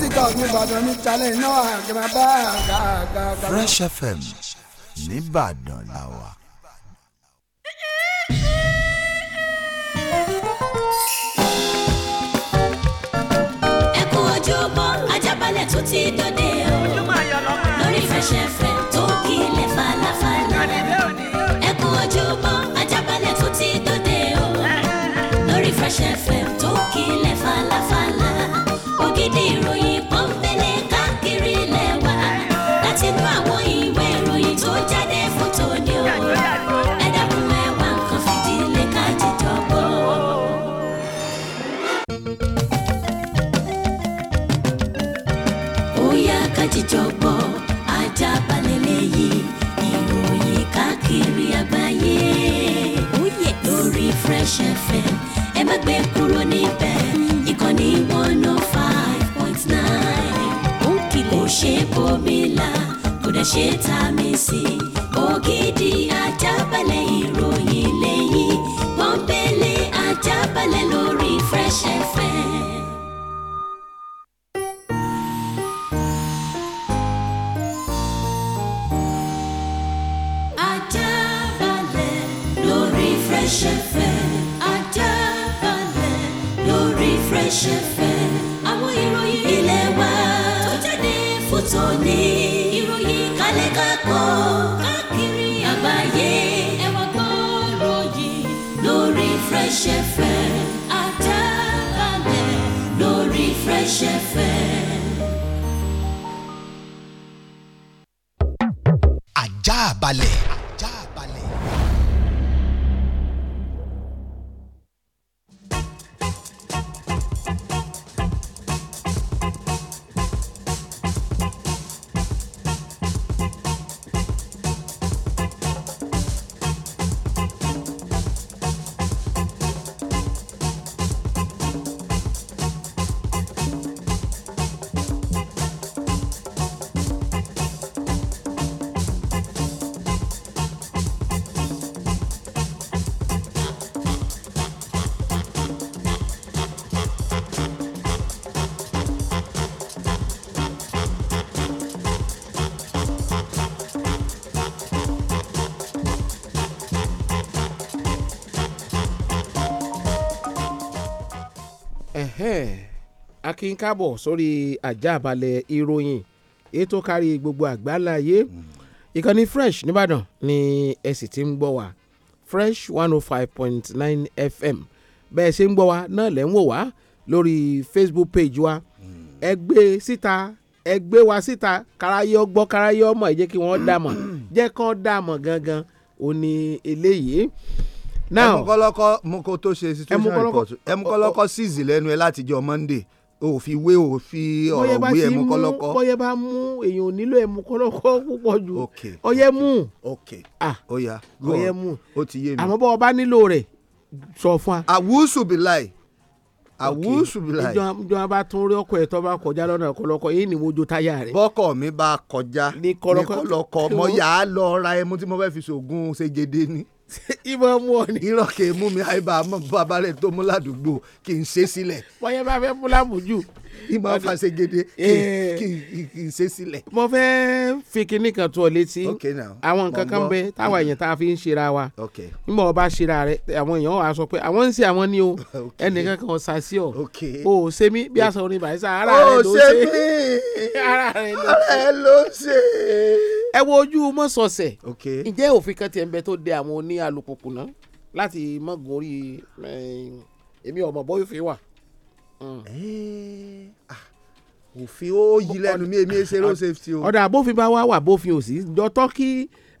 mísíkà ní Ìbàdàn ní talẹ̀ náà àgbà bá àgbà àgbà. Fresh FM nìbàdàn la wà. ẹ kú ojúbọ Ajábalẹ̀ tó ti dòde o lórí Fresh FM tó kílẹ̀ falafala ẹ kú ojúbọ Ajábalẹ̀ tó ti dòde o lórí Fresh FM tó kílẹ̀ falafala ògidì ìròyìn. ọbẹ̀ ṣe tá a mi sí. ògidì ajábalẹ̀ ìròyìn lẹ́yìn pọ́npẹ́lẹ́ ajábalẹ̀ lórí Fresh FM. kí n káàbọ̀ sórí àjàbalẹ̀ ìròyìn ètò kárí gbogbo àgbáláyé mm. ìkànnì fresh nìbàdàn ni ẹ sì ti ń gbọ́ wá fresh one oh five point nine fm bẹ́ẹ̀ ṣe ń gbọ́ wá náà lẹ́ ń wò wá lórí facebook page wa mm. ẹ gbé síta ẹ gbé wa síta káráyé ọgbọ́ káráyé ọmọ ẹ jẹ́ kí wọ́n dà mọ̀ mm. jẹ́ kán dà mọ̀ gangan ó eléyìí now ẹmu kọlọkọ mo kò tó ṣe situation report ẹmu kọlọkọ ṣìzì lẹ́nu ẹ láti jọ monday òfi wé òfi ọ̀rọ̀ wé ẹmu kọ́lọ́kọ́. bọ́yẹ bá mú èèyàn ò nílò ẹmu kọ́lọ́kọ́ púpọ̀ jù ọyẹ mú. ok ọyẹ mú ó ti yé mi. àmọ́ bọ́ ọba nílò rẹ̀ sọ fún wa. àwùsù bìláì àwùsù bìláì. ìjọ ìjọ bá tún rí ọkọ ẹ tó bá kọjá lọ́nà kọ́lọ́kọ́ èyí ni mo jó táyà rẹ̀. bọ́kọ̀ mi bá kọjá ní kọ́lọ́kọ́ mo yà á lọ ra ẹmu tí mo fẹ́ fi ṣògùn ṣègede ni ìmọ̀ mú ọ ní irọ́ kì í mú mi àìbá mọ̀ bàbá rẹ̀ tó mú ládùúgbò kì í ṣe sílẹ̀. wọ́n yẹn bá fẹ́ fúlàmù jù ìmọ̀ fàṣegede eh. kì í ṣe sílẹ̀. mo fẹ́ fi kinní kan tó ọ létí àwọn nǹkan kan bẹ táwọn mm. èèyàn tá a fi ń ṣera wa nígbà wọn bá ṣera rẹ àwọn èèyàn wà á sọ pé àwọn ń ṣe àwọn ni o ẹnìkan kan ṣá sí ọ o ò ṣe mí bí aṣọ orin bàyíṣà ara rẹ ló ṣe ara rẹ ló ṣe ẹ wo ojú mọ́sọ̀ọ̀sẹ̀ ǹjẹ́ òfin kan tiẹ̀ ń bẹ tó de àwọn oní alùpùpù náà láti mọ́ gorí eh, èmi ọ̀mọ̀ bọ́yọ̀ fi wà. Mm. Eh, ah, òfin ó yí lẹ́nu mi èmi ṣe road safety o. ọ̀dà bófin bá wà wà bófin ò sí dọ́tọ́ kí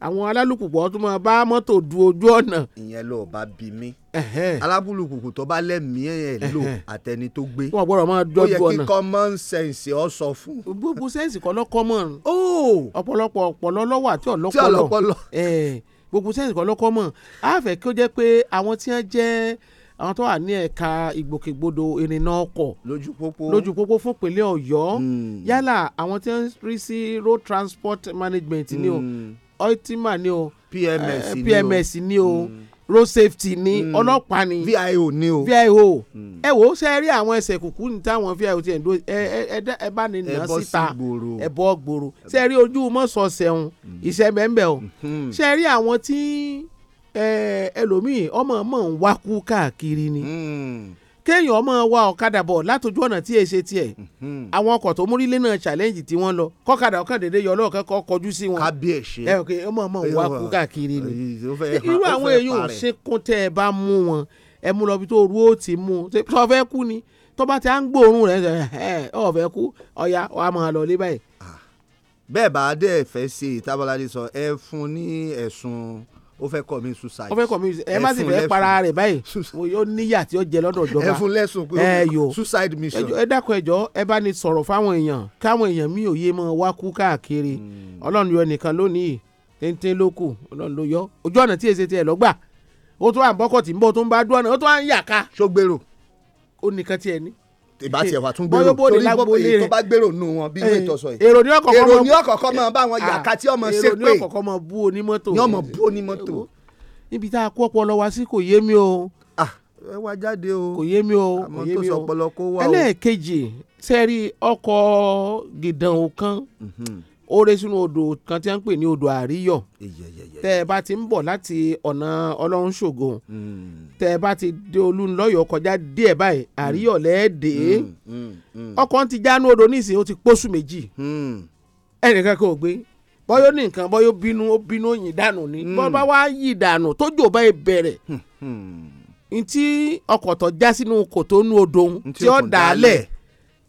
àwọn alálùpùpù tó máa bá mọ́tò du ojú ọ̀nà. ìyẹn ló bá bí mi alábùlùpùpù tó bá lẹ́mìí ẹ̀ lò àtẹni tó gbé. wọn gbọ́dọ̀ máa dọ́jú ọ̀nà. ó yẹ kí common sense ọ sọ fún. gbogbo sense kọ́ lọ common. ọ̀pọ̀lọpọ̀ ọ̀pọ̀lọ lọ́wọ́ àti ọ̀lọ́pọ̀lọ gbogbo sense kọ́ lọ common. a fẹ́ kí ó jẹ́ pé àwọn tí wọ́n jẹ́ àwọn tó wà ní ẹ̀ka ìgbòkègbodò ìrìnnà ọkọ̀ lójú pópó lójú pópó fún ìpínlẹ̀ ọ̀yọ́ hmm. yálà àwọn tí ń rí sí road transport management ni o oitima hmm. ni o pms eh, ni o hmm. road safety ni ọlọ́pàá ni vio ni o vio ẹ wo ṣe rí àwọn ẹsẹ̀ kùkú ní táwọn vio ti ẹ̀ dó ẹ bá ní nà síta ẹ bọ́ gbòòrò ṣe rí ojú mọ́sọ̀ọ́sẹ̀ ń iṣẹ́ o ṣe rí àwọn tí ẹlòmíì ọmọ mọ̀ ń wákú káàkiri ni hmm. kéèyàn ọmọ wa ọ̀kadà bọ̀ látọjú ọ̀nà tí èsè tiẹ̀ hmm. àwọn ọkọ̀ tó múrílẹ̀ náà challenge tí wọ́n lọ kọ́kadà ọ̀kan dédé yọ ọlọ́ọ̀kan kọ́ kọjú sí wọn kábíyèsí ẹ ọkẹ ọmọ ọmọ wa kú káàkiri ni irú àwọn èèyàn ò ṣekún tẹ́ ẹ bá mú wọn ẹ mú lọ bí tó rú ó ti mú tó fẹ́ kú ni tó bá ti à ń gbóòórùn rẹ ẹ ọ fẹ́ kú ọ̀ya wàá máa lọ lé báyìí. Ah. bẹ́ẹ̀ bá dẹ́ fẹ́ ṣe ìtabaládé sọ ẹ ó fẹ́ commit suicide. ó fẹ́ commit suicide ẹ má sì fẹ́ para rẹ̀ báyìí ó níyà tí ó jẹ lọ́dọ̀ ìjọba. ẹ fún lẹ́sùn pé suicide mission. ẹ dákun ẹjọ́ ẹ bá ní sọ̀rọ̀ fáwọn èèyàn káwọn èèyàn mi ò yé mọ́ wá kú káàkiri hmm. ọlọ́run yọ nìkan lónìí téńté ló kù ọlọ́run ló yọ ojú ọ̀nà tí èsì tiẹ̀ lọ́gbà ó tún àbọ̀kọ̀ tí ń bọ̀ tó ń bá dúọ̀nà ó tún à ń yà ká. ṣó ó nìkan tiẹ̀ ní ìbá tiẹ̀ wà tún gbèrò torí gbogbo èyí tó bá gbèrò nù wọn bí ìwé ìtọ́sọ yìí. èrò ní ọkọ̀ kọ́mọ èrò ní ọkọ̀ kọ́mọ bá wọn yàká ah, tí ọmọ ṣe pé èrò ní ọkọ̀ bú onímọ́tò. ní ọmọ bú onímọ́tò. níbi tá a kó ọpọlọ wa sí kò yé mi o. Ah, ẹ wá jáde o kò yé mi o àmọ́ tó sọ ọpọlọ kó wá o. ẹlẹ́ẹ̀kejì sẹ́rí ọkọ̀ gìdàn òkan. Mhm. ó re sínú odò kan tí wọ́n ń pè ní odò àríyọ̀ tẹ́ ẹ bá ti ń bọ̀ láti ọ̀nà ọlọ́run ṣògo hmm. tẹ́ ẹ bá ti dé olúńlọ́yọ̀ kọjá díẹ̀ báyìí hmm. àríyọ̀ lẹ́ẹ̀dẹ́ hmm. ọkọ̀ ti ja odò nísìnyí ó ti pósù méjì ẹnìkan kò gbé bọ́yọ̀ ní nǹkan bọ́yọ̀ bínú ó bínú dànù ni bọ́ bá wá yìí dànù tójò báyìí bẹ̀rẹ̀ ntí ọkọ̀ já sínú nu odò tí ó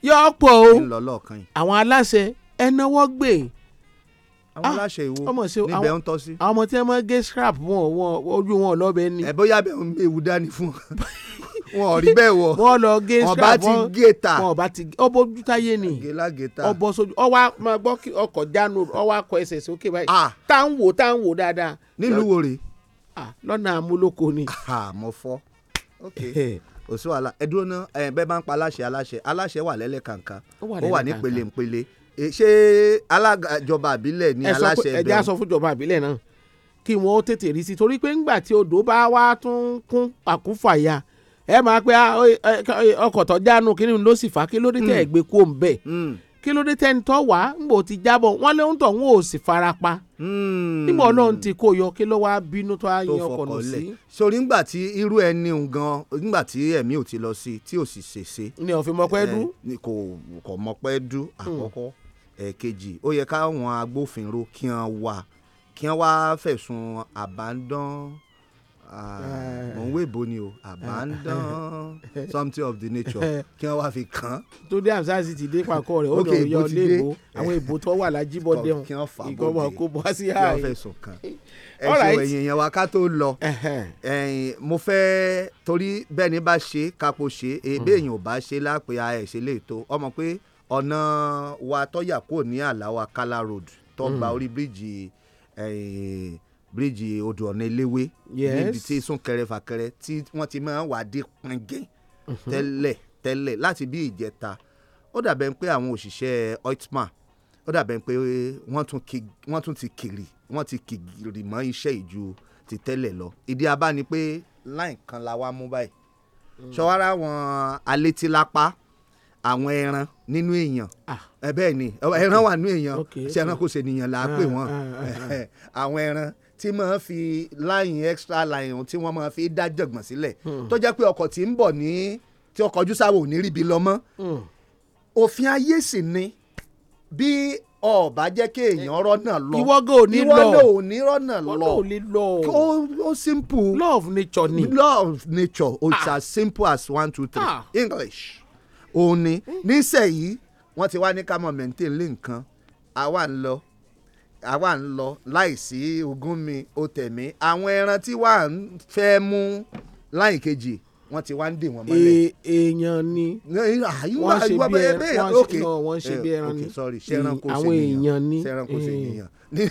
yọ ẹ náwó gbè àwọn ah, aláṣẹ ìwo níbẹ̀ ń tọ́ sí. àwọn ọmọ tí wọ́n máa gé scrap wọn wọn ojú wọn lọ́bẹ ni. ẹ bóyá bẹ́ẹ̀ ń ewu dání fún wọn ò rí bẹ́ẹ̀ wọ wọn lọ gé scrap wọn ọba ti gé ta wọn ọba ti gé ọbọ ojú táyé ni ọbọ sojú ọwọ́ máa gbọ́ ọkọ̀ jánu ọwọ́ akọ ẹsẹ̀ sókè báyìí ah. tá ń wò tá ń wò dáadáa. nílùú wo rèé. Ah, lọ́nà àmúlòkọ ni. mo fọ́ òsùn àlà ẹ̀dúró náà bẹ́ẹ̀ bá ń pa aláṣẹ aláṣẹ aláṣẹ wà lẹ́lẹ̀ kàǹkà ó wà nípele nípele Eh, ṣé alága ìjọba àbílẹ̀ ni aláṣẹ bẹ̀rẹ̀. ẹ jẹ́ àsọ fún ìjọba àbílẹ̀ náà kí wọ́n tètè rí sí torí pé ńgbà tí odò bá wá tún kún àkúfàyà ẹ máa pé ah, ọkọ̀ tó jánu kí ni ló sì fà kí ló dé tẹ̀ ẹ̀ hmm. gbé kó ń bẹ̀ hmm. kí ló dé tẹ́ni tó wá ńgbò ti jábọ̀ wọ́n lé ń tọ̀ wọ́n ò sì fara pa hmm. nígbà ọlọ́run ti kó yọ kí ló wá bínú tó á yan ọkọ̀ nù sí. sori ngbà tí irú ẹni gan ngbà tí ẹ̀mí ò ti lọ sí tí ò sì ṣèṣe. ni òfin mọ̀pẹ́ eh, dú. kò mọ̀pẹ́ dú àkọ́kọ́ ẹ̀ẹ̀kejì ó yẹ káwọn agbófinró kí wọ́n wà kí wọ́n wá fẹ̀sùn abandon eh. mọ̀ ń wébo ni o abandon something of the nature kí wọ́n wá fi kàn án. tó dé àmsá sì ti dé pàkọ́ rẹ̀ ó lọ yọ léèbó àwọn èbó tó wà lájíbọ̀dé wọn ìgbọ́mọ̀ kó bọ́ sí ààyè. kí wọ́n fẹ̀sùn kàn ẹ̀sùn ẹ̀yìn yẹn wá ká tó lọ mo fẹ́ torí bẹ́ẹ̀ ni bá ṣe kápò ṣe hmm. èébè ò bá ṣe lápè ààyè lè tó ọmọ pé ọ̀nà wa tọ́yà kò ní àláwà kala road tó gba hmm. orí bíríìjì bíríìjì odò ọ̀nà eléwé níbi tí súnkẹrẹ fàkẹrẹ tí wọ́n ti máa wà dé pẹ́ngẹ́ mhm. tẹ́lẹ̀ tẹ́lẹ̀ láti bí ìjẹta ó dàbẹ̀ pé àwọn òṣìṣẹ́ oitman ó dàbẹ̀ pé wọ́n tún ti kiri wọ́n ti kiri mọ́ iṣẹ́ ìju ti tẹ́lẹ̀ lọ ìdí abá ni pé láì kan la wá mú báyìí hmm. ṣọwárà wọn alétílápá àwọn ẹran nínú èèyàn ah. bẹ́ẹ̀ ni ẹran wà nínú èèyàn tí ẹran kò ṣe nìyàn là á pè wọ́n ah, ah, àwọn ẹran tí máa fi láyìn extra line. tí wọ́n máa fi dá jọ̀gbọ̀n sílẹ̀ hmm. tó jẹ́ pé ọkọ̀ tí ń bọ̀ ní tí ọkọ̀ ojú sáwò ní ríbi lọ mọ́ hmm. òfin ayé sì ni bí ọba jẹ́ kí èèyàn rọ́nà lọ ìwọ gan ò ní lọ ìwọ náà ò ní rọ́nà lọ ó ó simple love nature ni love nature it's as simple as one two three ah. English òun ni nísẹ̀yí wọ́n ti wá ní ká mọ̀ maintain lé nǹkan àwa ń lọ àwa ń lọ láìsí ogún mi ó tẹ̀mí àwọn ẹran tí wàá fẹ́ mú láì kejì wọ́n ti wá ń dè wọ́n mọ́lẹ̀. E, èèyàn ni wọ́n ṣe bí eh, ẹran wọ́n ṣe bí ẹran ni àwọn èèyàn ni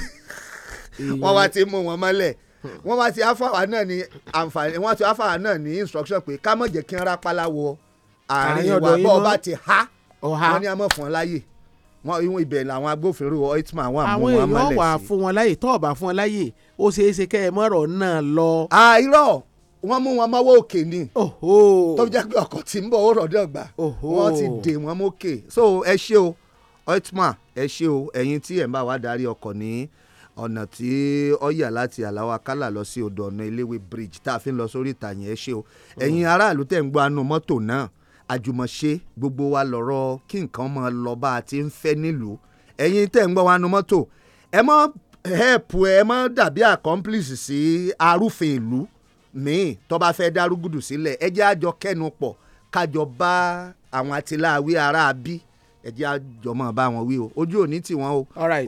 wọ́n wá ti mú wọn mọ́lẹ̀ wọ́n wá ti afáwa náà ní àǹfààní wọ́n ti afáwa náà ní instruction pé ká má jẹ́ kí n rápálá wọ àárín wa bọ́ọ̀ bá ti há wọ́n ní a mọ̀ fún ọ láyè wọn ìwọn ibẹ̀ làwọn agbófinró ọtman wà mú wọn mọ́lẹ̀ sí. àwọn èèyàn wà fún wọn láyè tọ́ ọ̀bà fún wọn láyè ó ṣeéṣe kẹ́ ẹ mọ̀rọ̀ náà lọ. àìrọ̀ wọ́n mú wọn mọ́wọ́ òkè ni tó jẹ́ pé ọkọ̀ tí ń bọ̀ ó rọ̀dọ̀ gbà wọ́n ti dè wọ́n mókè so ẹ ṣé o ọtman ẹ ṣé o ẹ̀yin tí ẹ̀ ń bá wa darí ọkọ̀ ní ọ̀nà tí ó yà láti àláwá kálà lọ sí odò ọ̀nà eléwé bridge tá a fi ń lọ sórí ìtàyẹn ẹ ṣé o ẹ̀yin aráàlú tẹ̀ ń gbọ́ anú mọ́tò náà àjùmọ̀ṣe gbogbo wa lọ̀rọ̀ kí nǹkan mọ́ lọ bá a ti ń fẹ́ nílùú ẹ̀yin tẹ̀ ń gbọ́ wa nu mọ́tò ẹ mọ́ help ẹ mọ́ dàbí accomplice sí arúfin ìlú míì tó bá fẹ́ dárúgùdù sílẹ̀ ẹ jẹ́ àjọ kẹ́nu pọ̀ kájọ bá àwọn atiláwí ará bí ẹ jẹ́ àjọ mọ̀ bá wọn wí o ojú ò ní tiwọn o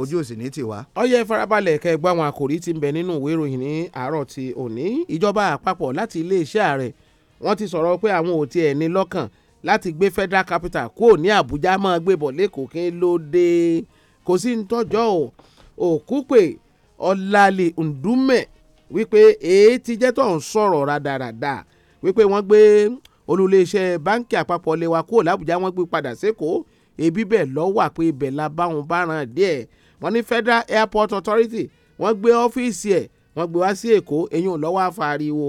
ojú ò sì ní tiwa. ọyẹ farabalẹ̀ kẹ́ àwọn àkòrí tí bẹ nínú ìwé ìròyìn ní àárọ̀ ti òní ìjọba àpapọ̀ láti iléeṣẹ́ ààrẹ wọ́n ti sọ̀rọ̀ pé àwọn ò tiẹ̀ ní lọ́kàn láti gbé federal capital kúrò ní Àbújá máa gbé bọ̀ lẹ́kọ̀ọ́ kí ló dé kò sí ní tọ́jọ́ o Òkúpè Ọ̀làlẹ̀ Ǹdúmẹ̀ wípé èyí ti jẹ́ tó ń sọ̀rọ̀ rádaràda wípé wọ́n gbé olùléeṣẹ́ báńkì àpapọ̀ lè wa kúrò làbújá wọ́n gbé padà sékòó ebi bẹ́ẹ̀ lọ́wọ́ àpé ibẹ̀ la báwọn báràn díẹ̀ wọ́n ní Federal Airport Authority wọ́n gbé ọ́fíìsì ẹ̀ wọ́n gbé wá sí Èkó eyín lọ́wọ́ àfàríwò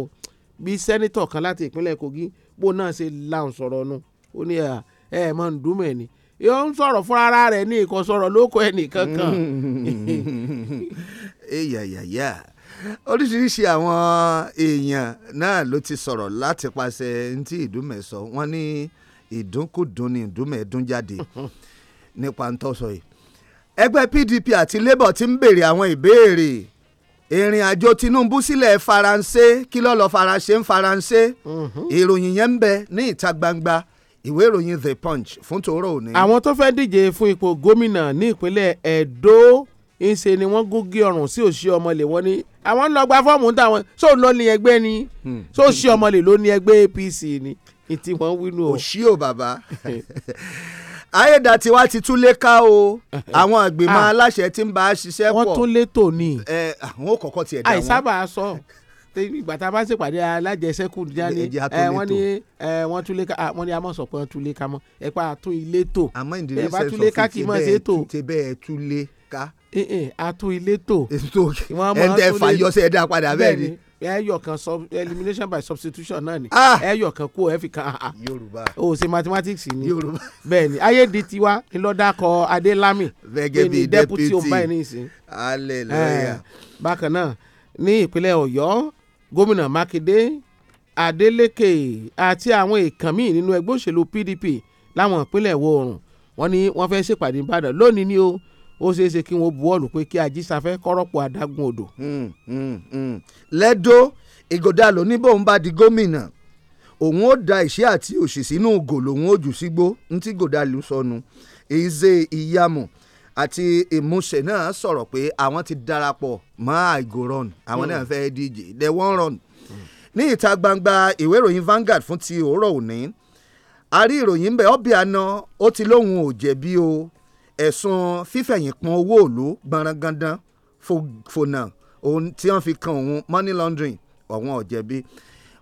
bíi sẹ́nitọ̀ kan láti ìpínlẹ̀ Kogi bó náà ṣe láwọn sọ̀rọ̀ nu ó ní ẹ mọ̀ ń dùn mẹ́ni yóò ń sọ̀rọ̀ fún ara rẹ̀ ní ìkọ́ sọ̀rọ̀ lóko ẹnìkankan. eyayaya oríṣiríṣi àwọn èèyàn náà ló ti sọ̀rọ̀ láti paṣẹ ntí ìdúmẹ̀ sọ wọ́n ní ìdúnkùdùn ní ìdúmẹ̀ dún jáde nípa ntọ́sọ yìí ẹgbẹ́ PDP àti Labour ti ń béèrè àwọn ìbéèrè ìrìn àjò Tinubu sílẹ̀ Faransé kí ló lọ Faransé ń Faransé mhm. ìròyìn yẹn ń bẹ ní ìta gbangba ìwé ìròyìn The Punch fún tòórọ́ òní. àwọn tó fẹ́ díje fún ipò gómìnà ní ìpínlẹ̀ Ẹ̀dó ńṣe ni wọ́n gúngi ọ̀rùn sí òṣì ọmọlẹ̀ wọn ni àwọn ń lọ gba fọ́ọ̀mù ń tàwọn ṣó ń lọ ní ẹgbẹ́ ni hmm. ṣó òṣì ọmọlẹ̀ ló ní ẹgbẹ́ APC ni ìtì wọ́n wínú o. òṣì o bàbá ayédàtiwa ti tún lé ká o àwọn ìgbìmọ̀ ah. aláṣẹ tí ń bá a ṣiṣẹ́ pọ̀ wọ́n tún létò ni. ẹ àwọn ò kọ́kọ́ tiẹ̀ dá wọn. àìsábà sọ ìgbà tá a bá ń ṣèpàdé alájẹsẹ́kù jáde ẹ wọ́n ní wọ́n tún lé ká wọ́n ní a mọ̀ sọ pé wọ́n tún lé ká mọ́ ẹ pa àtún ilé tò ẹ bá tún lé ká kì tún lé ká. àtún ilé tò. ẹ ń tẹ fàyọsẹ ẹ dá padà bẹ́ẹ̀ ni ẹyọ kan elimination by substitution náà ni ah! ẹyọ kan kú ẹ fi kan ah, ah. Yorùbá o ṣe mathematics ni Yorùbá bẹ́ẹ̀ ni ayédètiwa ńlọdàkọ Adélámì gẹ́gẹ́ bí deputy ọba ẹni ìsìn hallelujah eh, bákan náà ní ìpínlẹ̀ Ọ̀yọ́ gómìnà Mákindé Adeleke àti àwọn èèkàn míì nínú ẹgbẹ́ òṣèlú PDP láwọn ìpínlẹ̀ ìwọ̀ oòrùn wọ́n ní wọ́n fẹ́ ṣèpàdé Ìbàdàn lónìí ni o ó ṣeé ṣe kí wọ́n buwọ́lù pé kí ajísáfẹ́ kọ́rọ́pọ̀ adágún odò. Hmm, hmm, hmm. lẹ́dọ́ ìgòdà ló ní bóun bá di gómìnà òun ó da ìṣẹ́ àti òṣì sínú ògò lòun ó jù sígbó ntí gòdà ló sọnù èyíṣe ìyàmù àti ìmúṣẹ náà sọ̀rọ̀ pé àwọn ti darapọ̀ mọ́ àìgòrọ̀n àwọn náà fẹ́ díje the one run. ní ìta gbangba ìwé ìròyìn Vanguard fún ti òórọ̀ òní a rí ìròyìn ń bẹ Obiano ó ti lóun ò jẹ̀bi o ẹ̀sùn fífẹ̀yìnpọ̀n owó òòlù gbọ̀nrangandan fònà ohun tí wọ́n fi kan òun money laundering ọ̀wọ́n ọ̀jẹ̀bi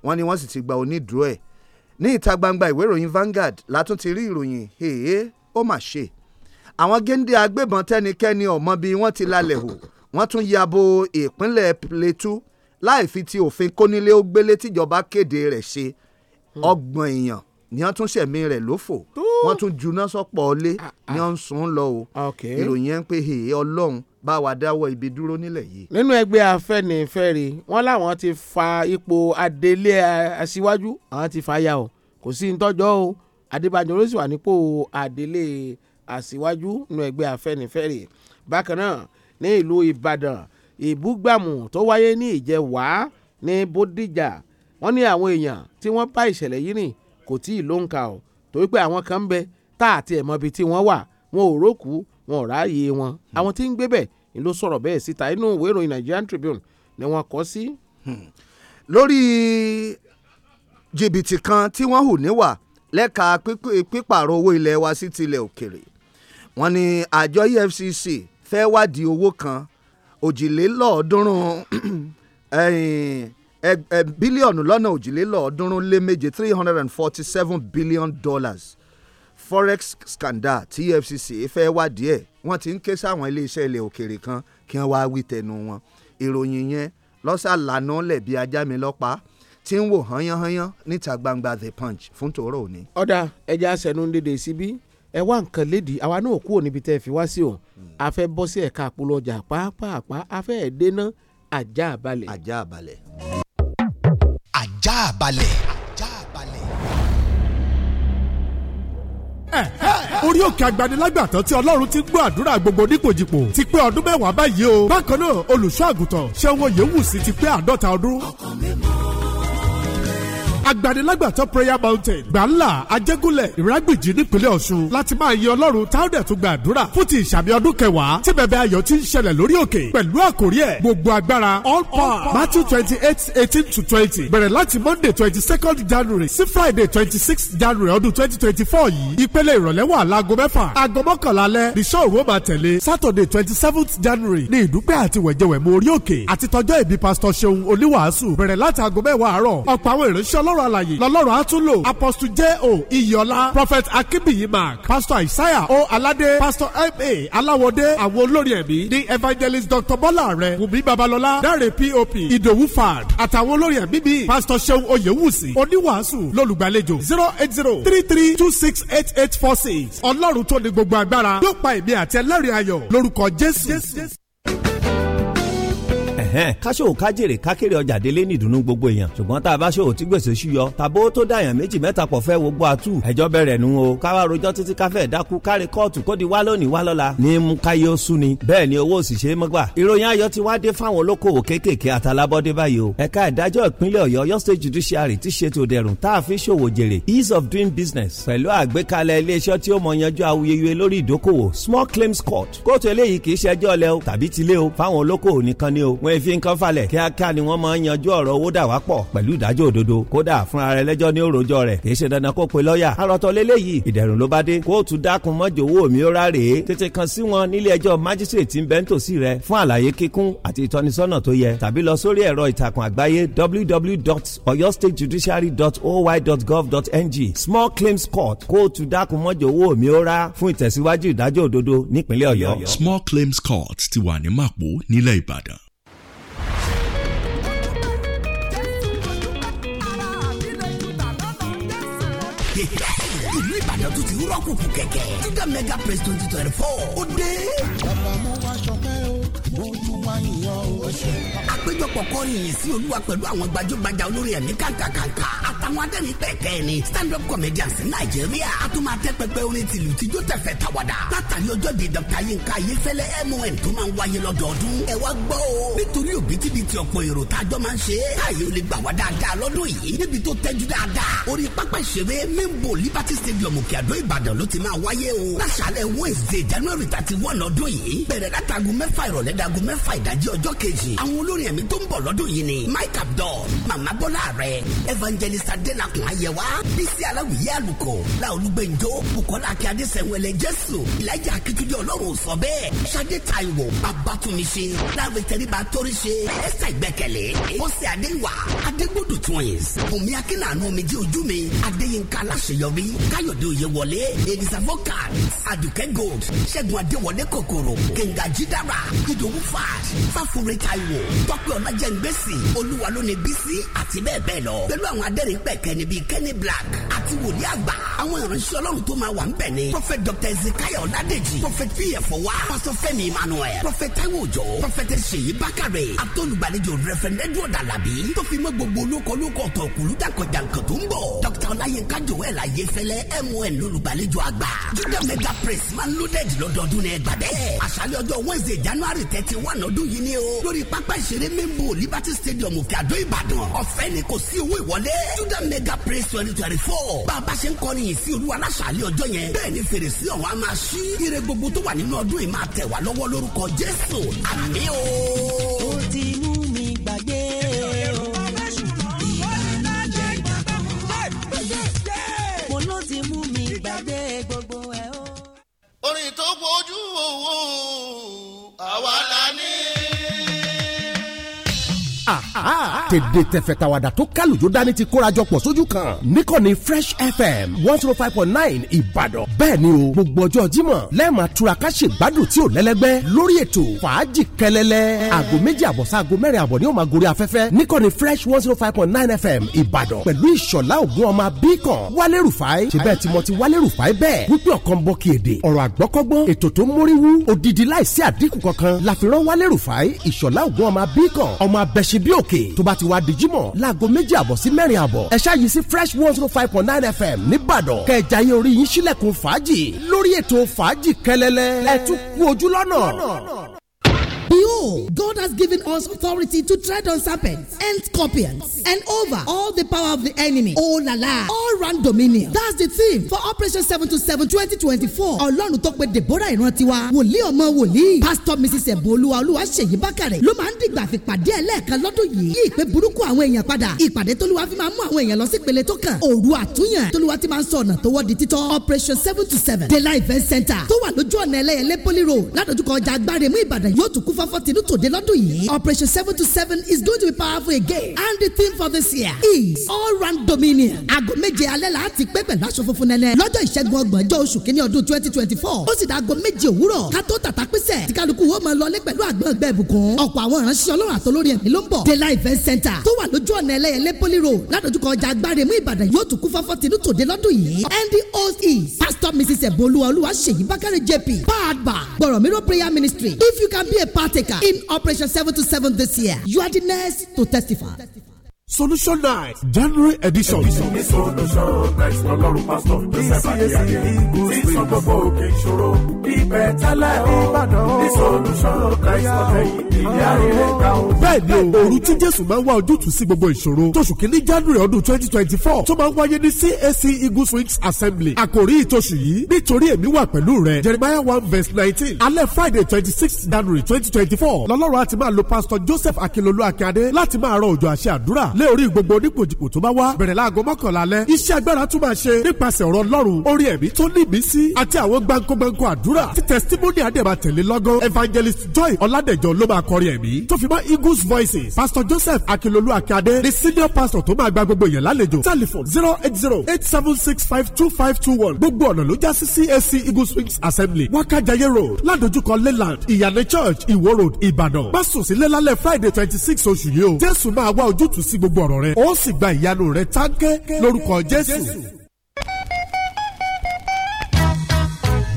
wọ́n ní wọ́n sì ti gba onídùúró ẹ̀ ní ìta gbangba ìwé ìròyìn Vanguard látún ti rí ìròyìn èé ó mà ṣe àwọn géńdé agbébọn tẹ́nikẹ́ni ọ̀mọ bíi wọ́n ti lálẹ́ hù wọ́n tún ya bo ìpínlẹ̀ Plateau láì fi ti òfin kónílé ó gbélé tíjọba kéde rẹ̀ ṣe ọgbọ̀n èèyàn ni wọ́n tún ṣẹ̀mí rẹ̀ lófò wọ́n tún juná sọ́pọ̀ ọlé ah, ah. ni wọ́n ń sun lọ o ìròyìn yẹn ń pè é ọlọ́run bá wa dáwọ́ ibi dúró nílẹ̀ yìí. nínú ẹgbẹ́ afẹ́nifẹ́re wọ́n láwọn ti fa ipò adelé aṣíwájú àwọn ti fa ya o kò sí ntọ́jọ́ o adébánjọ ló sì wà nípò adelé aṣíwájú nínú ẹgbẹ́ afẹ́nifẹ́re bákan náà ní ìlú ìbàdàn ìbúgbàmù tó wáyé ní ìjẹwàá ní bódìjà wọ́n ní àwọn èèyàn tí wọ́n bá ìṣẹ̀lẹ̀ yìí rìn kò tí ì lóǹkà o torí pé àwọn kan ń bẹ tá àti ẹ̀mọ́ ibi tí wọ́n wà wọn ò rókú wọn ò ráàyè wọn hmm. àwọn tí ń gbé bẹ̀ ni ló sọ̀rọ̀ bẹ́ẹ̀ síta inú ìwé ìròyìn Nigerian Tribune ni wọ́n kọ sí. Hmm. lórí jìbìtì kan tí wọ́n hù níwà lẹ́ka pípààrọ̀ owó ilẹ̀ wa sí tilẹ̀ òkèrè wọ́n ní àjọ EFCC fẹ́ wádìí owó kan òjìlélọ́ọ̀ọ́dúnrún bílíọ̀nù lọ́nà òjìlélọ́ọ̀ọ́dúnrún lé méje three hundred and forty seven billion dollars forex scandal TFCC EFCC fẹ́ wádìí ẹ̀ wọ́n ti ń ké sáwọn iléeṣẹ́ ilẹ̀ òkèèrè kan kí wọ́n wá wí tẹnu wọn ìròyìn yẹn lọ́sàlànà lẹ̀bi ajá mi lọ́pàá tí ń wò hányánhányán níta gbangba the punch fún tòró òní. ọ̀dà ẹja sẹ́nu dédé síbí ẹ wá nǹkan lédi àwa náà kúrò níbi tẹ́ ẹ fi wá sí o a fẹ́ bọ́ sí ẹ̀ka àpolọ́jà pàápàá a fẹ́ ẹ̀ déná ajá àbálẹ̀. ajá àbálẹ̀ ajá balẹ̀. ajá balẹ̀. ẹ ẹ orí òkè agbanilágbàtàn tí ọlọ́run ti gbọ́ àdúrà gbogbo nípòjìpò ti pé ọdún mẹ́wàá báyìí o bákan náà olùṣọ́ àgùntàn ṣẹ́wọ̀n yẹ̀wù sí ti pé àádọ́ta ọdún. ọkàn mi mọ́ agbanilágbàtọ́ prayer mountain gbàlá ajégúnlẹ̀ ìrágbìjì nípínlẹ̀ ọ̀ṣun láti máa yin ọlọ́run táwọnẹ̀ tó gbàdúrà fún ti ìsàmì ọdún kẹwàá tí bẹ̀bẹ̀ ayọ̀ ti ń ṣẹlẹ̀ lórí òkè pẹ̀lú àkórí ẹ̀ gbogbo agbára all power matthew twenty eight eighteen to twenty bẹ̀rẹ̀ láti monday twenty second january sí friday twenty six january ọdún twenty twenty four yìí ìpele ìrọ̀lẹ́ wà láago mẹ́fà aago mọ́kànlá alẹ́ ní sọ́ọ̀rù ó máa tẹ̀lé saturday twenty seventh january ní ìdúpẹ́ àti wẹ̀jẹ̀wẹ̀mú orí òkè àti tọjọ́ ìbí pásítọ̀ ṣeun oníwàásù bẹ̀rẹ̀ láti aago mẹ́wàá àárọ̀ ọ̀pọ̀ àwọn ìránṣẹ́ ọlọ́ ọlọ́run àlàyé lọ́lọ́run àtúnlò apostle j o iyọ̀lá prophet akínbíyì mark pastor isaiah o aládé pastor m aláwọ̀dé àwọn olórin ẹ̀mí ní evangelist dr bọ́lá rẹ̀ wùmí babalọ́lá dáre pop ìdòwú fad àtàwọn olórin ẹ̀mí bíi pastor seun oyewusi oníwàásù lọ́lùgbàlejò zero eight zero three three two six eight eight four six ọlọ́run tó ní gbogbo agbára yóò pa ìmí àti ẹlẹ́rìí ayọ̀ lórúkọ jésù káṣòwò kájèrè kákèrè ọjà délé ní gbogbo èèyàn ṣùgbọ́n tá a bá ṣòwò tí gbèsè ṣúyọ tàbó tó dàyàn méjì mẹ́ta pọ̀ fẹ́ wogbó atú ẹjọ́ bẹ̀rẹ̀ nu o káwá rojọ́ títí káfẹ́ dákú kárí kóòtù kó di wá lónìí wá lọ́la ní mú káyé bẹ́ẹ̀ ni owó òsì mọ́gbà ìròyìn ayọ̀ ti wá dé fáwọn olókoòwò kéékèèké àtàlábọ́dé báyìí o ẹ̀ka ìdájọ́ ìpínlẹ̀ ease of doing business small claims court fi nǹkan falẹ̀ kíákíá ni wọ́n máa ń yanjú ọ̀rọ̀ owó dà wá pọ̀ pẹ̀lú ìdájọ́ òdodo kódà fúnra rẹ̀ lẹ́jọ́ ní òròjọ́ rẹ̀ kì í ṣe dandan kó pe lọ́ọ̀yà arọ́tọ̀ lélẹ́yìí ìdẹ̀rùn ló bá dé kóòtù dákun mọ́jọ owó mi ó rárẹ̀ tètè kan sí wọn nílé ẹjọ́ májísírètì ń bẹ nítòsí rẹ fún àlàyé kíkún àti ìtọ́nisọ́nà tó yẹ tàbí lọ sórí ẹ̀rọ ìtàkùn àgbáyé www.oyostatejudiciary.oy.gov.ng small claims court kóòtù dákun mọ́jọ owó mi ó rá fún ìtẹ̀síwájú ìdájọ́ òdodo nípínlẹ̀ ọ̀yọ́. small claims court ti wà ní màpó nílẹ̀ ìbàdàn. gbàgbé. ìlú ìbàdàn tún ti rọ́ọ̀kùnkùn kẹ̀kẹ́. júdà mega press twenty twenty four ó dé. bàbá mo wá ṣọkẹ́ o. yọ àpéjọpọ̀ kọrin yìí sí olúwa pẹ̀lú àwọn gbajúgbajà olórí ẹ̀mí kàǹkàǹkà àtàwọn adẹ́rìn pẹ̀kẹ́ ni stand up comedians nàìjíríà a tún máa tẹ́ pẹpẹ orin tìlù tíjó tẹ̀fẹ̀ tàwàdà látàrí ọjọ́ di dr yinka ayéfẹ́lẹ́ mon tó máa ń wáyé lọ́dọọdún ẹ wá gbọ́ o nítorí òbítíbitì ọ̀pọ̀ èrò tájọ́ máa ń ṣe káyé olè gbà wá dáadáa lọ́dún yìí níbi tó tẹ́jú dáadáa orí pápá ìṣeré ọjọ́ kejì àwọn olórin ẹ̀mí tó ń bọ̀ lọ́dún yìí ni mike abdul mama bọ́lá rẹ̀ evangelist adenakun ayẹwa bísí aláwìyé àlùkò làolúgbẹ̀njọ́ bukola akíade sẹ̀wẹ̀lẹ̀ jésù ìlàjà akitunde ọlọ́run sọ bẹ́ẹ̀ sade taiwo babatunmise láàrin tẹríba torise ẹsẹ̀ ìgbẹ́kẹ̀lé mọ́sẹ̀ adéwà adégbòdù twins bùnmi akínàánú mi jẹ́ ojú mi adéyínká aláṣeyọrí káyọ̀dé oyèwọlé elisa vocal adùkẹ́ gold ṣẹ́gun adéwọlé kòkòrò kẹ̀ǹgà jídára ìdòwú fad faf fúrẹ́tà ìwò tọ́pẹ́ ọ̀nàjẹ́ ńgbèsì olúwa ló ní bísí àti bẹ́ẹ̀ bẹ́ẹ̀ lọ pẹ̀lú àwọn adẹ́rìn pẹ̀kẹ́ níbi Kenny Black àti wòlíì àgbà àwọn ìránṣẹ́ ọlọ́run tó máa wà ń bẹ̀ ni prophet dr ezekiel ọ̀làdèjì prophet pf wa pastor fẹ́mi emmanuel prophet taiwo òjò prophet ṣèyí bákàrẹ̀ àtọ́lùgbàlejò reverend edward alabi tó fi mọ́ gbogbo olóko olóko ọ̀tọ̀ òkùnrin jàǹkàn jàǹkàn tó ń joel ayéfẹ́lẹ́ mon lólùgbàlejò àgbà judah mega praise máa ń lódẹ́ẹ̀dì lọ́dọọdún ní ẹgbàdẹ́ wednesday january thirty one ni o lórí pápá ìṣeré mímú liberty stadium òkè àdó ìbàdàn ọ̀fẹ́ ni kò sí owó ìwọlé judah mega praise twenty twenty four bá a bá ṣe ń kọrin yìí sí olúwa láṣàlẹ̀ ọjọ́ yẹn bẹ́ẹ̀ ni fèrèsé ọ̀hún á máa ṣí ire gbogbo tó wà nínú ọdún yìí máa tẹ̀ wá lọ́wọ́ lórúkọ jésù àmín o. ó ti mú mi gbàgbé o. mo ló ti mú mi gbàgbé o. orin tó gbójú òwò àwa la ní tèdè tẹ̀fẹ̀tàwàdà tó kálùjó dání ti kórajọpọ̀ sójú kan níkànnì fresh fm one zero oh five point nine ìbàdàn bẹ́ẹ̀ ni o gbogbo ọjọ́ jímọ̀ lẹ́ẹ̀ma túraká ṣègbádùn tí ò lẹ́lẹ́gbẹ́ lórí ètò fàájì kẹlẹ́lẹ́ aago méjì àbọ̀sá aago mẹ́rin àbọ̀ ni ó máa gorí afẹ́fẹ́ níkànnì fresh one zero oh five point nine fm ìbàdàn pẹ̀lú ìṣọ̀lá ògùn ọmọ bíkàn wálé rufai ṣe bẹ́ẹ̀ tí ti wálé rufai bẹ́ẹ̀ wípé ọ̀kan bọ́ kí èdè ọ̀rọ̀ àgbọ́kọ́gbọ́n ètò tó móríwú òdìdí láìsí rufai ìṣọ̀lá ògùn ọmọ bíkàn ọmọ òkè tó bá ti wá di jímọ̀ láago méjì àbọ̀ sí mẹ́rin àbọ̀ ẹ ṣáàyè sí fresh one zero five point nine fm nìbàdàn kẹjà yẹn orí yín sílẹ̀kùn fàájì lórí ètò fàájì kẹlẹ́lẹ́ ẹ tún kú ojú lọ́nà. Behold, God has given us authority to tread on serpents and scorpions and over all the power of the enemy. Oh la la, all round dominion. That's the theme for Operation 727 2024. Ọlọ́run tó pe Deborah Ìrántí wòlíì ọmọ wòlíì. Pastor Mrs. Ẹ̀bùn Olúwa Ṣèyí Bákàrẹ̀ ló máa ń dìgbà fi pàdé ẹlẹ́ẹ̀kan lọ́dún yìí. Yí ìpè burúkú àwọn èèyàn padà. Ìpàdé tólúwa fi máa mú àwọn èèyàn lọ sí ìpele tó kàn. Òru àtúnyàn tólúwa ti máa ń sọ ọ̀nà tó wọ́ di títọ́. Operation 727 Daylight Event Center tó wà lójú ọ̀nà ẹlẹ́yẹlé Poly Road ládojúkọ ọjà agbáre mú Ìbàdàn yóò tún kú f suffer tìlú tòde lọ́dún yìí operation seven to seven is going to be powerful again and the theme for this year is all round dominion. aago méje alẹ́ la á ti pé pẹ̀lú aṣọ funfun nẹ́nẹ́ lọ́jọ́ ìṣẹ́gun ọgbọ̀njọ́ oṣù kínní ọdún twenty twenty four ó sì dá aago méje òwúrọ̀ ká tó tàtà písẹ̀ tí kálukú wo máa lọlé pẹ̀lú àgbọn ẹgbẹ́ ìbùkún ọ̀pọ̀ àwọn ìránṣẹ́ ọlọ́run àtolórí ẹ̀mí ló ń bọ̀ dela event center tó wà lójú ọ̀nà ẹlẹ́yẹlé poli road ládojúkọ ọjà agbáre mú ìbàdàn yóò tún kú fọ́fọ́ and the host is pastor mrs ẹ̀bùn olúwa jp powered by gbọ̀rọ̀míró prayer ministry if you can be a part in Operation 7 to 7 this year. You are the next to testify. solution night january edition. ní solution night lọ́lọ́run pásítọ̀ joseph adéyàdé tí sọ gbogbo òkè ìṣòro ibẹ̀ tẹ́lẹ̀ o ní solution night lọ́lẹ́yìn ìyá rẹ̀ gbà o. bẹ́ẹ̀ ni o òru tí jésù máa ń wá ojútùú sí gbogbo ìṣòro tóṣù kínní january ọdún twenty twenty four tó máa ń wáyé ní cac eagle swings assembly àkòrí ìtòṣù yìí nítorí èmi wà pẹ̀lú rẹ̀ jeremiah one verse nineteen alẹ́ friday twenty six january twenty twenty four lọ́lọ́run á ti máa lo pásítọ̀ joseph akilolu akíade láti máa rọ òjò àṣẹ àdúrà lé orí gbogbo onípojìpò tó bá wá bẹ̀rẹ̀ láago mọ́kànlá alẹ́ iṣẹ́ agbára tún máa ṣe nípasẹ̀ ọ̀rọ̀ ọlọ́run orí ẹ̀mí tó ní ìmísí àti àwọn gbàǹkógbàǹkó àdúrà tí testimony àdèmà tẹ̀lé lọ́gán evangelist joy ọ̀làdẹ̀jọ ló máa kọrin ẹ̀mí tó fi mọ́ eagles voices pastor joseph akilolu akade ni senior pastor tó máa gba gbogbo yẹn lálejò telephone zero eight zero eight seven six five two five two one gbogbo ọ̀nà ló já wings assembly wákàjáyé road ládojúkọ leyland ìyànà church ìwó road ìbàdàn má sùn friday twenty six oṣù yìí o jésù máa wá gbogbo ọ̀rọ̀ rẹ ó sì gba ìyanu rẹ tágẹ́ lórúkọ Jésù.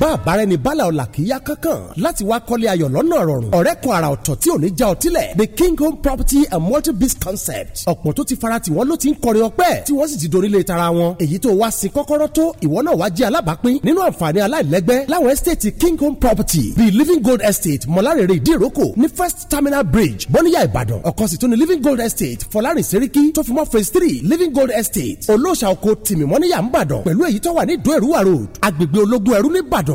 bá àbárẹ́ bala ọ̀la kì kankan láti wá kọ́lé ayọ̀ lọ́nà rọrùn ọ̀rẹ́ kan àrà ọ̀tọ̀ tí ò ní já ọtí lẹ̀ the king home property and multi-biz concept ọ̀pọ̀ tó ti fara tiwọn ló ti ń kọrin ọpẹ́ tí wọ́n sì ti dorí lé tara wọn èyí tó wá sí kọ́kọ́rọ́ tó ìwọ náà wá jẹ́ alábàápín nínú àǹfààní aláìlẹ́gbẹ́ láwọn estate king home property bíi living gold estate mọ̀lárẹ̀rẹ̀ ìdíròkò ní first terminal bridge bóníyà ìbàdàn ọ̀kan sì ní living gold estate fọlárin seriki tó fi mọ́ phase three living gold estate olóòṣà oko tìmímọ́níyà ń bàdàn pẹ̀lú èyí tó wà ní ìdó road agbègbè ológun ẹrú ní ìbàdàn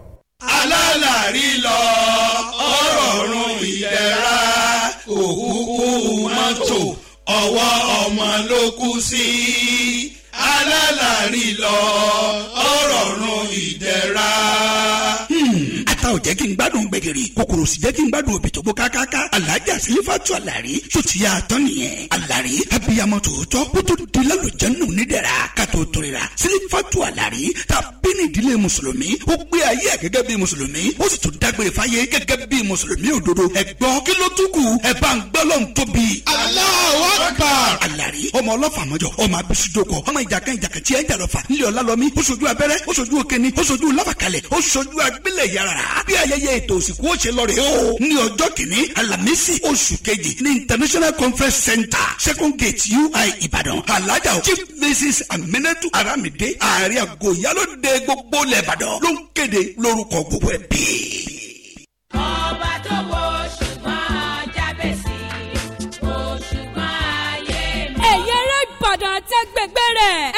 alálàrí lọ ọ̀rọ̀ run ìdẹ̀ra òkúkú mọ́tò ọwọ́ ọmọ ló kú sí alálàrí lọ ọ̀rọ̀ run ìdẹ̀ra ata ò jẹ́ kí n gbádùn gbẹ̀gìrì kòkòrò sì jẹ́ kí n gbádùn òbítọ́gbó kákáká alájà sílífàtú àlàrí sòtì yà tán nìyẹn àlàrí abiyamọ tòótọ́ kó tó di lálùjẹ́nù nídẹ̀ra ká tó torira sílífàtú àlàrí ta bí ní ìdílé mùsùlùmí ó gbé ayé ẹ̀ gẹ́gẹ́ bí mùsùlùmí ó sì tún dágbére fáyé gẹ́gẹ́ bí mùsùlùmí òdodo ẹ gbọ́ kí ló tún kù ẹ bá ń gbọ́ lọ́n tóbi. Allahu Akbar. àlàrí ọmọ ọlọ́fà mọ́jọ ọmọ abisudoko ọmọ ìjàkan ìjàkan tí ń jà lọ́fà ńlẹ̀ ọ̀la lọ́mí ó ṣojú abẹ́rẹ́ ó ṣojú òkèni ó ṣojú láfàkalẹ̀ ó ṣojú agbélẹ̀ yàrá bí ayẹyẹ ètò òsìnkú ó ṣe lọ rèé o ní ọjọ́ kìíní alamisi oṣù kejì ní international conference center second gate ui ìbàdàn alájà chief mrs aminatu aramide ààrẹ àgọ́yálóde gbogbo lẹ́bàdàn ló ń kéde lórúkọ gbogbo ẹ̀ bí. ọba rẹ̀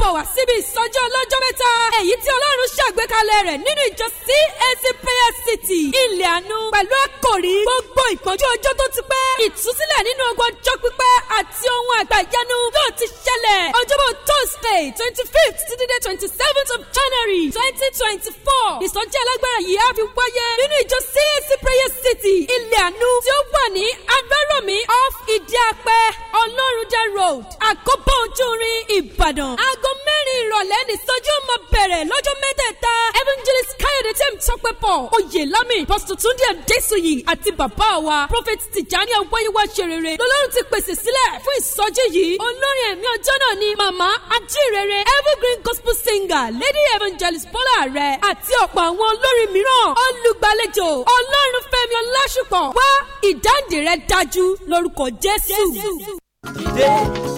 bọ̀ wá síbi ìsọjí ọlọ́jọ́ mẹ́ta èyí tí ọlọ́run ṣàgbékalẹ̀ rẹ̀ nínú ìjọ CAC prayer city ilẹ̀ àánú pẹ̀lú àkòrí gbogbo ìpọ́njú ọjọ́ tó ti pẹ́ ìtúsílẹ̀ nínú ọgbọ́n ọjọ́ pípẹ́ àti ohun àgbà ìyanu yóò ti ṣẹlẹ̀ ọjọ́bọ̀ thursday twenty fifth títí dé twenty seventh of january twenty twenty four ìsọjí alágbára yìí á fi wáyé nínú ìjọ CAC prayer city ilẹ̀ àánú tí ó wà ní agbẹ́rọ̀mí off ìdí apẹ́ ọlọ́run road àkóbọ̀ ojúrin ìbàdàn aago aago mẹ́rin ìrọ̀lẹ́ nìsọjí ó máa bẹ̀rẹ̀ lọ́jọ́ mẹ́tẹ̀ẹ̀ta evangelist káyọ̀dé tẹ̀ ń tọpẹ́ pọ̀ oyè lámì pásítọ̀ túndé adésùyì àti bàbá wa prophet tìjàní awáyéwá ṣerere lọ́lọ́run ti pèsè sílẹ̀ fún ìsọjí yìí olórin ẹ̀mí ọjọ́ náà ni màmá ajírere evergreen gospel singer lady evangelist bọ́lá rẹ̀ àti ọ̀pọ̀ àwọn olórin mìíràn olùgbàlejò ọlọ́run fẹ́mi ọlásùpọ̀ wá ìdáǹdè rẹ̀ dájú lórúkọ jésù. ìdè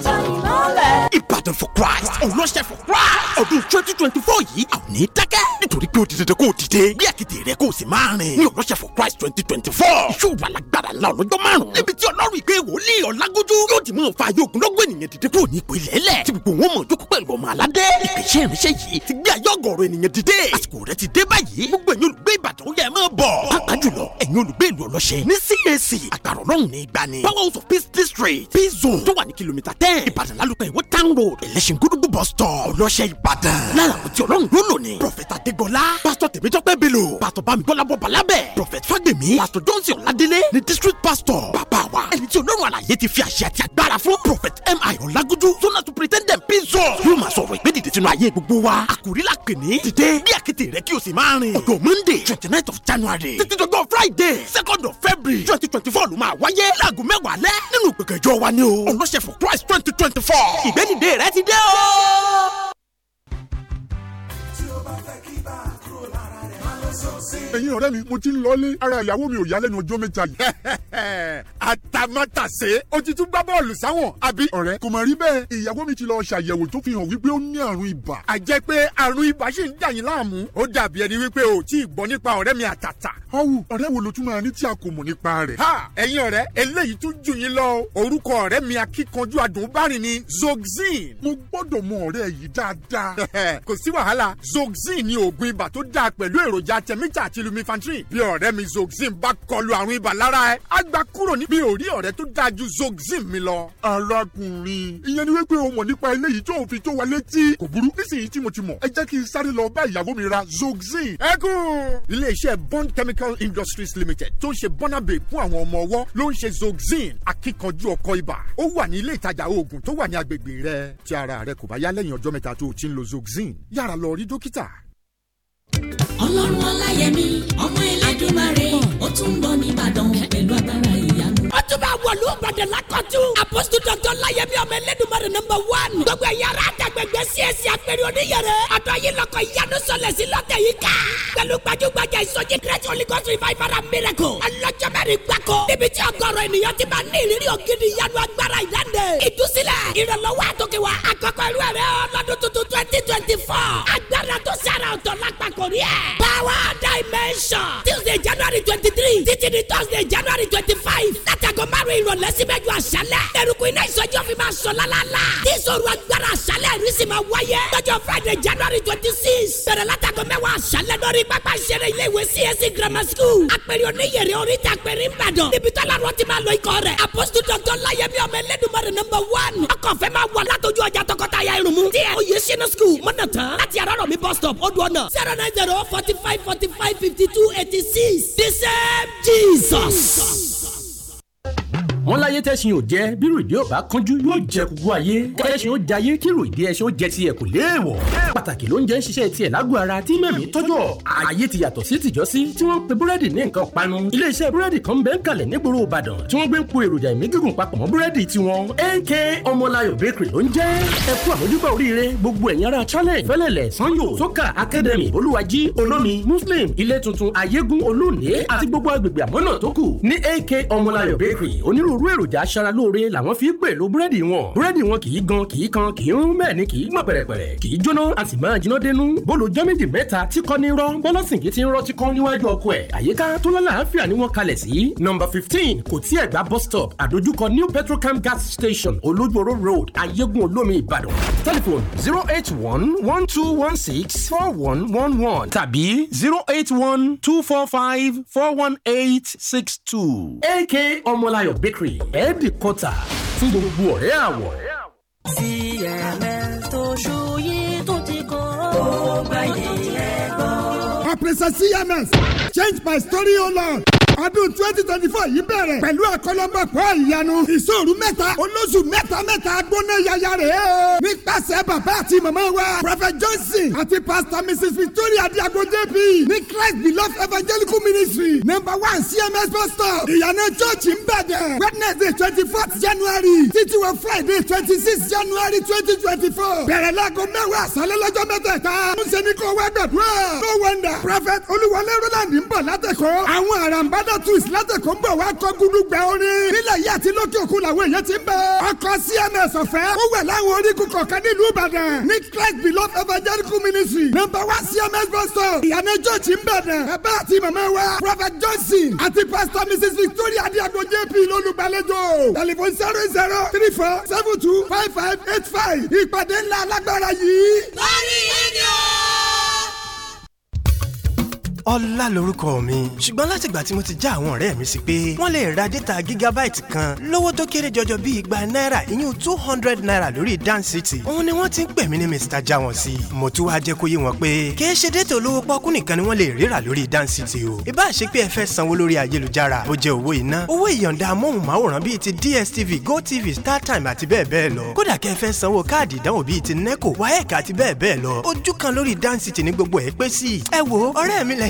táyì mọ́lẹ̀. Ìbàdàn for Christ ọlọ́ṣẹ́ for Christ ọdún twenty twenty four yìí àwọn ní dákẹ́ nítorí pé ó di dandan kó o dìde bí àkété rẹ kó o sì máa rìn ní ọlọ́ṣẹ́ for Christ twenty twenty four yóò wà lágbára ńlá ọlọ́jọ́ márùn-ún níbi tí ọlọ́run ìgbé wòlíì ọ̀làgójú yóò ti mọ̀ fa ayógunlógún ènìyàn dìde kúrò ní ipò ilẹ̀ẹ́lẹ̀ tí gbogbo wọn mọ̀ jókòó pẹ̀lú ọmọ aládé ìgbésẹ̀ ìrìnsẹ̀ yìí ti gbé ayọ́gọ̀rọ̀ ènìyàn dìde àsìkò rẹ ti dé báyìí gbogbo ẹ̀yin olùgbé Ìbàdàn ó yẹ ẹ máa bọ̀ pàápàá jùlọ ẹ̀yin olùgbé ìlú ọlọ́ṣẹ́ ní CAC àgbàrọ̀ lọ́hùn ní ìgbani Power House of Peace District P Zone tó wà ní kìlómítà ten Ìbàdàn lálùpẹ̀ ìwó town road ẹlẹ́sìngúdùgbò bus stop lọ́sẹ̀ ìbàdàn. lára àwọn tí ọlọ́run ló lò ní. prọfẹ̀tà adégbọlá pásítọ̀ tèmítọ́pẹ́ bello pásítọ̀ bámigbọ́lá bọ̀ bàlábẹ̀ prọfẹ̀tà fàgbèmí pásítọ̀ johnson ọ̀làdélé ní district pastor bàbá wa ẹni tí ọlọ́run àlàyé ti fi àṣẹ àti agbára fún prọfẹ̀tà M ọ̀làgúdú zona superintendent pinzo yóò máa sọ̀rọ̀ ìgbédìde sínú ayé gbogbo wa àkòrí la pè ní dìde bí àkété rẹ kí o sì máa rìn ọjọ́ monday twenty of january títí dọjọ́ friday second of february twenty twenty four ló máa wáyé láago mẹ́wàá lẹ́ nínú gbẹ̀gẹ̀jọ wa ni for christ twenty twenty four ìgbénìde rẹ ti dé o. tí o bá fẹ́ kí bá a ẹ̀yin ọ̀rẹ́ mi mo ti ń lọlé ara ìyàwó mi ò yá lẹ́nu ọjọ́ mẹ́ta yìí. àtàmátàsé ó ti tún gbá bọ́ọ̀lù sáwọn àbí. ọ̀rẹ́ kò mà rí bẹ́ẹ̀ ìyàwó mi ti lọ ṣàyẹ̀wò tó fi hàn wípé ó ní àrùn ibà. a jẹ́ pé àrùn ibà ṣì ń dà yín láàmú. ó dàbí ẹni wípé o tí ì gbọ́ nípa ọ̀rẹ́ mi àtàtà. ọ̀wù ọ̀rẹ́ wo ló tún máa ní tí a kò mọ̀ nípa rẹ̀. ha ẹ̀yin ọ̀rẹ́ eléyìí tún jù yín lọ orúkọ ọ̀rẹ́ mi akíkanjú adùnbárin ni Zoxyn. mo gbọ́dọ̀ mọ ọ̀rẹ́ yìí dáadáa. kò sí wàhálà Zoxyn ni oògùn ibà tó dáa pẹ̀lú èrò èròjà tẹ̀mítà àti lumifantrin bí ọ̀rẹ́ mi zoxyn bá kọlu àrùn ibà lára ẹ á gba kúrò ní. mi ọ̀rẹ́ tó dáa ju zoxyn mi lọ. arákùnrin ìyẹn ni wípé o mọ̀ nípa eléyìí tó fi tó wa létí. kò burú nísìnyí tí mo ti mọ̀ ẹ jẹ́ kí n sáré lọ bá ìyàwó mi ra zoxyn. ẹ kún. iléeṣẹ́ bond chemical industries limited tó ń ṣe bọ́nàbè fún àwọn ọmọ ọwọ́ ló ń ṣe zoxyn akíkanjú ọkọ ibà ó wà ní ilé ìtajà oògùn tó wà ní agbègbè rẹ tí ara rẹ kò bá yá lẹ́yìn mẹ́ta tó o ti ń lo zoxyn yára lọ rí dókítà ọlọ́run ọláyẹmí ọmọ ẹlẹ́dùnmarè ó tún bọ̀ nìbàdàn pẹ̀lú agbára ìyanu. ó tún bá wọ̀lú ìbàdàn lákọ̀tún. àpòsítù dọ̀tọ̀ láyẹmí ọmọ ẹlẹ́dùnmarè nọmba wán. gbogbo ẹ̀yà ara àtàgbẹ̀gbẹ̀ csc apẹ̀rẹ̀ oníyẹrẹ. ọ̀dọ́ yìí lọ́kọ̀ ìyanu sọlẹ̀ sí lọ́tẹ̀ yìí ká. pẹ̀lú gbajúgbajà ìsọjí great holy ghost revival miracle. ọlọ́jọ́ mẹ́rin gbáko. níbi tí ọgọ́rọ̀ ènìyàn ti máa ní ìrírí ògidì ìyanu agbára ìdáǹdè. ìdúsílẹ̀ ìrànlọ́wọ́ àtòkè wa. àkọ́kọ́ irú ẹ̀rẹ́ ọlọ́dún tuntun twenty twenty four. agbára tó sára ọ̀tọ̀ lápapọ̀ lórí ẹ̀. power dimension tuesday january twenty three títí di thursday january twenty five aago márùn ìrọ̀lẹ́ sí mẹ́jọ àṣálẹ̀. eruku iná ìsọjí òfin máa sọ lálálá. tí ìṣòro agbára àṣálẹ̀ rí sì máa wáyé. lọ́jọ́ friday january twenty six. bẹ̀rẹ̀ látàgọ́ mẹ́wàá àṣálẹ̀ lórí pápá ìṣeré ilé ìwé csc e grammar school. àpèrè oníyèrè oríta àpèrè ńbàdàn. níbi tó lárọ́ ti máa lọ ikọ̀ rẹ̀. apostle doctor láyẹ̀mí ọmọ ẹlẹ́dùnmọ́rẹ̀ nọmba one. ọkọ̀ fẹ́ máa wà látọjú ọjà tọkọtaya irunmu. tí oyè sinu school mọ́nà tán. láti àrọ́rọ̀ mi bus stop odò ọ̀nà. zero nine zero forty five forty five fifty two eighty six. the same jesus. jesus. Mm-hmm. wọ́n láyé tẹ̀sìn ò jẹ́ bírò ìdí ò bá kánjú yóò jẹ gbogbo ayé kẹ́sìn ó jayé kírò ìdí ẹṣin ó jẹ tiẹ̀ kò léèwọ̀ pàtàkì ló ń jẹ́ ń ṣiṣẹ́ tiẹ̀ lágbo ara tí mẹ́mí tọ́jọ́ ayé ti yàtọ̀ sí tìjọ́sí tí wọ́n pe búrẹ́dì ní nǹkan panu iléeṣẹ́ búrẹ́dì kan bẹ́ẹ̀ kalẹ̀ nígboro Ìbàdàn tí wọ́n gbé ń po èròjà ìmí gígùn papọ̀ mọ́ búrẹ́dì tiwọn AK Ọmọláyọ̀ bakery ló ń jẹ́ ẹ kú àmójúbà oríire gbogbo ẹ̀yin ará challenge fẹ́lẹ̀lẹ̀ academy olúwají olómi muslim ilé tuntun ayégún olóòní àti gbogbo agbègbè àmọ́nà tó kù ní AK Ọmọláyọ̀ bakery onírúurú onírúurú èròjà aṣara lóore làwọn fi gbèlò búrẹ́dì wọn búrẹ́dì wọn kì í gan kì í kan kì í rún bẹ́ẹ̀ ni kì í gbọ̀n pẹ̀rẹ̀pẹ̀rẹ̀ kì í jóná a sì máa jiná dénú bólú jọ́ méjì mẹ́ta tí kọ́ ní rọ́ bọ́lọ́sìnkì ti ń rọ́ tí kọ́ níwájú ọkọ ẹ̀ àyíká tó lálàáfíà ni wọ́n kalẹ̀ sí. nọ́mbà fifteen kò tí ẹ̀gbá bus stop àdójúkọ new petrocam gas station olójúoró road ayégun olómi ìbàdàn telephone zero eight one one two one six four one one one tàbí zero eight one two four five four one eight six two. AK Ọmọláyọ̀ Bakery three ẹ̀ẹ́dìkọta fún gbogbo ọ̀rẹ́ àwọ̀. cms tó ṣú yìí tó ti kọ́ ó gbàyè ẹ̀gbọ́n. ọ̀pẹ̀sẹ̀ cms change my story o lord ọdún twenty twenty four yìí bẹ̀rẹ̀ pẹ̀lú àkọlọ́gbọ̀pọ̀ ìyanu ìṣòro mẹ́ta olóṣù mẹ́ta mẹ́ta gbóná yaya rẹ̀ o. nípasẹ̀ bàbá àti màmá wa prophet johnson àti pastor mrs victoria diago jp ní christ beloved evangelical ministry number one cms pastor ìyànà church ń bàdẹ̀ wednesday twenty fourth january títí wọ friday twenty sixth january twenty twenty four bẹ̀rẹ̀ láago mẹ́wàá àṣálẹ́ lọ́jọ́ mẹ́tẹ̀ẹ̀ta ń ṣe wá gbàdúrà no wonder prophet olúwọlé roland ń bọ̀ látẹ̀kọ́ àwọn àràǹbádà Ghana twins látẹ̀kọ́ ń bọ̀ wá kọ́ gúdúgbà orin. nílẹ̀ yìí àti lókè òkun làwọn èèyàn ti ń bẹ̀. ọkọ̀ CMS ọ̀fẹ́ ó wẹ̀ láwọn orígun kọ̀ọ̀kan nílùú Ìbàdàn ní Christ Beloved Evangelical Ministry number one CMS bus stop ìyànà jọ́ọ̀jì ń bẹ̀dẹ̀. bàbá àti màmá wa Prophet Johnson àti Pastor Mrs Victoria Adiago JP lólùgbàlejò telephone zero zero three four seven two five five eight five ìpàdé ńlá alágbára yìí. lórí rédíò ọlá lorúkọ mi ṣùgbọ́n láti ìgbà tí mo ti já àwọn ọ̀rẹ́ mi sí pé wọ́n lè ra dẹ́ta gígábáìtì kan lówó tó kéré jọjọ bíi igba náírà ìyún two hundred naira lórí dan city òun ni wọ́n ti ń pè mí ní mr jawon sí mo tún wá jẹ́ kó yé wọn pé kìí ṣe dẹ́tà olówó pọ́kú nìkan ni wọ́n lè rírà lórí dan city o ìbá ṣe pé ẹ fẹ́ sanwó lórí ayélujára bó jẹ́ owó iná owó ìyọ̀ǹda amóhùnmáwòrán bíi ti dstv gotv startime àti bẹ́ẹ̀ bẹ́ẹ̀ lọ kódà kẹ́ ẹ fẹ́ sanwó káàdì ìdánwò bíi ti neco waec àti kan lórí dan city ní gbogbo ẹ̀ pé sí ẹ wo mi lẹ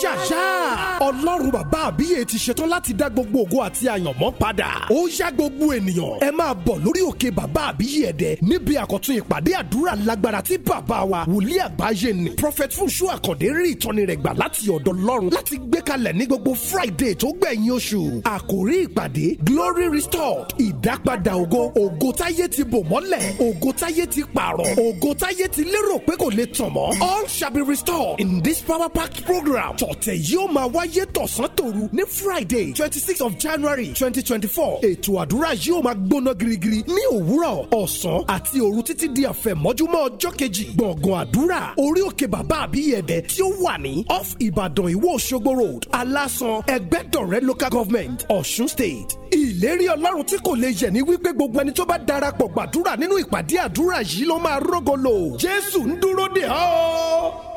já já! ọlọ́run bàbá àbíyè ti ṣetán láti dá gbogbo ògo àti àyànmọ́ padà ó yá gbogbo ènìyàn ẹ máa bọ̀ lórí òkè bàbá àbíyè ẹ̀dẹ̀ níbi àkọ́tún ìpàdé àdúrà lágbára tí bàbá wa wòlíì àgbáyé ni prophet fúnṣu àkàndé rí ìtọ́ni rẹ̀ gbà láti ọ̀dọ̀ lọ́run láti gbé kalẹ̀ ní gbogbo friday tó gbẹ̀yìn oṣù àkòrí ìpàdé glory restored ìdápadà ògo ògo táyé ti bò mọ́lẹ̀ ògo táyé ti pààrọ̀ ògo táyé ti lérò pé kò lè tàn mọ́ all shall be restored in this power packed program tọ̀tẹ̀ yóò máa wáyé wáyé tọ̀sán tòru ní Friday twenty six of January twenty twenty four ètò àdúrà yóò máa gbóná girigiri ní òwúrọ̀ ọ̀sán àti òru títí di àfẹ̀mọ́júmọ́ ọjọ́ kejì gbọ̀ngàn àdúrà orí òkè bàbá àbíyẹ̀dẹ̀ tí ó wà ní off Ibadan ìwó Òṣogbo road alásan ẹgbẹ́dọ̀rẹ́ local government Ọ̀ṣun state ìlérí ọlọ́run tí kò lè yẹ̀ ní wípé gbogbo ẹni tó bá darapọ̀ gbàdúrà nínú ìpàdé àdúrà yìí ló máa rógolo Jésù ń dúró dè ọ́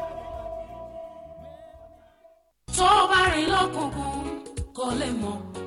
tó bá rìn lọ́kùnkùn kò lè mọ̀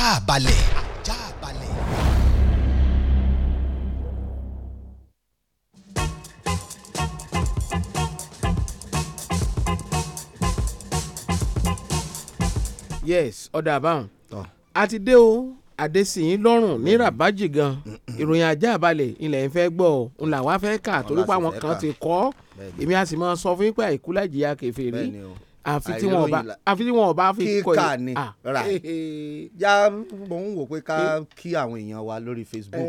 ajá balẹ̀. ajá balẹ̀. yes ọ̀dà àbáhùn a ti dé o àdésìyín lọ́rùn ní rabaji gan ìròyìn ajá balẹ̀ ilẹ̀ ń fẹ́ gbọ́ ọ ńlá wa fẹ́ kà torí pé àwọn kan ti kọ́ èmi a sì máa sọ fún yín pé àìkú lájìyà kẹfẹ́ rí àfi tí wọn ọba àfi tí wọn ọba fi kọ kíkà ni rà já mò ń wò pé ká kí àwọn èèyàn wa lórí Facebook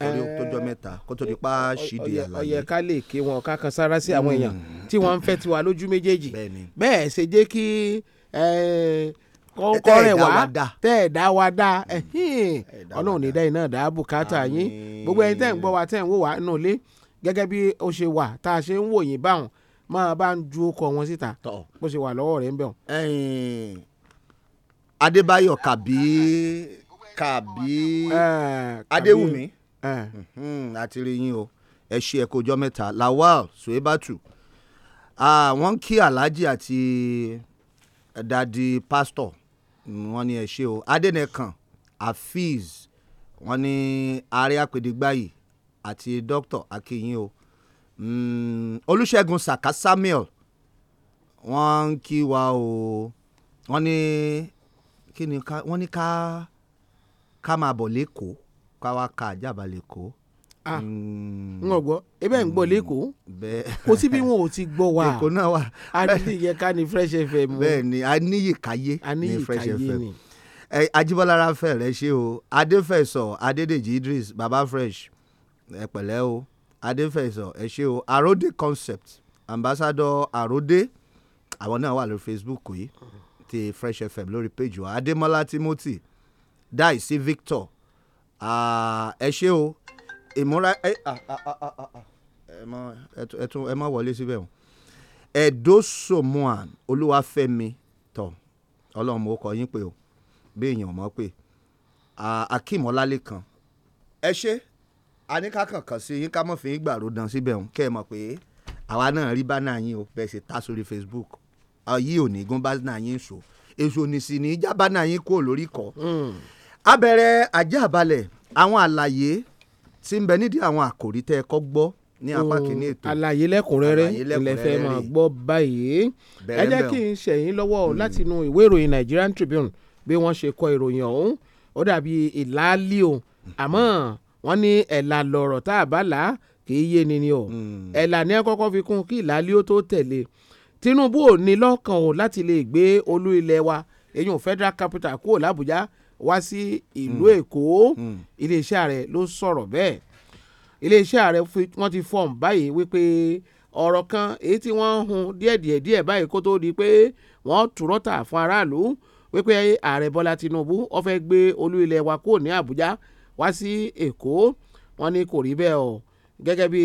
torí tójọ mẹ́ta kó tó di pa ṣídìí àlàyé. ọyẹ ká lè ké wọn ká kan sára sí àwọn èèyàn hmm. tí wọn ń fẹ́ tiwa lójú méjèèjì bẹ́ẹ̀ ṣe jẹ́ kí kọ́ rẹ̀ wá tẹ́ ẹ̀ dá wa dá hmm. ọlọ́run ní dáhìn náà dá bùkátà yín gbogbo ẹni tẹ́ ń gbọ́ wa tẹ́ ń wò wá nù lé gẹ́gẹ́ bí ó ṣe wà tá a ṣe ń wò yín báwọn máa bá ń ju ọkọ̀ wọn síta bó ṣe wà lọ́wọ́ rẹ̀ ń bẹ̀ wọ́n. Adébáyọ̀ kàbí kàbí Adéwùmí àti rìnyìn o ẹ ṣe ẹ kọjọ mẹ́ta Lawal Suebatu wọ́n kí Alhaji àti dadi pastor wọ́n ní ẹ ṣe o Adẹnẹkan Afeez wọ́n ní ààrẹ àpèdégbàyè àti dókítà akínyìn o Mm, olùṣègùn saka samuel wọ́n ń kí wa o wọ́n ní kí ni ká wọ́n ní ká ká máa bọ̀ lẹ́kọ̀ọ́ ká wá ka àjàbá lẹ́kọ̀ọ́. Ah, mm. n ò gbọ́ ebẹ́ ń gbọ́ lẹ́kọ̀ọ́ kò sí bí wọn ò ti gbọ́ wa lẹ́kọ̀ọ́ náà wà a ní iye ká ní fresh fm. bẹ́ẹ̀ ni a níyì káyé ní fresh fm ajibola rafael ẹ ṣé o adéfẹsọ adédèjì idris baba fresh ẹ pẹ̀lẹ́ o. Eh, adéfẹ̀sọ ẹ ṣe o àròdé concept ambassador àròdé àwọn náà wà lórí facebook yìí ti fresh fm lórí page wa adémọlá timothy dáìsí victor ẹ ṣe o ìmúra ẹ má wọlé síbẹ̀ o ẹ̀dọ́ somoan olúwafẹ́mi tọ̀ ọlọ́run mo kọ yín pé o bí èèyàn mọ̀ pé akeem ọlálẹ́kan ẹ ṣe àníkàkàn kàn sí yín ká mọ̀ fi yín gbàrú dán síbẹ̀ òun kẹ́ ẹ mọ̀ pé àwa náà rí bánà yín o bẹ́ẹ̀ ṣe ta sórí Facebook yìí ò ní gún bánà yín so èso nìsí ní já bánà yín kúrò lórí kọ́. Hmm. abẹ́rẹ́ ajá balẹ̀ àwọn àlàyé tí ń bẹ nídìí àwọn àkòrí tẹ́ ẹ kọ́ gbọ́ ní apá hmm. kìíní ètò. àlàyé lẹ́kùnrẹ́rẹ́ ilẹ̀ fẹ́ máa gbọ́ báyìí ẹ jẹ́ kí n ṣẹ̀yìn lọ́wọ́ hmm. látinú ìwé ìròyìn Nigerian Tribune bí wọ́n ṣe kọ ìròyìn ọ̀hún ó dàbí ìlàálí o àmọ́ wọ́n ní ẹ̀là lọ̀rọ̀ tá a bá là á kì í yé ni ni o hmm. ẹ̀là ni ẹ kọ́kọ́ fi kún kí ìlàlí ó tó tẹ̀lé Tinubu ò ní lọ́kàn o láti lè gbé olú ilẹ̀ wa èyàn federal capital kúrò làbújá wá sí ìlú hmm. Èkó hmm. iléeṣẹ́ ààrẹ ló sọ̀rọ̀ bẹ́ẹ̀ iléeṣẹ́ ààrẹ wọ́n ti fọ́ọ̀mù báyìí wípé ọ̀rọ̀ kan èyí tí wọ́n ń hun díẹ̀díẹ̀ díẹ̀ báyìí kó tó di pé wọ́n tùrọ̀ tà fún aráàlú wípé ààrẹ Bọ́lá Tinubu ó fẹ́ gbé olú ilẹ̀ wa kúrò ní Àbújá wá sí Èkó wọ́n ní kò rí bẹ́ẹ̀ o gẹ́gẹ́ bí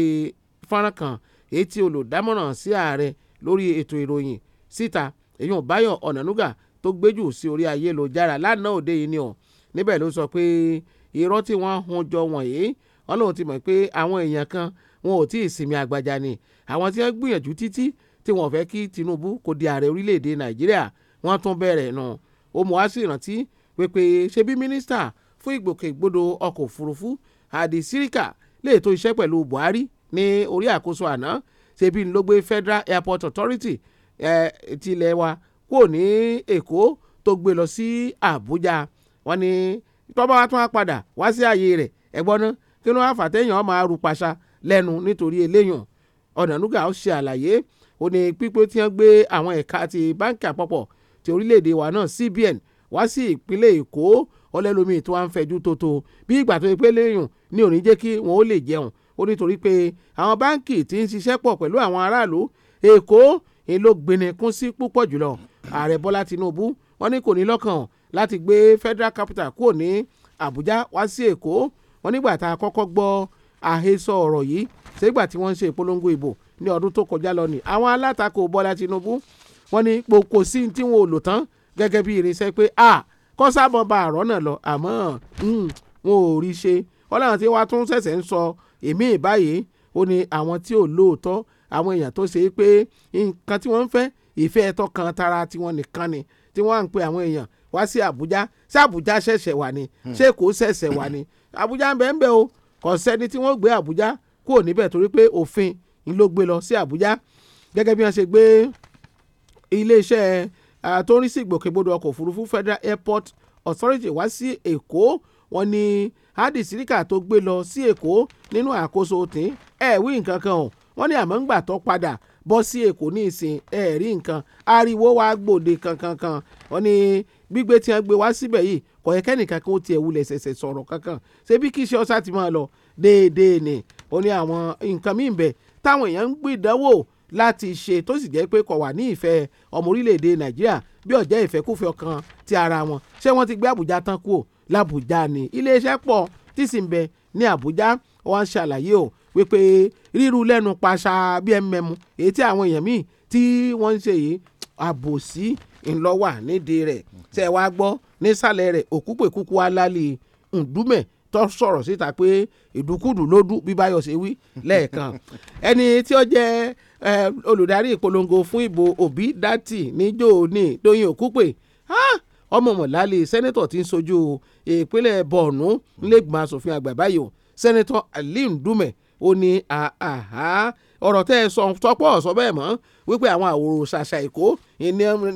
fọ́nrán kan èyí tí olùdámọ̀ràn sí ààrẹ lórí ètò ìròyìn síta èyí ò Báyọ̀ Ọ̀nànúgà tó gbéjù sí orí ayélujára lánàá òde yìí ni o níbẹ̀ ló sọ pé irọ́ tí wọ́n hun jọ wọ̀nyí wọ́n lóun ti mọ̀ pé àwọn èèyàn kan wọn ò tí ì sinmi àgbàjà ni àwọn tí wọ́n gbìyànjú títí tí wọ́n fẹ́ kí Tinubu kó di ààrẹ orílẹ̀-èdè Nàìjíríà wọ́n tún bẹ̀rẹ̀ nù ó mú wá sí ìrántí pé pé ṣe bí mínísítà fún ìgbòkègbodò ọkọ̀ òfurufú Hadi Sirika lè tó iṣẹ́ pẹ̀lú Buhari ní orí àkóso àná ṣebí ń ló Federal Airport Authority eh, tilẹ̀ wa kúrò ní Èkó tó gbé lọ sí Àbújá wọ́n ní tọ́ba wa tún á padà wá sí ààyè rẹ̀ ẹ̀gbọ́n náà kí ló wá fàtẹ́yàn máa ru pàṣà lẹ́nu nítorí eléyàn Ọ̀nànúgà ó ṣe àlàyé ó ní pípé tí wọ́n gbé àwọn ẹ̀ka ti báǹkì àpapọ̀ ti orílẹ̀-èdè wa náà CBN wá sí ìpínlẹ̀ èkó ọlẹ́lómi tó wá ń fẹjú tótó bí ìgbà tó yẹ pé léèyàn ní òní jẹ́ kí wọn ó lè jẹun ó nítorí pé àwọn báǹkì tí ń ṣiṣẹ́ pọ̀ pẹ̀lú àwọn aráàlú èkó ń ló gbinni kún sí púpọ̀ jùlọ ààrẹ bọ́lá tinubu wọn ní kò ní lọ́kàn láti gbé federal capital kúrò ní àbújá wá sí èkó wọn nígbà tá a kọ́kọ́ gbọ́ àhesọ ọ̀rọ̀ yìí ṣégbà tí wọ́n ń ṣe ìpolongo ìbò ní ọdún tó kọjá lọ ni àwọn alátakò bọ́lá tinubu wọn ní pokò sí tí wọn ò lò tán gẹ́gẹ́ bí irinṣẹ́ pé a kọ́ sábọ̀ ba àrọ́ náà lọ àmọ́ wọn ò rí ṣe ọlọ́run tí wàá tún ṣẹ̀ṣẹ̀ ń sọ èmi ìbáyìí ó ní àwọn tí ò lóòótọ́ àwọn èèyàn tó ṣe é pé nǹkan tí wọ́n ń fẹ́ ìfẹ́ ẹ̀tọ́ kan tara tiwọn nìkan ni tí wọ́n à ń pe àwọn èèyàn wá sí àbújá sí àbújá ṣẹ̀ṣẹ̀ wà ní hmm. ṣé kò ṣẹ̀ṣẹ̀ wà ní àbújá ń bẹ ń bẹ o kò sẹ́ni tí wọ́n gbé àbújá kúrò níbẹ̀ torí pé òfin ló gbé lọ sí àbújá gẹ́gẹ́ bí wọ́n ṣe gbé iléeṣẹ́ Ah, tó ń rí sí ìgbòkègbodò ọkọ̀ òfurufú Federal Airport Authority wá sí Èkó wọ́n ní Hadi Sirika tó gbé lọ sí Èkó nínú àkóso tín ẹ̀ wí nǹkan kan o wọ́n ní àmọ́ ń gbà tó padà bọ́ sí Èkó ní ìsìn ẹ̀ rí nǹkan ariwo wa gbòde kankankan wọ́n ní gbígbé tí wọ́n gbé wá síbẹ̀ yìí kò yẹ kẹ́nìkan kí tiẹ̀ wulẹ̀ ṣẹ̀ṣẹ̀ sọ̀rọ̀ kankan ṣé bí kí iṣẹ́ ọ̀sá ti máa lọ déédéé ni ó ní àwọn nǹkan míì bẹ̀ táwọn èèyàn ń gbìdánwò láti ṣe tó sì jẹ́ pé kò wà ní ìfẹ́ ọmọ orílẹ̀-èdè nàìjíríà bí ọ̀jẹ́ ìfẹ́kúfẹ́ ọkàn ti ara wọn ṣé wọ́n ti gbé àbújá tán kúò làbújá ni iléeṣẹ́ pọ̀ tí sì ń bẹ ní àbújá wọ́n ń ṣàlàyé o wípé ríru lẹ́nu paṣá bí mm èyí tí àwọn èèyàn míì tí wọ́n ń ṣe yìí àbòsí ńlọ́wà nídìí rẹ̀ tẹ́ wá gbọ́ nísàlẹ̀ rẹ̀ òkúpèkúkú alálì ǹdúmẹ̀ tó sọ̀rọ̀ síta pé ìdúkúdù ló dún ṣe wí lẹ́ẹ̀kan ẹni tí ó jẹ́ Eh, olùdarí ìpolongo fún ìbò òbí dátì níjó ní Tóyìn Òkúpè ah, ọmọ mọ̀lálẹ́ sẹ́nẹ́tọ̀ tí ń sojú ìpínlẹ̀ Borno nílẹ̀gbọ̀n asòfin àgbà báyìí o sẹ́nẹ́tọ̀ Alim Dume ó ní ọ̀rọ̀ tẹ́ ẹ sọ tọ́pọ̀ sọ bẹ́ẹ̀ mọ́ wípé àwọn àwòrò ṣàṣà èkó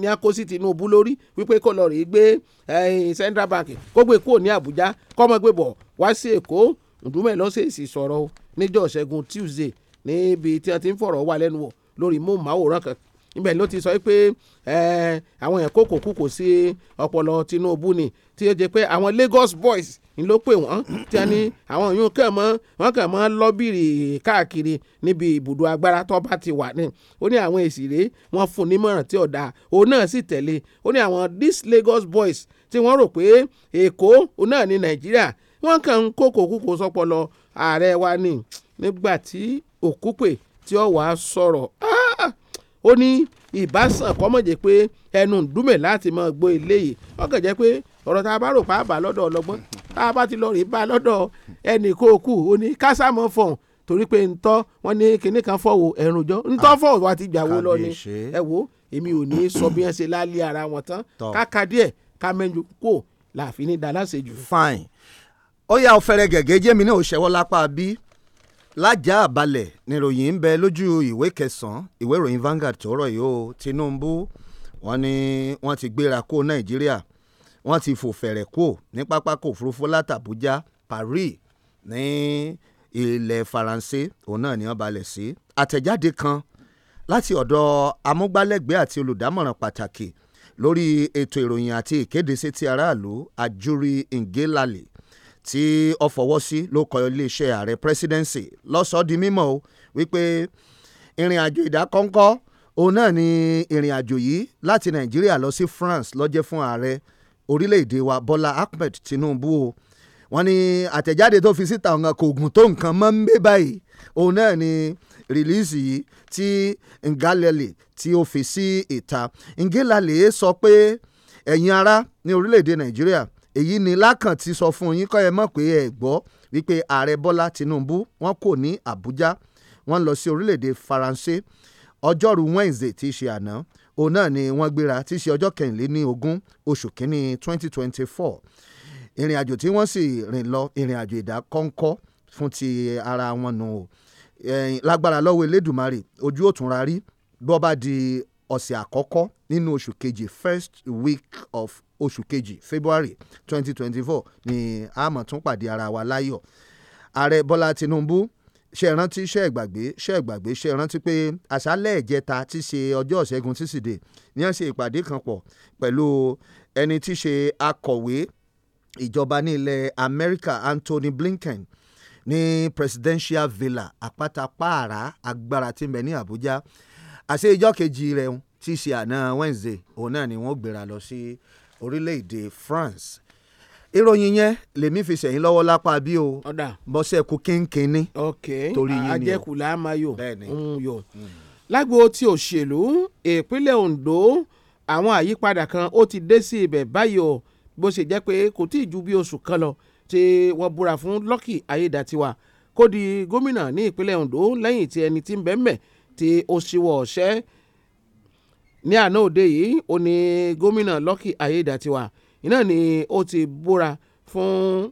ní akósí Tinubu lórí wípé kó lọ rèé gbé eh, Central Bank kó gbé kúrò ní Àbújá kọ́mọ gbé bọ̀ wá sí Èkó Ndume lọ́sẹ̀ẹ̀sì sọ̀rọ̀ níjọ́ Ṣẹ́gun Tuesday níbi tí wọ́n ti ń fọ̀rọ̀ wá lẹ́nu wò lórí móhùnmáwòrán kan níbẹ̀ ló ti sọ pé àwọn èèyàn kókò kúkò sí ọpọlọ Tinubu ni tí ó jẹ́ pé àwọn Lagos boys ń ló pè wọ́n tí a ní àwọn yòó kàn mọ́ wọ́n kàn mọ́ lọ́bìrì káàkiri níbi ibùdó agbára tó bá ti wà ní ó ní àwọn èsì rèé wọ́n fún nímọ̀ràn tí ọ̀dà òun náà sì tẹ̀lé ó ní àwọn these Lagos boys tí wọ́n rò pé Èkó òun náà ní Nàìjíríà wọ́n kàn ń kókò kúkò sọpọlọ ààrẹ wa ni nígbà tí Òkúpè tí ó wàá sọ̀rọ̀ ah! ó ní ìbásàn kọ́mọ̀jẹ́ pé ẹnu ń dúmẹ̀ láti mọ gbọ́ eléyìí ó jẹ́ pé ọ̀rọ̀ tá a bá rò pa àbá lọ́dọ̀ ọlọ́gbọ́n tá a bá ti lọ rè bá lọ́dọ̀ ẹnì kóòkù ó ní kásámọ́ fọ̀hún torí pé ntọ́ wọn ní kinní kan fọ̀wọ́ ẹ̀rùn jọ ntọ́ fọ̀wọ́ wa ti gbàwó lọ ni ẹ wo èmi ò ní sọ bí wọ́n ṣe lálé ara wọn tán káka díẹ̀ ká mẹ́nu kò láàfin ní daláṣejù. fine ó yà ọ̀fẹ́rẹ́ gẹ̀gẹ́ jẹ́mi náà ò ṣẹ́wọ́ lápá bíi lájà àbálẹ̀ níròyìn ń bẹ lójú ìwé kẹsàn-án ìwé ìròyìn Vanguard tọ̀rọ̀ yìí ó Tinubu wọ́n ní wọ́n ti gbéra kó Nàìjíríà wọ́n ti fò fẹ̀rẹ̀ kó ní pápákọ̀ òfurufú látàbújá Paris ní ilẹ̀ Faransé òun náà ni wọ́n balẹ̀ sí àtẹ̀jáde kan láti ọ̀dọ̀ amúgbálẹ́gbẹ̀ẹ́ àti olùdámọ̀ràn pàtàkì lórí ètò ìròyìn àti ìkéde sétí aráàlú àjúrí ngelale tí ó fọwọ́ sí ló kọ iléeṣẹ́ ààrẹ presidency lọ́sọ̀ọ́ di mímọ̀ o wípé ìrìn àjò ìdákọ́ńkọ́ òun náà ni ìrìn àjò yìí láti nàìjíríà lọ sí france lọ́jẹ́ fún ààrẹ orílẹ̀-èdè wa bọ́lá ahmed tinubu o wọ́n ní àtẹ̀jáde tó fi síta ọ̀gá kò gùn tó nǹkan mọ́ ń bẹ́ báyìí òun náà ni rìlíìsì yìí tí ngalele tí ó fi sí ìta ngalale sọ pé ẹ̀yin ará ní orílẹ̀-èdè nàìjíríà èyí ni lákàntí sọ fún yín kọ́ ẹ mọ̀ pé ẹ gbọ́ wípé ààrẹ bọ́lá tinubu wọn kò ní àbújá wọ́n lọ sí orílẹ̀-èdè faransé ọjọ́rú wednesday tí ṣe àná òun náà ni wọ́n gbéra tí í ṣe ọjọ́ kẹrìnléní ogún oṣù kínní 2024 ìrìn àjò tí wọ́n sì rìn lọ ìrìn àjò ìdákọ́ńkọ́ fún ti ara wọn nù o lágbára lọ́wọ́ elédùnmarè ojú òtún rí bó bá di ọ̀sẹ̀ àkọ́kọ́ nínú oṣù kejì first week of oṣù kejì February 2024 ni a máa tún pàdé ara wa láyọ̀ ààrẹ Bọ́lá Tinubu ṣe rántí ṣe ìgbàgbé ṣe ìgbàgbé ṣe rántí pé àṣálẹ̀ ìjẹta ti ṣe ọjọ́ ìṣẹ́gun tíṣídẹ̀ẹ́ ní wọ́n ṣe ìpàdé kan pọ̀ pẹ̀lú ẹni tí ṣe akọ̀wé ìjọba ní ilẹ̀ Amẹ́ríkà Anthony Blinken ní Presidential Villa àpáta pààrà agbára tí ń bẹ ní Àbújá àṣẹ ìjọ́ kejì rẹ̀ ti ṣe àná Wednesday òun náà ni wọ́n gbéra lọ sí. Si orílẹ̀-èdè France ìròyìn yẹn lèmi fi sẹ̀yìn lọ́wọ́ lápá bí o bọ́sẹ̀ kú kínkínní torí yín ni o ajẹ́kùlá máa yò ń yò. lágbo ti òṣèlú ìpínlẹ̀ Ondo àwọn àyípadà kan ó ti dé sí ibẹ̀ báyìí o bó ṣe jẹ́ pé kò tí ì ju bí oṣù kan lọ tí wọ́n búra fún Lucky Ayédàtiwa kó di gómìnà ní ìpínlẹ̀ Ondo lẹ́yìn tí ẹni tí ń bẹ́ẹ̀ mẹ́ tí ó ṣíwọ́ ọ̀ṣẹ́ ní àná òde yìí ó ní gómìnà Lucky Ayédàtiwa iná ni ó ti búra fún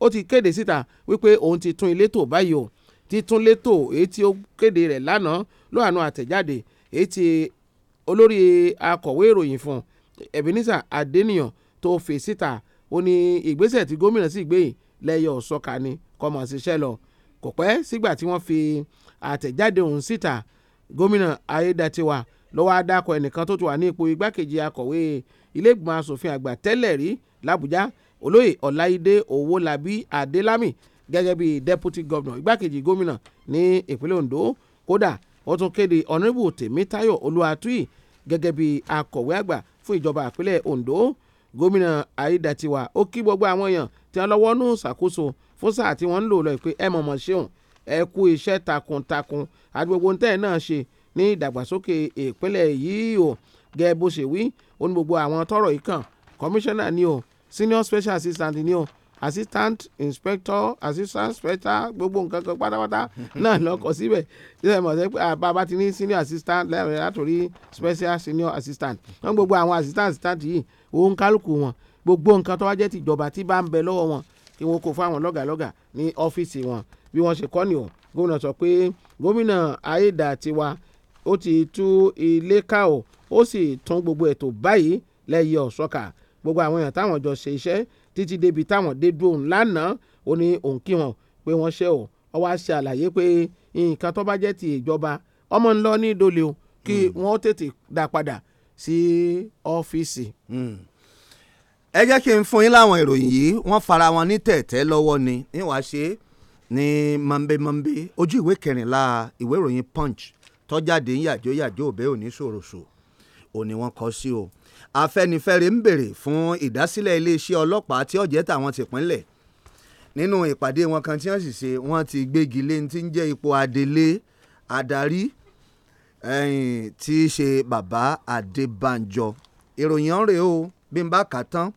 ó ti kéde síta wípé òun ti tún ilé tò báyìí o títún létò èyí tí ó kéde rẹ̀ lánàá lóhànú àtẹ̀jáde èyí tí olórí akọ̀wé ìròyìn fún Ebenezer Adeniyan tó fè síta ó ní ìgbésẹ̀ tí gómìnà sì gbé yìí lẹ́yọ̀ sọ́ka ni kọ́mọ̀ ṣiṣẹ́ lọ kò pẹ́ sígbà tí wọ́n fi àtẹ̀jáde ọ̀hún síta gómìnà Ayédàtiwa lọ́wọ́ adákọ̀ ẹnìkan tó ti wà ní ipò igbákejì akọ̀wé iléègbìmọ̀ asòfin àgbà tẹ́lẹ̀ rí làbújá olóyè ọláìdé owólabí adélámì gẹ́gẹ́ bíi deputy governor igbákejì gómìnà ní ìpínlẹ̀ ondo kódà wọ́n tún kéde honourable tèmítáyọ̀ olúwatúyì gẹ́gẹ́ bíi akọ̀wé àgbà fún ìjọba ìpínlẹ̀ ondo gómìnà ayédàtiwa ó kí gbogbo àwọn èèyàn tí wọ́n lọ́wọ́ nù ṣàkóso fún sáà tí wọ́n ń lò lọ pé ẹ mọ̀mọ́ ṣeun ẹ iṣẹ́ takuntakun àti ntẹ́ náà ṣe ní ìdàgbàsókè ìpínlẹ̀ yìí o gẹ́gẹ́ bó ṣe wí ó ní gbogbo àwọn tọ́rọ̀ yìí kàn kọmíṣánná ni o senior special assistant ni o assistant inspector assistant inspector gbogbo nǹkan kan pátápátá náà lọkọ síbẹ̀ ṣe mọ̀ sẹ́ pé bàbá ti ní senior assistant lẹ́yìn látòrí special senior assistant wọ́n gbogbo àwọn assistant assistant yìí òun kálukú wọn gbogbo nǹkan tó wá jẹ́ tìjọba tí bá ń bẹ lọ́wọ́ wọn kí wọ́n kó fáwọn lọ́gàlọ́gà ní ọ́fíìsì wọn bí wọ́n ṣe kọ́ ni o gómìnà sọ pé gómìnà ayédàtiwa ó ti tú ilé ká o ó sì tún gbogbo ètò báyìí lẹ́yìn ọ̀sọ́kà gbogbo àwọn èèyàn táwọn jọ ṣe iṣẹ́ títí débi táwọn dé dùn lánàá ó ní òun kí wọn pé wọ́n ṣe o ó wá ṣe àlàyé pé nǹkan tó bá jẹ́ ti ìjọba ọmọ ń lọ ní ìdólé o kí hmm. wọ́n tètè dá padà sí ọ́fíìsì. Hmm. ẹ jẹ́ kí n fún yín láwọn ìròyìn yìí wọ́n fara wọn ní tẹ̀tẹ̀ lọ́wọ́ ni níwàá ṣe ní mọ̀nbẹ́mọ̀nbẹ́ ojú ìwé kẹrìnlá ìwé ìròyìn punch tọ́jáde yàjó yàjó òbẹ́ òní ṣòroṣò òní wọ́n kọ sí o Afẹ́nifẹ́re ń bèrè fún ìdásílẹ̀ iléeṣẹ́ ọlọ́pàá tí ọ̀jẹ́ tàwọn ti pínlẹ̀ nínú ìpàdé wọn kan tí wọ́n sì ṣe wọ́n ti gbégi lé ní ti ń jẹ́ ipò adelé adarí tí í ṣe bàbá Adébánjọ ìròyìn ọ̀rẹ́ o bí n bá kà tán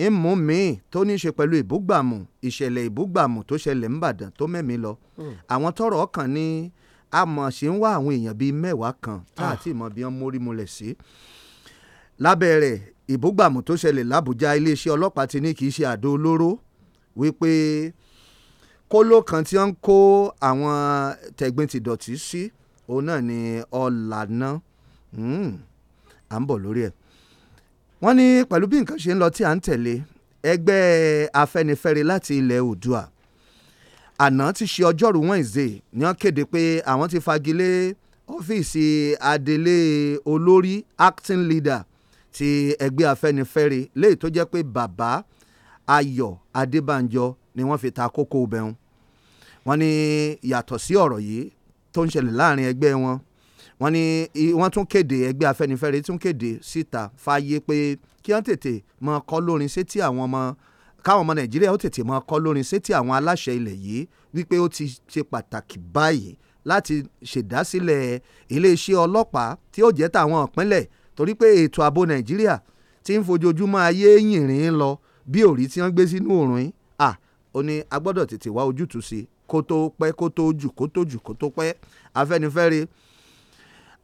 ń mú míì tó ní í ṣe pẹ̀lú ìbúgbàmù ìṣẹ̀lẹ̀ ìbúgbàmù tó ṣẹlẹ̀ ńbàdàn tó mẹ́mí lọ hmm. àwọn tọrọ ọkàn ní amọ̀ṣe ń wá àwọn èèyàn bíi mẹ́wàá kan tá àti ah. ìmọ̀ bí wọ́n mórí mulẹ̀ sí. lábẹ́ rẹ̀ ìbúgbàmù tó ṣẹlẹ̀ làbújá iléeṣẹ́ ọlọ́pàá ti ní kì í ṣe àdó olóró wípé kóló kan tí wọ́n ń kó àwọn tẹ̀gbìn sí òun náà ni ọ̀làná hmm, à ń bọ̀ lórí ẹ̀. wọ́n ní pẹ̀lú bí nǹkan ṣe ń lọ tí à ń tẹ̀lé ẹgbẹ́ afẹ́nifẹ́re láti ilẹ̀ oòdùà àná ti ṣe ọjọ́rú Wednesday ni wọ́n kéde pé àwọn ti fagilé ọ́fíìsì adelé olórí acting leader ti ẹgbẹ́ afẹ́nifẹ́re léyìí tó jẹ́ pé bàbá Ayọ̀ Adébánjọ ni wọ́n fi ta kókó bẹ̀rùn wọ́n ní yàtọ̀ sí ọ̀rọ̀ yìí tó ń ṣẹlẹ̀ láàrin ẹgbẹ́ wọn wọ́n ní wọ́n tún kéde ẹgbẹ́ afẹ́nifẹ́re tún kéde síta fàyè pé kí wọ́n tètè mọ kọ́ lórin sétí àwọn ọmọ káwọn ọmọ nàìjíríà ó tètè mọ kọ́ lórin sétí àwọn aláṣẹ ilẹ̀ yìí wípé ó ti ṣe pàtàkì báyìí láti ṣèdásílẹ̀ iléeṣẹ́ ọlọ́pàá tí ó jẹ́ tàwọn ìpínlẹ̀ torí pé ètò ààbò nàìjíríà ti ń fojoojúmọ́ ayé yìnrìn lọ bí òrí tí wọ́n gbé sínú òrùn yìí à ó ní a gbọ́dọ̀ tètè wá ojútùú sí kó tó pẹ́ kó tó jù kó tó jù kó tó pẹ́ afẹ́nifẹ́re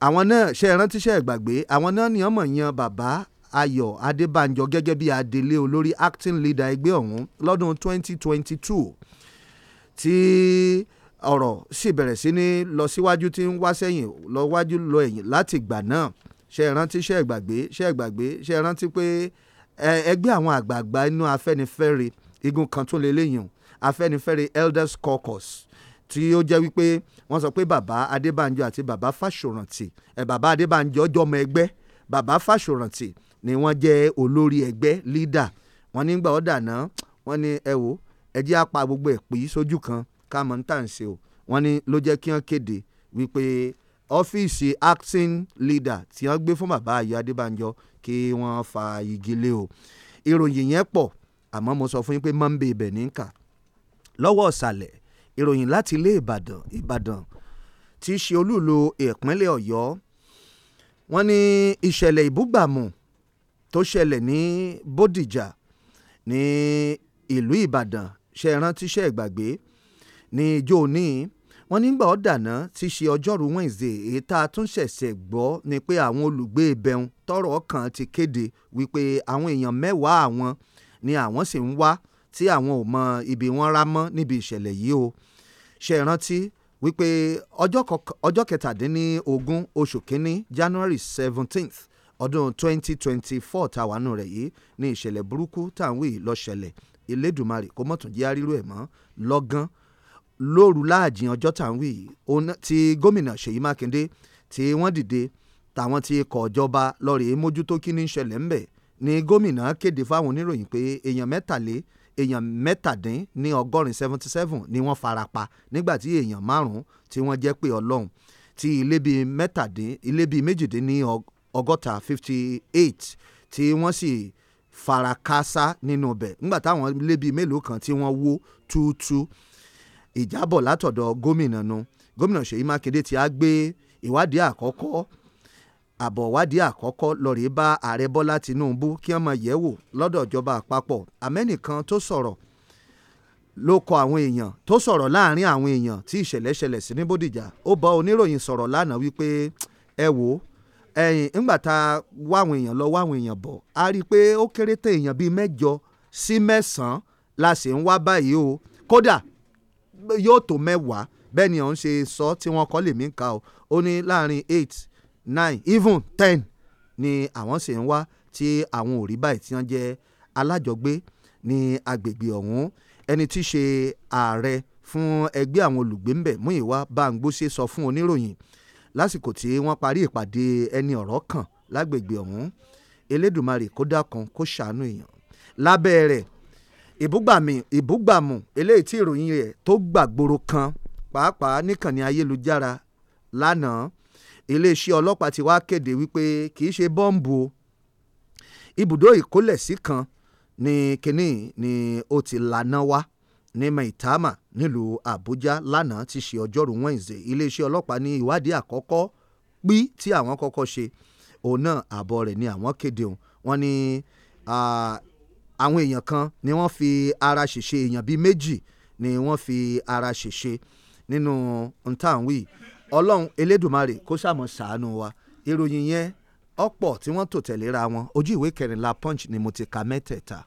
àwọn náà ṣe rántí ṣe gbàgbé àwọn náà ni ọmọ yan bàbá Ayọ̀ Adébánjọ gẹ́gẹ́ bí adelé olórí acting leader ẹgbẹ́ ọ̀hún lọ́dún 2022 tí ọ̀rọ̀ sì bẹ̀rẹ̀ sí ní lọ síwájú tí ń wá sẹ́yìn lọ wájú lọ ẹ̀yìn láti ìgbà náà ṣe é rántí ṣe é gbàgbé ṣe é gbàgbé ṣe é rántí pé ẹgbẹ́ àwọn àgbààgbà inú Afẹ́nifẹ́re igun kan tún lè léyìn Afẹ́nifẹ́re Elders Caucus tí ó jẹ́ wípé wọ́n sọ pé bàbá Adébánjọ àti bàbá Fáṣọ̀rántì ẹ̀ bàbá Adébánjọ jọmọ ẹgbẹ́ bàbá Fáṣọ̀rántì ni wọ́n jẹ́ olórí ẹgbẹ́ leader wọ́n nígbà ọ̀dà náà wọ́n ní ẹ wò ẹ jẹ́ apá gbogbo ẹ̀ pè é sójú kan ká ń tà ń ṣe o wọ́n ní ló jẹ́ kí wọ́n kéde wípé ọ́fíìsì acting leader tí wọ́n gbé fún bàbá Ayọ̀ Adébánjọ kí wọ́n fa igi lé o ìròyìn yẹn pọ̀ àmọ́ mo sọ fún yín pé mọ́ńbé ibẹ̀ ní kà lọ́wọ́ ọ̀sàlẹ̀ ìròyìn láti ilé Ìbàdàn Ìbàdàn tí ṣe olúùlú ìpínlẹ̀ Ọ̀yọ́ wọ́n ní ìṣẹ̀lẹ̀ ìbúgbàmù tó ṣẹlẹ̀ ní Bódìjà ní ìlú Ìbàdàn ṣe rántí ṣe ìgbàgbé ní ijó ní wọ́n nígbà ọ̀dàná ti ṣe ọjọ́rú Wednesday èyí tá a tún ṣẹ̀ṣẹ̀ gbọ́ ni pé àwọn olùgbé ibẹ̀hún tọ́rọ̀ kan ti kéde wípé àwọn èèyàn mẹ́wàá àwọn ni àwọn sì ń wá tí àwọn ò mọ ibi wọn rá mọ́ níbi ìṣẹ̀lẹ̀ yìí o ṣe rántí wípé ọjọ́ kẹtàdínní ogún oṣù kínní January seventeenth ọdún 2024 tàwánú rẹ̀ yìí ní ìṣẹ̀lẹ̀ burúkú táwọn yìí lọ ṣẹlẹ̀ Elédùmarè kó mọ̀tún jẹ́ àrírò ẹ̀ mọ́ lọ́gán lóru láàjìn ọjọ́ táwọn yìí ti gómìnà Ṣèyí Mákindé tí wọ́n dìde táwọn ti kọ̀ ìjọba lọ́ọ̀rẹ́ mójútó kí ní ṣẹlẹ̀ ńbẹ̀ ni gómìnà kéde fáwọn oníròyìn pé èèyàn mẹ́tàlé èèyàn mẹ́tàdín ní ọgọ́rin seventy seven ni wọ́n fara pa nígbà tí èèyàn márùn-ún tí wọ́n jẹ́ pé ọlọ́run tí ilé bíi mẹ́tàdín ilé bíi méjìdín ní ọgọ́ta fifty eight tí wọ́n sì fara káásá nínú ibẹ̀ nígbà táwọn lébi mélòó kan tí wọ́n wó túútú ìjábọ̀ látọ̀dọ̀ gómìnà nu gómìnà Ṣèyí Mákindé ti á gbé ìwádìí àkọ́kọ́ àbọ̀ ìwádìí àkọ́kọ́ lọ́ọ̀rì bá ààrẹ Bọ́lá Tinubu kí wọ́n mọ̀ yẹ̀ wò lọ́dọ̀ ìjọba àpapọ̀ amẹ́nìkan tó sọ̀rọ̀ ló kọ àwọn èèyàn tó sọ̀rọ̀ láàrin àwọn èèyàn tí ìṣẹ̀lẹ̀ ṣẹlẹ̀ sí ní Bódìjà ó bá oníròyìn sọ̀rọ̀ lánàá wípé ẹ wò ó ẹ̀yìn ńgbà tá a wáwọn èèyàn lọ wáwọn èèyàn bọ̀ a rí i pé ó kéré tán èèyàn bíi mẹ́jọ sí mẹ́sàn-án la sì ń wá báyìí o kódà yóò tó mẹ́wàá bẹ́ẹ̀ ni òun ṣe sọ tí wọ́n kọ́ lèmi ń ka o ó ní láàrin eight nine even ten ni àwọn sì ń wá tí àwọn ò rí báyìí tí wọ́n jẹ́ alájọgbé ní agbègbè ọ̀hún ẹni tí í ṣe ààrẹ fún ẹgbẹ́ àwọn olùgbé ńbẹ̀ Múyìwá Báńgbóṣe sọ fún oníròyìn lásìkò tí wọ́n parí ìpàdé ẹni ọ̀rọ̀ kan lágbègbè ọ̀hún elédùnmarè kó dákun kó ṣàánú èèyàn lábẹ́ rẹ̀ ìbúgbàmù ìbúgbàmù eléyìí tí ìròyìn rẹ̀ tó gbàgbóró kan pàápàá níkànnì ayélujára lánàá iléeṣẹ́ ọlọ́pàá ti wá kéde wípé kì í ṣe bọ́ǹbù o ibùdó ìkólẹ̀sí kan ni kínní ni ó ti lànà wá ní Maitama nílùú abuja lánàá ti ṣe ọjọ́rú Wednesday iléeṣẹ́ ọlọ́pàá ní ìwádìí àkọ́kọ́ pí tí àwọn kọ́kọ́ ṣe òun náà àbọ̀ rẹ̀ ni àwọn kéde òun wọ́n ní àwọn èèyàn kan ni wọ́n fi ara ṣèṣe èèyàn bíi méjì ni wọ́n fi ara ṣèṣe nínú ntàwí ọlọ́run elédùmarè kó sàmọ̀ ṣàánú wa ìròyìn yẹn ọ̀pọ̀ tí wọ́n tò tẹ̀léra wọn ojú ìwé kẹrìnlá punch ni mo ti ka mẹ́tẹ̀ẹ̀ta.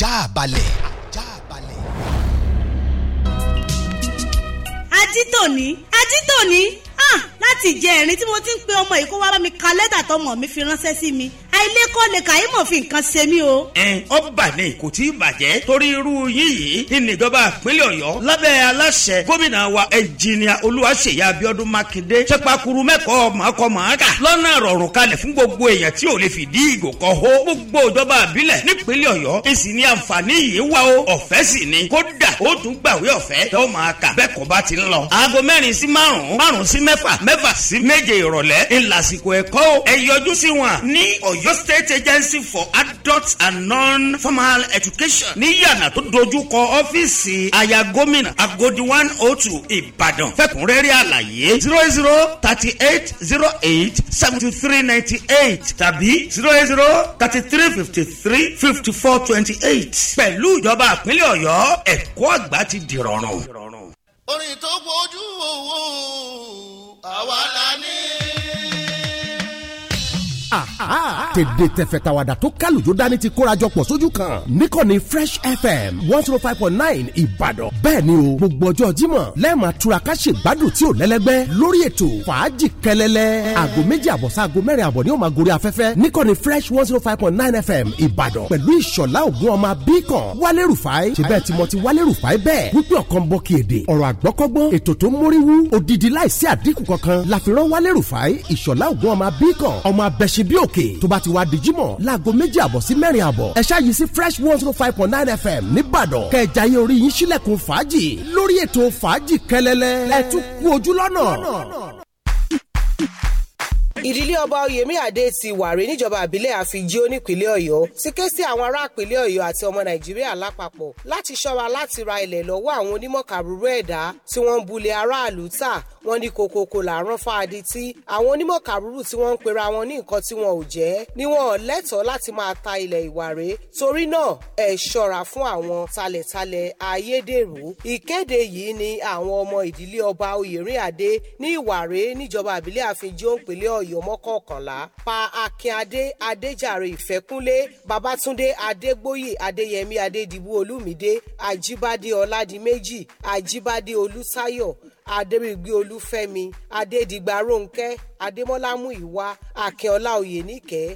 ajá balẹ̀. ajítòní ajítòní Ah, láti jẹ ẹ̀rín tí mo ti ń pe ọmọ yìí kó wá bá mi ka lẹ́tà tọmọ mi fi ránṣẹ́ sí mi àìlẹ́kọ́ lè kàí mọ̀ fi nǹkan ṣe mí o. ẹ ọba ni kò tí ì bàjẹ́ torí irú yín yìí ìníjọba ìpínlẹ̀ ọ̀yọ́ lábẹ́ aláṣẹ gómìnà wa ẹnjìnìà olúwaṣeyà abiodun makinde sẹpakuru mẹ́kọ̀ọ́ màkọ́ màákà lọ́nà rọrùn kalẹ̀ fún gbogbo èèyàn tí ò lè fìdí ìgò o ọ̀fẹ́ sì ni kódà ó tún gbàwé ọ̀fẹ́ tó máa kà bẹ́ẹ̀ kọ́ mẹ́fà mẹ́fà sí méje ìrọ̀lẹ́ ńlásìkò ẹ̀kọ́ o ẹ yọjú sí wọn ní Ọ̀yọ́ State Agency for Adult and Non-Formal Education ní yàrá tó dojú kọ ọ́fíìsì aya gómìnà Agodi one oh two Ìbàdàn fẹ́kúnrẹ́rẹ́ àlàyé zero zero thirty eight zero eight seventy three ninety eight tàbí zero zero thirty three fifty three fifty four twenty eight pẹ̀lú ìjọba àpínlẹ̀ Ọ̀yọ́ ẹ̀kọ́ àgbà ti dìrọ̀rùn. orin tó gbójú owó àwa la ní tèdè tẹ̀fẹ̀tàwàdà tó kálùjó dání ti kórajọ pọ̀ sójú kan níkànnì fresh fm one zero oh five point nine ìbàdàn bẹ́ẹ̀ ni o gbogbo ọjọ́ jímọ̀ lẹ́ẹ̀ma túraká ṣègbádùn tí ò lẹ́lẹ́gbẹ́ lórí ètò fàájì kẹlẹ́lẹ́ aago méjì àbọ̀sá aago mẹ́rin àbọ̀ ni ó máa gorí afẹ́fẹ́ níkànnì fresh one zero oh five point nine fm ìbàdàn pẹ̀lú ìṣọ̀lá ògùn ọmọ bíkàn wálé rufai ṣe bẹ́ẹ̀ ti mọ ti wálé rufai bẹ́ẹ̀ wípé ọ̀kan bọ́ kí èdè ọ̀rọ̀ àgbọ́kọ́gbọ́n ètò tó móríwú òdìdí láìsí àdínkù kankan la fi rán wálé rufai ṣe bí òkè tó bá ti wá di jímọ̀ láago méjì àbọ̀ sí mẹ́rin àbọ̀ ẹ ṣáàyè sí fresh one zero oh five point nine fm nìbàdàn kẹjà yín orí yín sílẹ̀kùn fàájì lórí ètò fàájì kẹlẹ́lẹ́ ẹ tún kú ojú lọ́nà ìdílé ọba oyèmí adé ti wàrí níjọba àbílẹ̀ àfijíó nípínlẹ̀ ọ̀yọ́ ti ké sí àwọn ará ìpínlẹ̀ ọ̀yọ́ àti ọmọ nàìjíríà lápapọ̀ láti ṣọ́ra láti ra ilẹ̀ lọ́wọ́ àwọn onímọ̀kàrúrú ẹ̀dá tí wọ́n ń bulẹ̀ aráàlú tà wọ́n ní kokoko làárọ̀ fáadì tí àwọn onímọ̀kàrúrú tí wọ́n ń pera wọn ní nǹkan tí wọn ò jẹ́ ni wọn ò lẹ́tọ̀ọ́ láti máa ta ilẹ̀ ìwàrí torí náà ẹ ṣọ́ra fún àwọn talẹ̀talẹ̀ ayédèrú ìkéde yìí ni àwọn ọmọ ìdílé ọba oyèrin adé ní ìwàrí níjọba àbílẹ̀ àfijíó ìpínlẹ̀ ọ̀yọ́ ọmọkọ̀ọ̀kànlá pa akínadé adéjàre ìfẹ́kúnlé babátúndé adégbóyè adéyẹmí adédìbú olúmídé ajíbádé ọládìméjì ajíbádé olùtayọ̀ adérígbé olúfẹ́mi adédìgbà rónkẹ́ adémọ́lá múìwá akínọlá oyènìkẹ́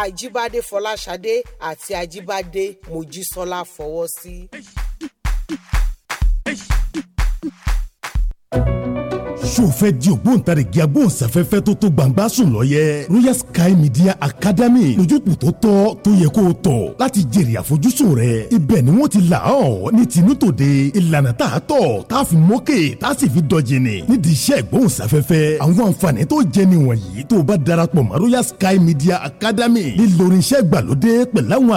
ajíbádé fọláṣadé àti ajíbádé mojísọ́lá fọwọ́ sí. Hey. ṣó fẹ́ di ògbóǹtarìgì agbóhùnsáfẹ́fẹ́ tó tó gbangba sùn lọ́yẹ Royal Sky Media Academy lójútùú tó tọ́ tó yẹ kó o tọ̀ láti jèrè àfojúsùn rẹ ibẹ̀ ni wọ́n ti là ọ́ ní tinútòde ìlànà tá a tọ̀ tá a fi mókè tá a sì fi dọ̀jìnì nídìí iṣẹ́ ìgbóhùnsáfẹ́fẹ́ àwọn àǹfààní tó jẹ nìwọ̀nyí tó bá darapọ̀ mọ́ Royal Sky Media Academy nílòrin iṣẹ́ ìgbàlódé pẹ̀lú àwọn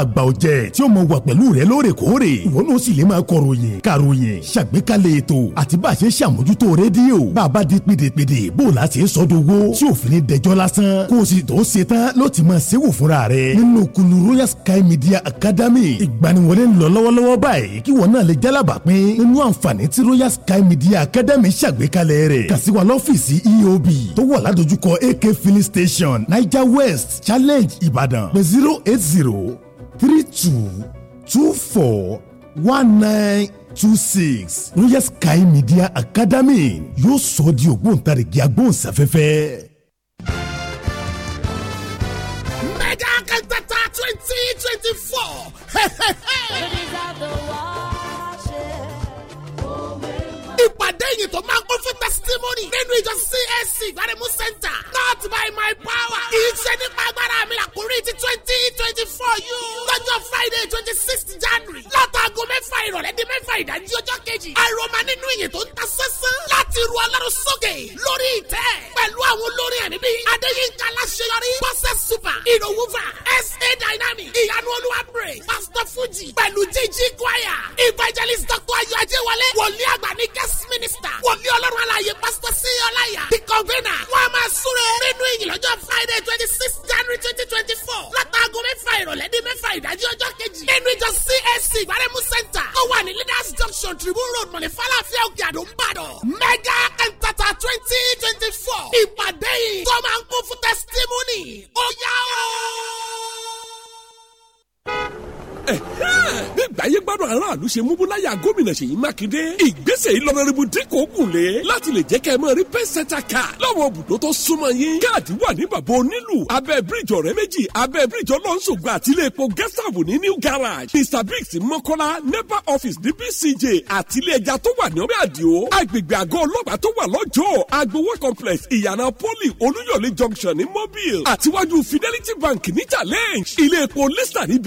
àgbà di pédèpédè bó o la ṣe sọdowó tí òfin ní dẹjọ́ lásán kó o sì tó ṣe tán ló ti máa ṣẹ́wò fúnra rẹ̀ nínú kunu royal sky media academy ìgbaniwọlé ń lọ lọ́wọ́lọ́wọ́ báyìí kí wọ́n náà lè jálábà pín nínú àǹfààní tí royal sky media academy ṣàgbékalẹ̀ rẹ̀ kàn sí lọ́fíìsì eob tó wà ládojúkọ ak filling station niger west challenge ibadan. pé zero eight zero three two two four one nine two six royal sky media academy yóò sọ ọ́ di ògbóǹtarìgì agbóhùnsáfẹ́fẹ́. mega kẹtẹta twenty twenty four. lẹ́yìn tó máa kún fún testimony nínú ìjọ CAC Gbaremu Center not by my power kì í ṣe nípa agbára mi àkórí ti twenty twenty four yìí lọ́jọ́ Friday twenty sixth January látàgọ́ mẹ́fà ìrọ̀lẹ́ di mẹ́fà ìdájí ọjọ́ kejì àròmọ nínú ìyìn tó ń ta sẹ́sẹ́ láti ru ọlọ́run sókè lórí ìtẹ́ pẹ̀lú àwọn olórin ẹ̀mí bíi Adéyínká Aláṣeyọrí Bọ́sẹ̀ Super Ìròwúfà S.A. Dynamic Ìyanu Olúwa Praise Pastor Fuji pẹ̀lú jíjí choir evangelist Dr. Ayọ̀ Ajẹ́wọlé wòlíì àgbà ní guest minister pásítà wòlíì ọlọ́run aláyè pásítọ̀ sí ọláyà the convener wọ́n a máa súre nínú ìyìn lọ́jọ́ friday twenty six january twenty twenty four látàgọ́ mẹ́fà ìrọ̀lẹ́ ní mẹ́fà ìdájí ọjọ́ kejì nínú ìjọ CAC ìbárẹ́mú center tó wà ní leaders junction tribune road mọ̀lẹ́fàlàfíà òkè àdó ń bàdàn ṣe mú búláyà gómìnà ṣèyí mákindé ìgbésẹ̀ yìí lọ́nàrìbù dínkù ògùnlé láti lè jẹ́ kẹ́ ẹ máa rí pẹ́sẹ́tà káàdì láwọn ibùdó tó súnmọ́ yín káàdì wà ní bàbá onílù abẹ́ bíríjì ọ̀rẹ́ méjì abẹ́ bíríjì ọlọ́nṣogbo àti ilé epo gẹ́sàbù ní new garage mr biggs mọ́kọ́lá nepa office ní bcj àti ẹja tó wà ní ọ̀rẹ́ àdìo agbègbè àgọ́ ọlọ́pàá tó wà lọ́jọ́ agbowo complex ìyànà poli olúyọ̀lé junction ní mobile àtiwájú fidelity bank ní challenge ilé epo lista ní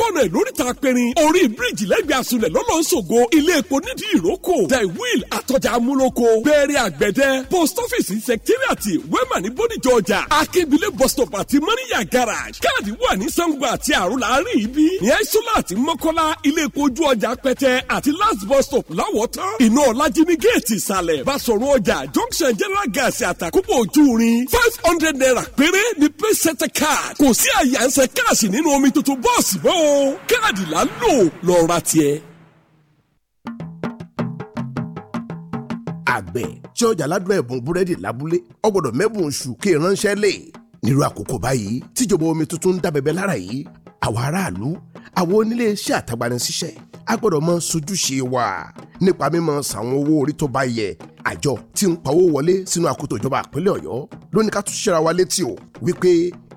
kọ́nà ìlóríta pẹ̀rin orí bíríjì lẹ́gbẹ̀ẹ́ àsun ìsàlẹ̀ lọ́lọ́sọ̀gọ ilé epo nídìí ìrókò the will àtọjà amúlòkọ bẹ̀rẹ̀ àgbẹ̀dẹ post office secretariat wema ní bódìjà ọjà akébílẹ̀ bus stop àti mọ́níyà garage káàdì wà ní sango àti àrùn láàrin ibi ní aisola àti mọ́kọ́lá ilé epo ojú ọjà pẹ́tẹ́ àti last bus stop láwọ̀tán iná ọ̀làjì ní géètì ìsàlẹ̀ basọ̀rọ̀ ọjà junction general gas àtàkùbọ̀ ojú rin five hundred naira péré ni pẹ́sẹ́tẹ̀ card kò sí àyànṣe káàsì nínú omi tuntun bọ́ọ̀sì bọ́ọ̀ káàdì là lọ́ọ́ ra tiẹ̀. àgbẹ̀ tí ọjà ládùn ẹ̀bùn búrẹ́dì lábúlé ó gbọ́dọ̀ mẹ́bùn oṣù kí ránṣẹ́ lè nírú àkókò báyìí tíjọba omi tuntun ń dábẹ́bẹ́ lára yìí àwa aráàlú àwọn onílé iṣẹ́ àtagbanisíṣẹ́ a gbọ́dọ̀ mọ sojúṣe wa nípa mímọ sàwọn owó orí tó bá yẹ àjọ tí ń pawó wọlé sínú àkótó ìjọba àpínlẹ̀ ọ̀yọ́ lónìí ká tún ṣẹ́ra wa létí o wípé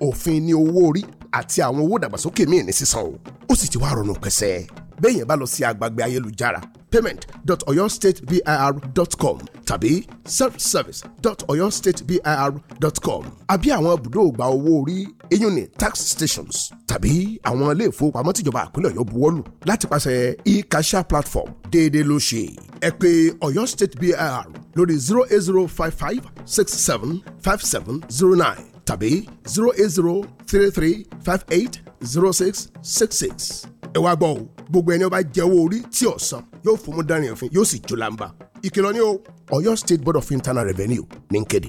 òfin ni owó orí àti àwọn owó ìdàgbàsókè míì ní sísan o ó sì ti wá rọrùn pẹ̀sẹ̀ bẹ́ẹ̀yẹn bá lọ sí agbègbè ayélujára payment.oyostatebir.com tàbí selfservice.oyostatebir.com àbí àwọn ibùdó ògbà owó orí eyín ní tax stations tàbí àwọn ilé ìfowópamọ́ tìjọba àpínlẹ̀ ọ̀yọ́ buwọ́lù láti pàṣẹ e-cashier platform déédéé ló ṣe ẹ pè Ọ̀yọ́ State BIR lórí zero eight zero five five six seven five seven zero nine tàbí zero eight zero three three five eight zero six six six. ẹ wá gbọ́ o gbogbo ẹni ó bá jẹ owó orí tí ò san yóò fòmú dárìn òfin yóò sì jù làǹbà ìkìlọ̀ ni o Ọ̀yọ́ State Board of Internal Revenue ní kéde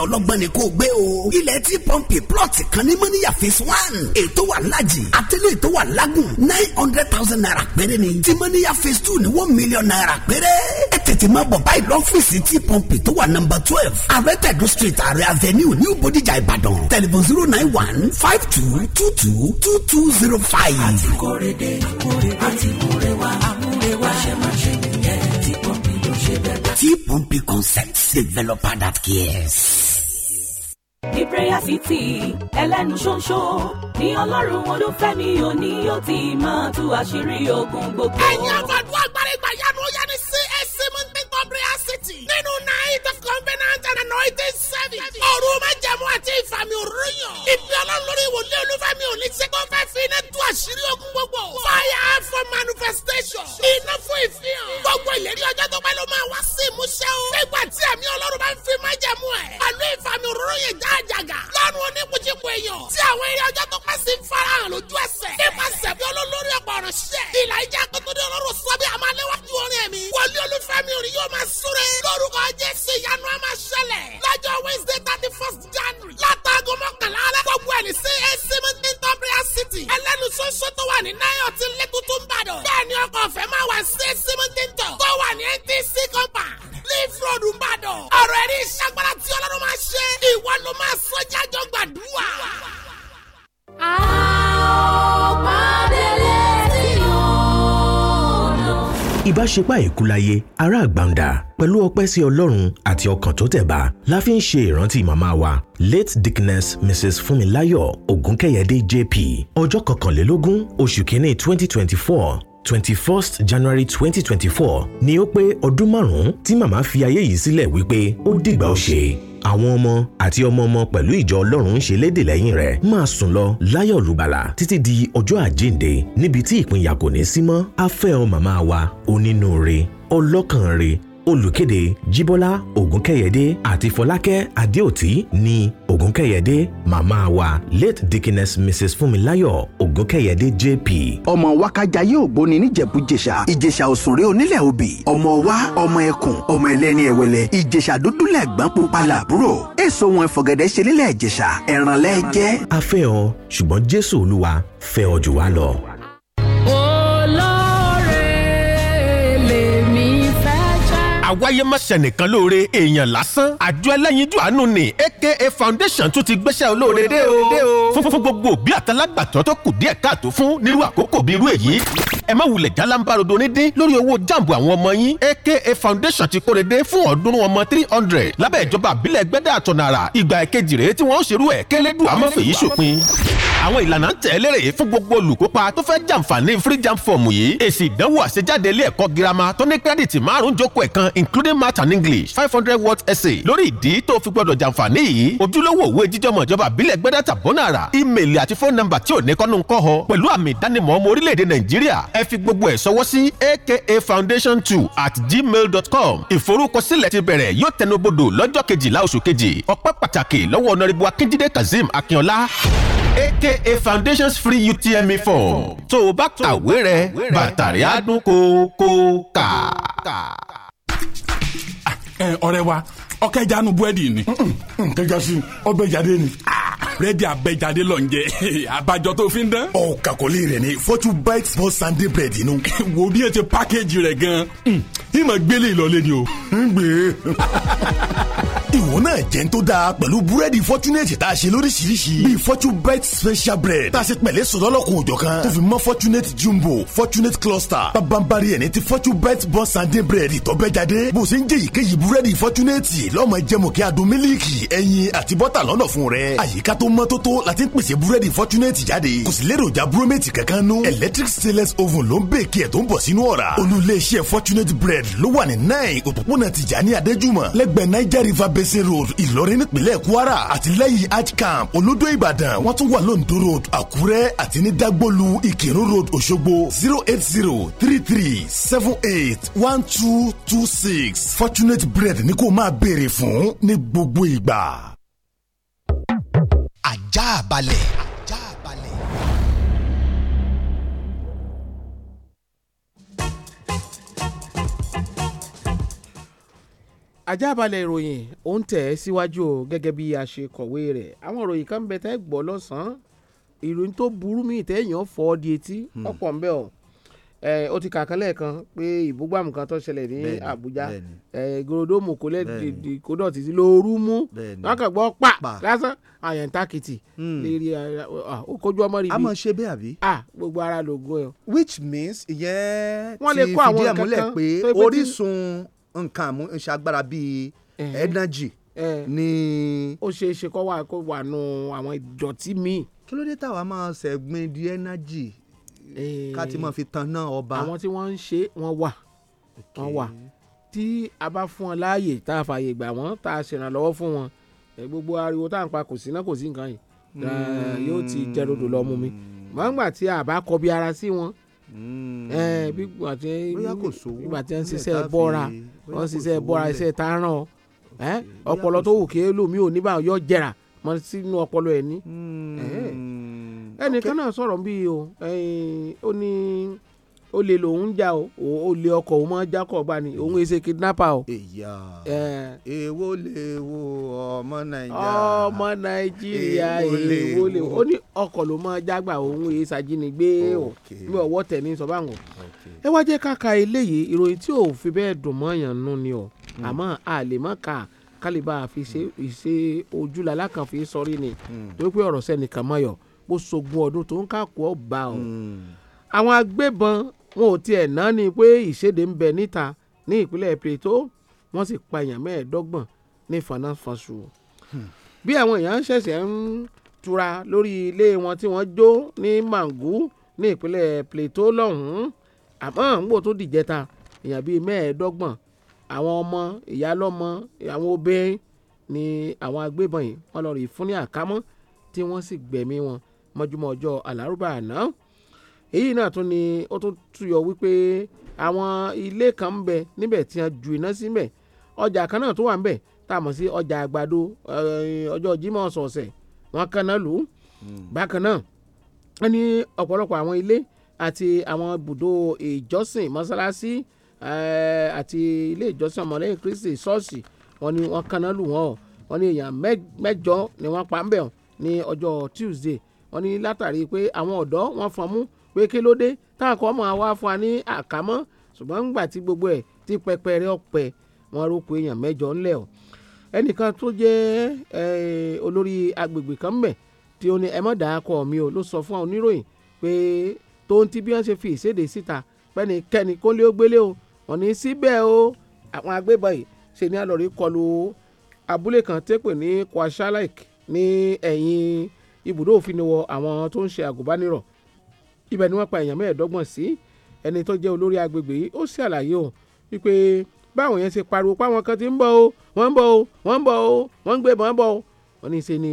ìgbésẹ̀ ọlọ́gbọ́n ni kò gbé o. ilẹ̀ tí pọ́ǹpì plọ̀tì kan ní mọ́níyà phase one ètò wà lájì àtẹ́lẹ̀ ètò wà lágùn nine hundred thousand naira péré ni tí mọ́níyà phase two ni one million naira péré. ẹ tètè máa bọ̀ báyìí lọ́fíìsì tí pọ́ǹpì tó wà nọ́mbà twelve arẹ́tẹ̀dù street àrẹ avenue new bodijà ìbàdàn tẹlifon zero nine one five two two two two two zero five. àti kórè dé àti máa ṣe Tí Pompi Concepts developer that cares ní prayer city ẹlẹ́nu ṣoṣo ní ọlọ́run olúfẹ́mi òní yóò ti máa tú àṣírí ogun gbogbo. ẹ̀yin àfàdúrà agbára ìgbà yanu ó yẹ ní csc mú pípọ̀ prayer city nínú night of covenant and anointing sẹ́bi. ọ̀run ma jẹ̀mú àti ìfàmì òróró yàn. ìpè ọlọ́run lórí ìwòlé olúfàmì òní sẹ́kọ̀ọ́ fẹ́ fi iná tú àṣírí ogun gbogbo. fire for manifestation. iná fún ìfihàn. gbogbo ìlérí ọjọ́ tó bá ló máa wá sí ìmúṣẹ o. nígbà tí ẹ̀mí ọlọ́run bá ń fi má jẹ̀mú ẹ̀. àlọ́ ìfàmì òróró yẹn lọ́run oníkùjìkù èèyàn. tí àwọn eré ọjọ́ tó pẹ́ sí farahàn lójú ẹsẹ̀. nípasẹ̀ bí olólórí Wednesday thirty first January látàgọ́ mọ́kànlá alẹ́ gbogbo ẹ̀ ní CAC Mountain Prayer City ẹlẹ́nu ṣoṣo tó wà ní náírà ti lé tuntun Ìbàdàn bẹ́ẹ̀ ni ọkọ̀ ọ̀fẹ́ máa wà CAC Mountain Top tó wà ní NTC compound leaf road Ìbàdàn ọ̀rọ̀ ẹ̀rí ìṣàgbára tí Ọlọ́run máa ṣe ìwọ ló máa sọ jájọ́ gbàdúrà. àwọn pàdé ìbáṣepọ̀ àìkú láyé ará àgbàǹdà pẹ̀lú ọpẹ́ sí ọlọ́run àti ọkàn tó tẹ̀bà la fi ń ṣe ìrántí màmá wa late dickness mrs fúnmiláyọ̀ ògúnkẹ́yẹdé jp ọjọ́ kọkànlélógún oṣù kínní twenty twenty four twenty january 2024. twenty four ni ó pé ọdún márùn-ún tí màmá fi ayé yìí sílẹ̀ wípé ó dìgbà ó ṣe àwọn ọmọ àti ọmọ ọmọ pẹ̀lú ìjọ ọlọ́run ń ṣe lédè lẹ́yìn rẹ̀ máa sùn lọ láyọ̀ olùgbàlà títí di ọjọ́ àjíǹde níbi tí ìpínyà kò ní sí mọ́ afẹ́ ọ màmá wa onínúure ọlọ́kànre olùkéde jíbọ́lá ògúnkẹ́yẹdé àti fọlákẹ́ adéòtí ni ògúnkẹ́yẹdé màmá wa late dickiness mrs fúnmiláyọ̀ ògúnkẹ́yẹdé jp. ọmọ wákàjáyé ògbóni níjẹ̀bú-jẹ̀ṣà ìjẹ̀ṣà òsùnrẹ́ onílẹ̀ òbí ọmọ wa ọmọ ẹkùn ọmọ ẹlẹ́ni ẹ̀wẹ̀lẹ̀ ìjẹ̀ṣà dúdú lẹ̀gbọ́n pupa làbúrò èso wọn fọ̀gẹ̀dẹ̀ ṣe nílẹ̀ ìjẹ̀ṣà ẹ̀rànlẹ́ jẹ́. a fẹ́ ọ ṣùgbọ́n jésù olúwa fẹ́ ọ jù wá lọ. àwáyé má ṣẹnìkan lóore èèyàn lásán àjọ ẹlẹ́yinjú àánú ni aka foundation tún ti gbéṣẹ́ olóore dé o fún fún fún gbogbo òbí àtàlágbàtọ́ tó kù díẹ̀ káàtó fún nírú àkókò bíirú èyí ẹ má wulẹ̀ jálámbárodo ní dín lórí owó jàǹbù àwọn ọmọ yín aka foundation ti kórede fún ọ̀ọ́dúnrún ọmọ three hundred lábẹ́ ìjọba àbílẹ̀ gbẹ́dẹ́ àtọ̀nàrà ìgbà ẹ̀kejì rèé tí wọ́n ń ṣerú ẹ̀ kélédù àmọ́fèyí ṣòpin àwọn ìlànà ń tẹ̀lé rèé fún gbogbo olùkópa tó fẹ́ jàǹfààní free jam form yìí èsì ìdánwò àṣejáde ilé ẹ̀kọ́ girama tó ní kírẹ́dìtì márùn-ún jókòó ẹ̀kan including math and english five hundred words essay lórí ìdí tó fi gbọdọ̀ jàǹfààní yìí ojúlówó òwe jíjọmọ̀ ìjọba àbílẹ̀ gbẹ́dẹ́ tàbọ̀nàrà ímeèlì àti fóònù nọ́mbà tí ò ní kọ́nù ń kọ́ ọ pẹ̀lú àmì ìdánimọ̀ ọmọ orílẹ̀-èdè nàìjíríà ẹ fi gbogbo ẹ̀ sọwọ́ sí akafoundation2 at gmail.com ìforúkọsílẹ̀ ti bẹ̀rẹ̀ yóò tẹnubodò lọ́jọ́ kejìlá oṣù kejì ọpẹ́ pàtàkì lọ́wọ́ ọ̀nàrẹ́bù akíndídé kazeem akínọlá aka foundations free utme form tó o bá kàwé rẹ bàtàrí àdúgbò kò kà. ọ̀rẹ́ wa ọkẹjà nu búrẹ́dì ni. nkẹjà sí ọbẹ̀ jáde ni. Ah, búrẹ́dì abẹ́jáde lọ ń jẹ abajọ tó fi ń dán. ọ kàkọ́lé rẹ ni fortune bites for sunday bread inú. wo bí e ti pákéjì rẹ gan mm. ìmọ̀ gbélé ìlọlẹ́ ni o. ń gbé ìwọ náà jẹ́ ń tó dáa pẹ̀lú búrẹ́dì fọ́túnẹ̀tì tá a ṣe lóríṣiríṣi bíi fortunebite special bread tá a ṣe pẹ̀lẹ́ sọ̀dọ́lọ́kun òjọ̀ kan tó fi mọ́ fortunate jumbo fortunate cluster bábánbárì ẹ̀ ní ti fortunebite bọ́ sàndé búrẹ́dì tọ́bẹ̀ jáde bó ṣe ń jẹ́ ìkéyìí búrẹ́dì fortunate lọ́mọ jẹ́mọ̀kẹ́ adùn mílíìkì ẹyin àti bọ́tà lọ́nà fún rẹ. àyíká tó mọ́ tótó la ti ń pèsè búrẹ́dì fọ́túnẹ̀tì jáde kò sì lérò ja búrómẹ́tì kankan nú. electric stainless oven ló ń bè kí ẹ̀ tó ń bọ̀ sínú ọ̀rá. olùléeṣẹ́ fortunate bread ló wà ní nine òpópónà tìjàní adéjùmọ̀ lẹ́gbẹ̀ẹ́ niger river basin road ìlọrin nípínlẹ̀ kwara àti lẹ́yìn arch camp olódó ìbàdàn wọ́n tún wà lóńdó road àkúrẹ́ àti ní dagbolu ìkírun road òṣogbo zero eight zero three three seven eight one two two six fortunate bread ní kò máa béèrè béèrè fún ní gbogbo ìgbà. ajá balẹ̀. ajá balẹ̀. ajá balẹ̀ ìròyìn ó ń tẹ̀ ẹ́ síwájú o gẹ́gẹ́ bí a ṣe kọ̀wé rẹ̀ àwọn ìròyìn kan bẹ tẹ́ gbọ́ lọ́sàn-án ìròyìn tó burú mi tẹ́yàn fọ́ di etí hmm. ọ̀pọ̀ ń bẹ o ó ti kà kán lẹ́ẹ̀kan pé ìbúgbàmù kan tó ṣẹlẹ̀ ní Àbújá gorodomu kò lè dìdì dọ̀tí lóoru mú wọn pa lásán àyàn tákìtì hmm. lérí ó ọmọ ríbi. a mọ̀ ṣe bẹ́ẹ̀ àbí. a gbogbo ara ló gún ẹ. which means ìyẹn ti fìdí ẹ̀ múlẹ̀ pé orísun nǹkan ìṣàgbára bíi energy ni. ó ṣeé ṣe kó wà nù àwọn ìdọ̀tí míì. kí ló dé táwa máa ṣẹ̀gbìn di energy ká ti mọ̀ fi tan náà ọba. àwọn tí wọ́n ń ṣe wọ́n wà wọ́n wà tí a bá fún wọn láàyè tá a fààyè gbà wọ́n tá a ṣèrànlọ́wọ́ fún wọn gbogbo ariwo tá à ń pa kò sí náà kò sí nǹkan yìí hmm. yóò ti jẹrodò lọ mú mi mọ̀ngbà tí a bá kọbi ara sí wọn hmm. bí gbà tí ń ṣiṣẹ́ bọ́ra wọ́n ṣiṣẹ́ bọ́ra iṣẹ́ tá a ràn ọ́ ọpọlọ tó wù kí lómi ò ní bá yọ jẹrà mọ sínú ọpọlọ ẹ̀ ní. Hmm ẹnìkan náà sọ̀rọ̀ bí o ó ní ó lè lòun jà o ó lè ọkọ̀ òun máa jákọ̀ bá ní òun èsè kidnapper o. èyà èwo lè wo ọmọ nàìjíríà ọmọ nàìjíríà èwo lè wo ó ní ọkọ̀ ló máa jágbà òun èsè ajínigbé o bí ọwọ́ tẹ̀ ní sọ́bà wọn. ẹ wá jẹ́ ká ka eléyìí ìròyìn tí ò fi bẹ́ẹ̀ dùn mọ́ èèyàn nù ni o hmm. àmọ́ a lè má ka kálíbà fi ṣe ìṣe hmm. ojúlá lákàn fi sọrí ni hmm. torí pé ọ̀rọ̀ sẹ́nìkan mọ́yọ̀ pò sógun ọdún tó ń kàkó ọba o hmm. àwọn agbébọn wọn ò tiẹ̀ náà ni pé ìṣèdè ń bẹ níta ní ìpínlẹ̀ Plateau wọ́n sì pa èèyàn mẹ́ẹ̀ẹ́dọ́gbọ̀n ní fanáfanṣu hmm. bí àwọn èèyàn ṣẹ̀ṣẹ̀ ń tura lórí ilé wọn tí wọ́n jó ní Mangu ní ìpínlẹ̀ Plateau lọ́hùn-ún àmọ́ ń wò tó dìjẹta èèyàn bíi mẹ́ẹ̀ẹ́dọ́gbọ̀n àwọn ọmọ ìyálọ́mọ àwọn obìnrin ni àwọn agbébọn yìí wọ́n lọ rí fún ní àkámọ́ tí wọ́n sì gbẹ̀mí wọn mọ́júmọ́ ọjọ́ àlárúbà àná èyí náà tún ni ó tún túyọ wípé àwọn ilé kan ń bẹ níbẹ̀ tí wọ́n ju iná síbẹ̀ ọjà kan náà tó wà ń bẹ̀ tá a mọ̀ sí ọjà àgbàdo eh, ọjọ́ Jímọ̀ ọ̀sọ̀ọ̀sẹ̀ wọn kan náà lù ú hmm. bákan náà wọ́n ní ọ̀pọ̀lọpọ̀ àwọn ilé àti àwọn ibùdó ìjọsìn mọ́sálásí eh, àti ilé ìjọsìn ọmọlẹ́yìn Kristi ṣọ́ọ̀ṣì wọ́n ní wọ́n kan náà lù wọ́n wọ́n ní èèyàn mẹ́jọ ni wọ́n pa ń bẹ̀ ní ọjọ́ Tuesday wọ́n ní látàrí pé àwọn ọ̀dọ́ wọ́n fọn mú pé kí ló dé táwọn kan mọ̀ wá fún wa ní àkámọ́ ṣùgbọ́n ńgbà tí gbogbo ẹ̀ ti pẹpẹ rẹ ọ̀pẹ wọn rúkọ èèyàn mẹ́jọ ńlẹ̀ o ẹnìkan tó jẹ́ olórí agbègbè kan mẹ̀ tí ó ní ẹ mọ̀ dáa kọ mi o ló sọ fún oníròyìn pé tóun ti bí wọ́n ṣe fi ìséde síta pẹ́nikẹ́ni kó lé ó gbélé o wọ́n ní síbẹ̀ o àwọn agbébọn yìí ṣe ní àlọ́rí kọlù abúlé kan tẹ́pẹ̀ ní kwashalaik ní ẹ̀yìn. Eh, ibùdó òfin ni wọ àwọn tó ń ṣe àgùnbánirọ̀ ibẹ̀ ni wọ́n pa èèyàn mẹ́ẹ̀ẹ́dọ́gbọ̀n sí ẹni tó jẹ́ olórí agbègbè yìí ó ṣàlàyé o wípé báwọn yẹn ṣe pariwo páwọn kan ti ń bọ̀ o wọ́n ń bọ̀ o wọ́n ń bọ̀ o wọ́n ń gbé bọ̀ ń bọ̀ o wọ́n ní ṣe ni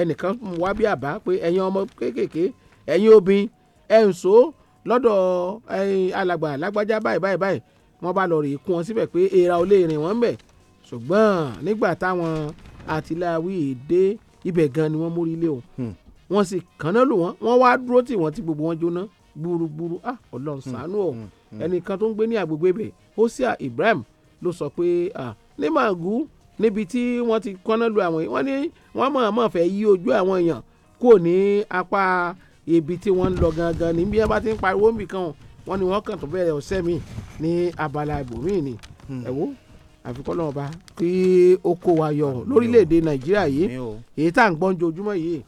ẹnìkan wá bí àbá pé ẹ̀yin ọmọ kéékèèké ẹ̀yin obìnrin ẹ̀ ń so lọ́dọ̀ alàgbà lágbájá báyìí báyìí báyìí wọ́n bá lọ rè kún wọn síbẹ̀ pé èèrà ò rìn wọ́n ń bẹ̀ ṣùgbọ́n nígbà táwọn àtìláwí dé ibẹ̀ gan ni wọ́n mórí lé òun hmm. wọ́n sì kànáà lò wọ́n wọ́n wá dúró tì wọ́n tí gbogbo wọn jóná gbúrúgbúrú ah ọlọ́run hmm. ṣàánú ọ̀ hmm. ẹnìkan tó ń gbé ní agbègbè ibẹ̀ Hosea Ibrahim ló sọ pé ah ní màgú níbi tí wọ́n ti kọ́ná lu àwọn wọ́n ní wọ́n mọ̀ mọ̀ fẹ́ yí ojú àwọn èèyàn kò ní apá ibi tí wọ́n ń lọ gangan ní bí wọ́n bá ti ń pariwo nbìkan wọ́n ní wọ́n kàn tó bẹ̀rẹ̀ ọ̀sẹ̀ mi ní abala ibòmíì ni ẹ̀wọ́ àfi kọ́ lọ́wọ́ bá kí ó kó wa yọ lórílẹ̀‐èdè nàìjíríà yìí èyí tá à ń gbọ́n ojoojúmọ́ yìí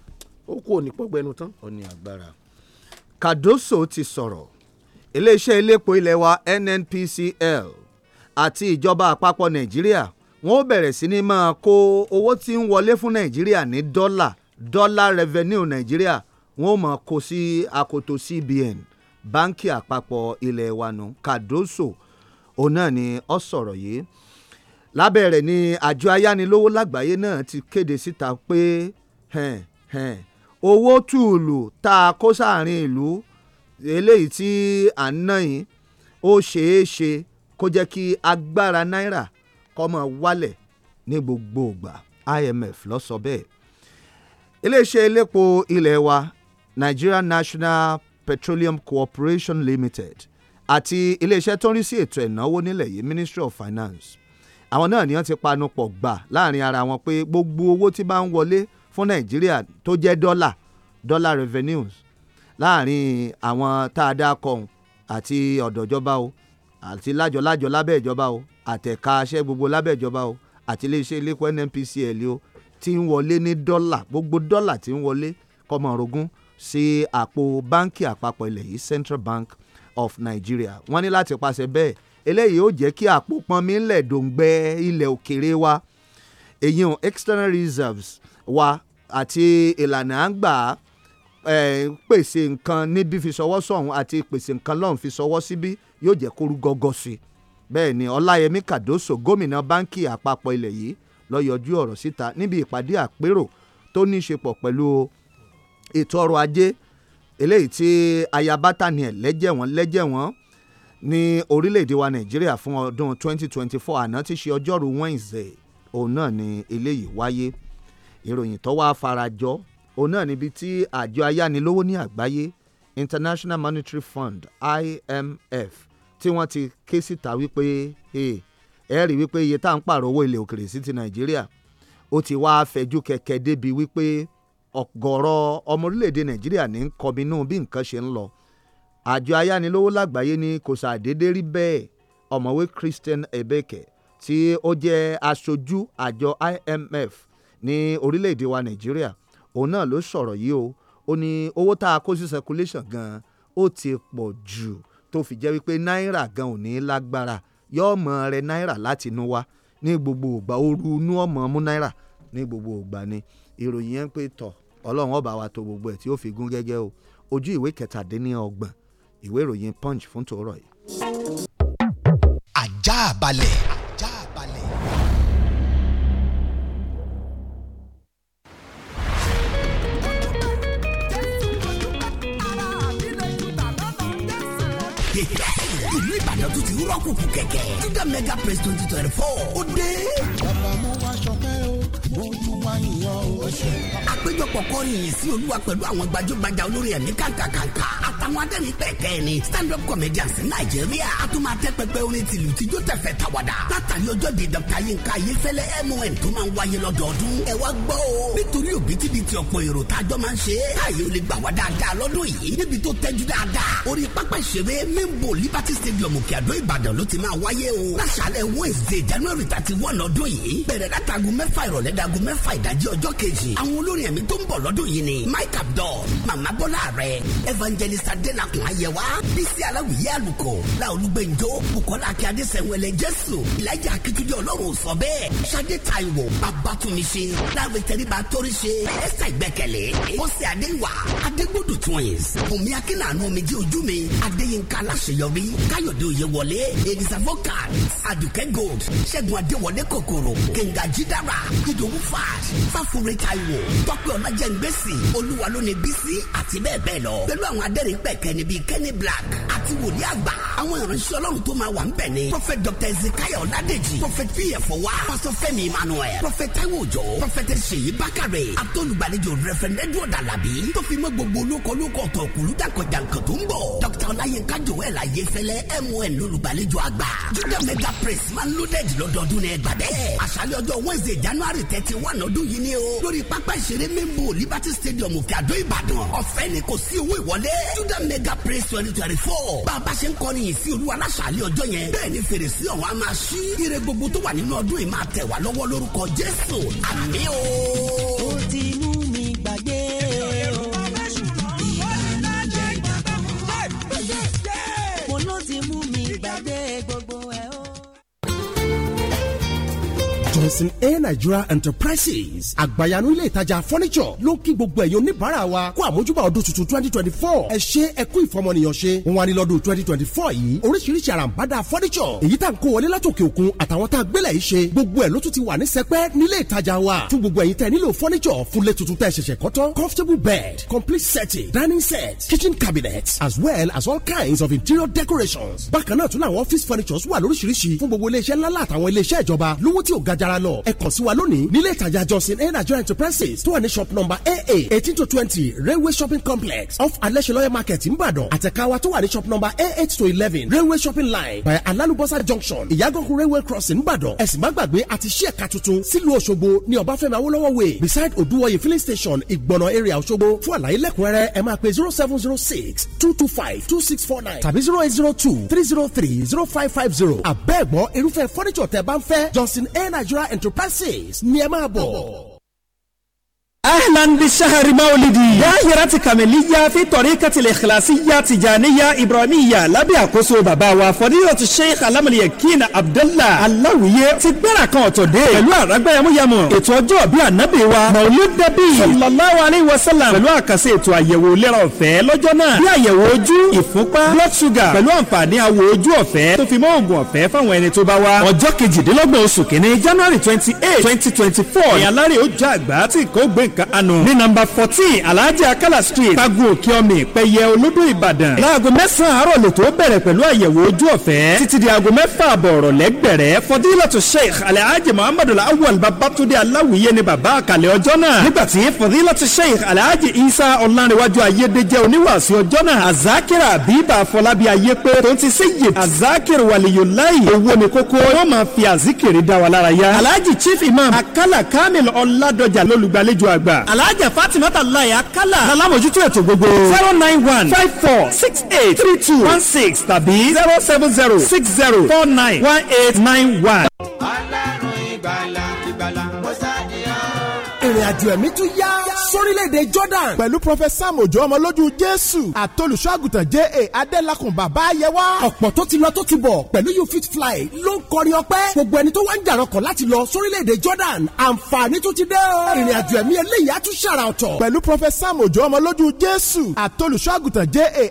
ó kú òní pọ́gbẹ́nu tán. ó ní agbára. Cardoso ti sọ̀rọ̀ iléeṣẹ́ elépo ilẹ̀ wa NNPCL àti ìjọba àpapọ̀ nàìjíríà wọ́n ó bẹ̀rẹ̀ sí ní máa kó owó tí ń wọlé fún nàìjíríà ní dọ́là dọ́là revenue nàìjíríà wọ́n ó máa kó sí akoto CBN báńkì àpapọ̀ ilẹ̀ wa nù Cardoso òun náà ni ó sọ̀rọ̀ yìí lábẹ́ rẹ̀ ni àjọ ayánilówó lágbàáyé náà ti kéde síta pé owó tùùlù tá a kó sáàrin ìlú eléyìí tí à ń ná yìí ó ṣeé ṣe kó jẹ́ kí agbára náírà kọ́mọ wálẹ̀ ní gbogbo ìgbà IMF ló sọ bẹ́ẹ̀ iléeṣẹ́ elépo ilé wa Nigeria National Petroleum Corporation Limited àti iléeṣẹ́ tó ń rí sí ètò ẹ̀náwó nílẹ̀ yìí Ministry of Finance àwọn náà ni wọ́n ti panupọ̀ gbà láàrin ara wọn pé gbogbo owó tí bá ń wọlé fún nàìjíríà tó jẹ́ dọ́là dọ́là revenues láàrin àwọn tá a dá kọ̀ọ̀hún àti ọ̀dọ̀ o àti lájọlájọ lábẹ́ ìjọba o àtẹ̀ka aṣẹ́ gbogbo lábẹ́ ìjọba o àti iléeṣẹ́ iléepo NNPCL o ti ń wọlé ní dọ́là gbogbo dọ́là ti ń wọlé kọmọ orogún sí àpò báńkì àpapọ̀ ilẹ̀ yìí Central Bank of Nigeria wọ́n ní láti pàṣẹ bẹ́ẹ̀ eléyìí ó jẹ́ kí àpò pọnmi ńlẹ̀ dòǹgbẹ ilẹ̀ òkèrè wa èyí hàn external reserves wa àti ìlànà à ń gbà pèsè nǹkan níbí fi ṣọwọ́ sọ̀hún àti pèsè nǹkan lọ́hùn fi ṣọwọ́ síbí yóò jẹ́ kóru gọ́gọ́ sí i bẹ́ẹ̀ ni ọláyẹmí kàdóso gómìnà báńkì àpapọ̀ ilẹ̀ yìí ló yọjú ọ̀rọ̀ síta níbi ìpàdé àpérò tó ní í ṣe pọ̀ pẹ̀lú ètò ọrọ̀ ajé eléyìí tí ayaba Daniel lẹ́jẹ̀ wọ́n lẹ́jẹ̀ wọ́n ní orílẹ̀-èdè wa nàìjíríà fún ọdún 2024 àná tí ṣe ọjọ́rú Wednesday òun náà ni eléyìí wáyé ìròyìn tó wá farajọ òun náà níbi tí àjọ ayánilówó ní àgbáyé International Monetary Fund IMF tí wọ́n ti ké síta wípé ẹ rí wípé iye tá à ń pààrọ̀ owó ilẹ̀ òkèrè sí ti nàìjíríà ó ti wá fẹ̀jú kẹ̀kẹ́ débi wípé ọ̀gọ̀rọ̀ ọmọ orílẹ̀-èdè nàìjíríà ní kọminú bí nǹkan ṣe ń lọ àjọ ayánilówó lágbàáyé ni kò ṣàdédé rí bẹ́ẹ̀ ọ̀mọ̀wé Christian Ebeke tí ó jẹ́ aṣojú àjọ IMF ní orílẹ̀-èdè wa Nàìjíríà òun náà ló sọ̀rọ̀ yìí o ó ní owó tá a kó sí circulation gan ó ti pọ̀ jù tó fi jẹ́ wípé náírà gan ò ní lágbára yóò mọ rẹ náírà láti inú wa ní gbogbo ìgbà ooru inú ọmọ mú náírà ní gbogbo ìgbà ni ìròyìn yẹn ń pè tọ̀ ọlọ́run ọba wa tó gbogbo ẹ̀ tí ó fi gún gẹ́gẹ́ o ojú ìwé kẹtàdínní ọgbọ̀n ìwé ìròyìn punch fún tòórọ̀ yìí. ajá balẹ̀. ìlú ìbàdàn tó ti rọ́ọ̀kùnkùn kẹ̀kẹ́ dídá mega press twenty twenty four ó dé nìyàn o. àpéjọpọ̀ kọrin yìí sí olúwa pẹ̀lú àwọn gbajúgbajà olórin ẹ̀mí kàńkàkàńkà àtàwọn adẹ́rìn pẹ̀kẹ́ ni stand up comedians nàìjíríà a tún máa tẹ́ pẹpẹ orin tìlù tíjó tẹ̀fẹ̀ tàwàdà látàrí ọjọ́ di dr yinka ayéfẹ́lẹ́ mon tó máa ń wáyé lọ́dọọdún ẹ wá gbọ́ o nítorí òbítíbitì ọ̀pọ̀ èrò tájọ́ máa ń ṣe káyé o lè gbà wá dáadáa lọ́dún yìí níbi tó tẹ́jú dáadáa orí pápá ìṣeré mímbo liberty stadium òkè àdó ìbàdàn ló ti máa wáyé o láṣàlẹ̀ wednesday january thirty one ọdún yìí bẹ̀rẹ̀ látago mẹ́fà ìrọ̀lẹ́ dago mẹ́fà ìd ìdajì ọjọ́ kejì àwọn olórin ẹ̀mí tó ń bọ̀ lọ́dún yìí ni mike abdul mama bọ́lá rẹ̀ evangelist adelakun ayẹwa bísí aláwìyé àlùkò làolúgbẹ̀njọ bukola akíade sẹ̀wẹ̀lẹ̀ jésù ìlàjà akitunde ọlọ́run sọ bẹ́ẹ̀ sade taiwo babatunmise láàrin tẹríba torise ẹsẹ̀ ìgbẹ́kẹ̀lé bọ́sẹ̀ adéwà adégbòdù twins bùnmi akínàánú omijì ojú mi adéyínká aláṣeyọrí káyọ̀dé oyèwọlé elisa vocal adùkẹ́ gold ṣẹ́gun adéwọlé kòkòrò kẹ̀ǹgà jídára ìdòwú fàṣ fáfúre taiwo tọ́pẹ́ ọ̀nàjẹ̀ngbèsì olúwa ló bísí àti bẹ́ẹ̀ bẹ́ẹ̀ lọ pẹ̀lú àwọn adẹ́rìn pẹ̀kẹ́ níbi kenny black àti wòlíì àgbà àwọn ìránṣẹ́ ọlọ́run tó máa wà ń bẹ̀ ni prophet dr ezekiel ọ̀làdèjì prophet pf wa pastor fẹ́mi emmanuel prophet taiwo òjò prophet ṣèyí bákàrè àtọ́lùgbàlejò reverend edward alabi tó fi mọ́ gbogbo olóko olóko ọ̀tọ̀ òkúlù jàǹkànjàǹkàn tó ń bọ̀ dr ọláyínká joel ayéfẹ́lẹ́ mon lọ́lùgbàlejò àgbà judah mega praise man loaded lọ́dọọdún ní ẹgbàdẹ́ àṣálẹ́ ọjọ́ wednesday january thirty one ọd ọdún yìí ni o lórí pápá ìṣeré mímú liberty stadium òkè àdó ìbàdàn ọ̀fẹ́ ni kò sí owó ìwọlé juda mega praise twenty twenty four bá a bá ṣe ń kọrin yìí sí olúwa láṣàlẹ̀ ọjọ́ yẹn bẹ́ẹ̀ ni fèrèsé ọ̀hún a máa ṣí ire gbogbo tó wà nínú ọdún yìí máa tẹ̀ wá lọ́wọ́ lórúkọ jésù àmín o. johnson a nigeria enterprises àgbàyanu ilé ìtajà furniture ló kí gbogbo ẹ̀yọ́ oníbàárà wa kó àmójúbà ọdún tuntun twenty twenty four ẹ ṣe ẹ kú ìfọmọnìyàn ṣe wọn ni lọ́dún twenty twenty four yìí oríṣiríṣi àràǹbádà furniture èyí tá à ń kó wọlé látòkè òkun àtàwọn tá a gbélé yìí ṣe gbogbo ẹ̀ ló tún ti wà ní sẹpẹ́ nílé ìtajà wa fún gbogbo ẹ̀yin tẹ́ nílò furniture fúnlé tuntun tẹ́ ṣẹ̀ṣẹ̀ kọ́tọ́ comfortable bed complete setting dining set kitchen cabinets as well as all kinds of interior decorations bákan náà tún office furnitures wà lóríṣiríṣi fún gbogbo iléeṣẹ́ ńlá máa lọ ẹ kàn sí wa lónìí nílé ìtajà johnson air nigeria enterprises tó wà ní shop number aa eighteen to twenty railway shopping complex off alẹ́sẹ̀lọ́yẹ̀ market ìbàdàn àtẹ̀káwa tó wà ní shop number a eight to eleven railway shopping line by alalubosa junction ìyàgànkù railway crossing ìbàdàn ẹ sì má gbàgbé àti ṣí ẹ̀ka tuntun sílùú òṣogbo ní ọbáfẹ́mi awólọ́wọ̀ way beside oduwoye filling station ìgbọ̀nà area òṣogbo fún àlàyé lẹ́kùnrẹ́rẹ́ ẹ máa pe zero seven zero six two two five two six four nine tàbí zero eight zero two three zero three zero five five zero àbẹ́ẹ̀gbọ́ irúfẹ́ fọ́nìṣọ̀ bá ń fẹ́ johnson air nigeria Enterprises ní ẹ máa bọ̀. ahlan bi sahari maulidi. dahirati kamiliya fi tariqati ikhlasiya tijaniya ibrahimiya lábẹ́ àkóso bàbá wa fọdíyọ̀tì sheikh alamaliyakin abdullah alawiye ti gbéra kan ọ̀tọ̀ dé. pẹ̀lú àràgbá yamuyamu ètò ọjọ́ bíi ànábì wa maulid dabi sallallahu alayhi wa sallam pẹ̀lú àkàsí ètò àyẹ̀wò ìlera ọ̀fẹ́ lọ́jọ́ náà bí àyẹ̀wò ojú ìfúnpá blood sugar pẹ̀lú àǹfààní àwò ojú ọ̀fẹ́ tó fi mọ́ oògùn ọ̀fẹ́ fáwọn ẹni tó bá wá. ọjọ́ kejìdínlọ́gbọ̀n oṣù kìíní january twenty eight twenty twenty four ìyàlárè ó jẹ́ àgbà tí ẹ̀ka àánú ní nọ́mbà fourteen alhaji akala street pagun òkè ọmọ ìpẹyẹ olódò ìbàdàn láago mẹ́sàn-án àárọ̀ lè tó bẹ̀rẹ̀ pẹ̀lú àyẹ̀wò ojú ọ̀fẹ́ títí di aago mẹ́fà àbọ̀ ọ̀rọ̀ lẹ́gbẹ̀rẹ̀ fọdílọ́tò sheikh alhaji muhammadu awal babatunde aláwìyé ni bàbá àkàlẹ̀ ọjọ́ náà nígbà tí fọdílọ́tò sheikh alhaji isa ọ̀lànrẹ̀wájú ayédèjẹ́ oníwàásù ọjọ́ náà azakira bíbà afọlábí ayé pé tó ti sèyí azakir waliyulayi owó azikiri dá wa lára yá chief imam akala kamil ọ̀làdọ̀jà lólùgbàlejò àgbà àgbà. alájà fatimata laya kala. lalamójútó ètò gbogbo. zero nine one five four six eight three two one six tàbí zero seven zero six zero four nine one eight nine one. ìrìnàjò ẹ̀mí tún yá sórílẹ̀-èdè Jordan pẹ̀lú Prophet Sam Òjó ọmọlójú Jésù àtolùṣọ́àgùtàn J.A. Adélakùn bàbá ayẹwà. ọ̀pọ̀ tó ti lọ tó ti bọ̀ pẹ̀lú you fit fly ló ń kọrin ọpẹ́ gbogbo ẹni tó wá ń jàrọ̀kọ̀ láti lọ sórílẹ̀-èdè Jordan àǹfààní tún ti dé ìrìnàjò ẹ̀mí eléyìí á tún ṣàrà ọ̀tọ̀. pẹ̀lú Prophet Sam ọmọlójú Jésù àtolùṣọ́àgùtàn J.A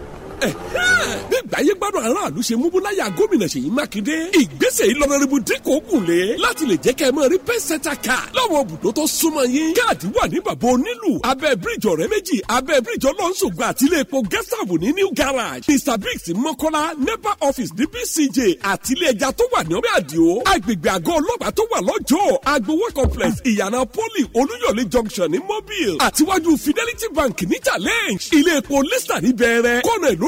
bí gbàyé gbádùn aráàlú ṣe mú búláyà gómìnà Ṣèyí Mákindé ìgbésẹ̀ ìlọrẹ́rìbù dínkù ògùn lé láti lè jẹ́ kẹ́ ẹ máa rí pẹ́sẹ́tà kà lọ́wọ́ ibùdó tó súnmọ́ yín káàdì wà ní bàbá onílù abẹ́ bíríjì ọ̀rẹ́ méjì abẹ́ bíríjì ọlọ́nṣogbo àti ilé epo gẹ́sàbù ní new garage mr briggs mọ́kọ́lá nepa office ní bcj àti ilé ẹja tó wà ní ọbẹ̀ àdìo agbègbè àgọ́ ọlọ́pàá tó wà lọ́jọ́ agbowo complex ìyànà poli olúyọ̀lé junction ní mobile àtiwájú fidelity bank ní challenge ilé epo lista ní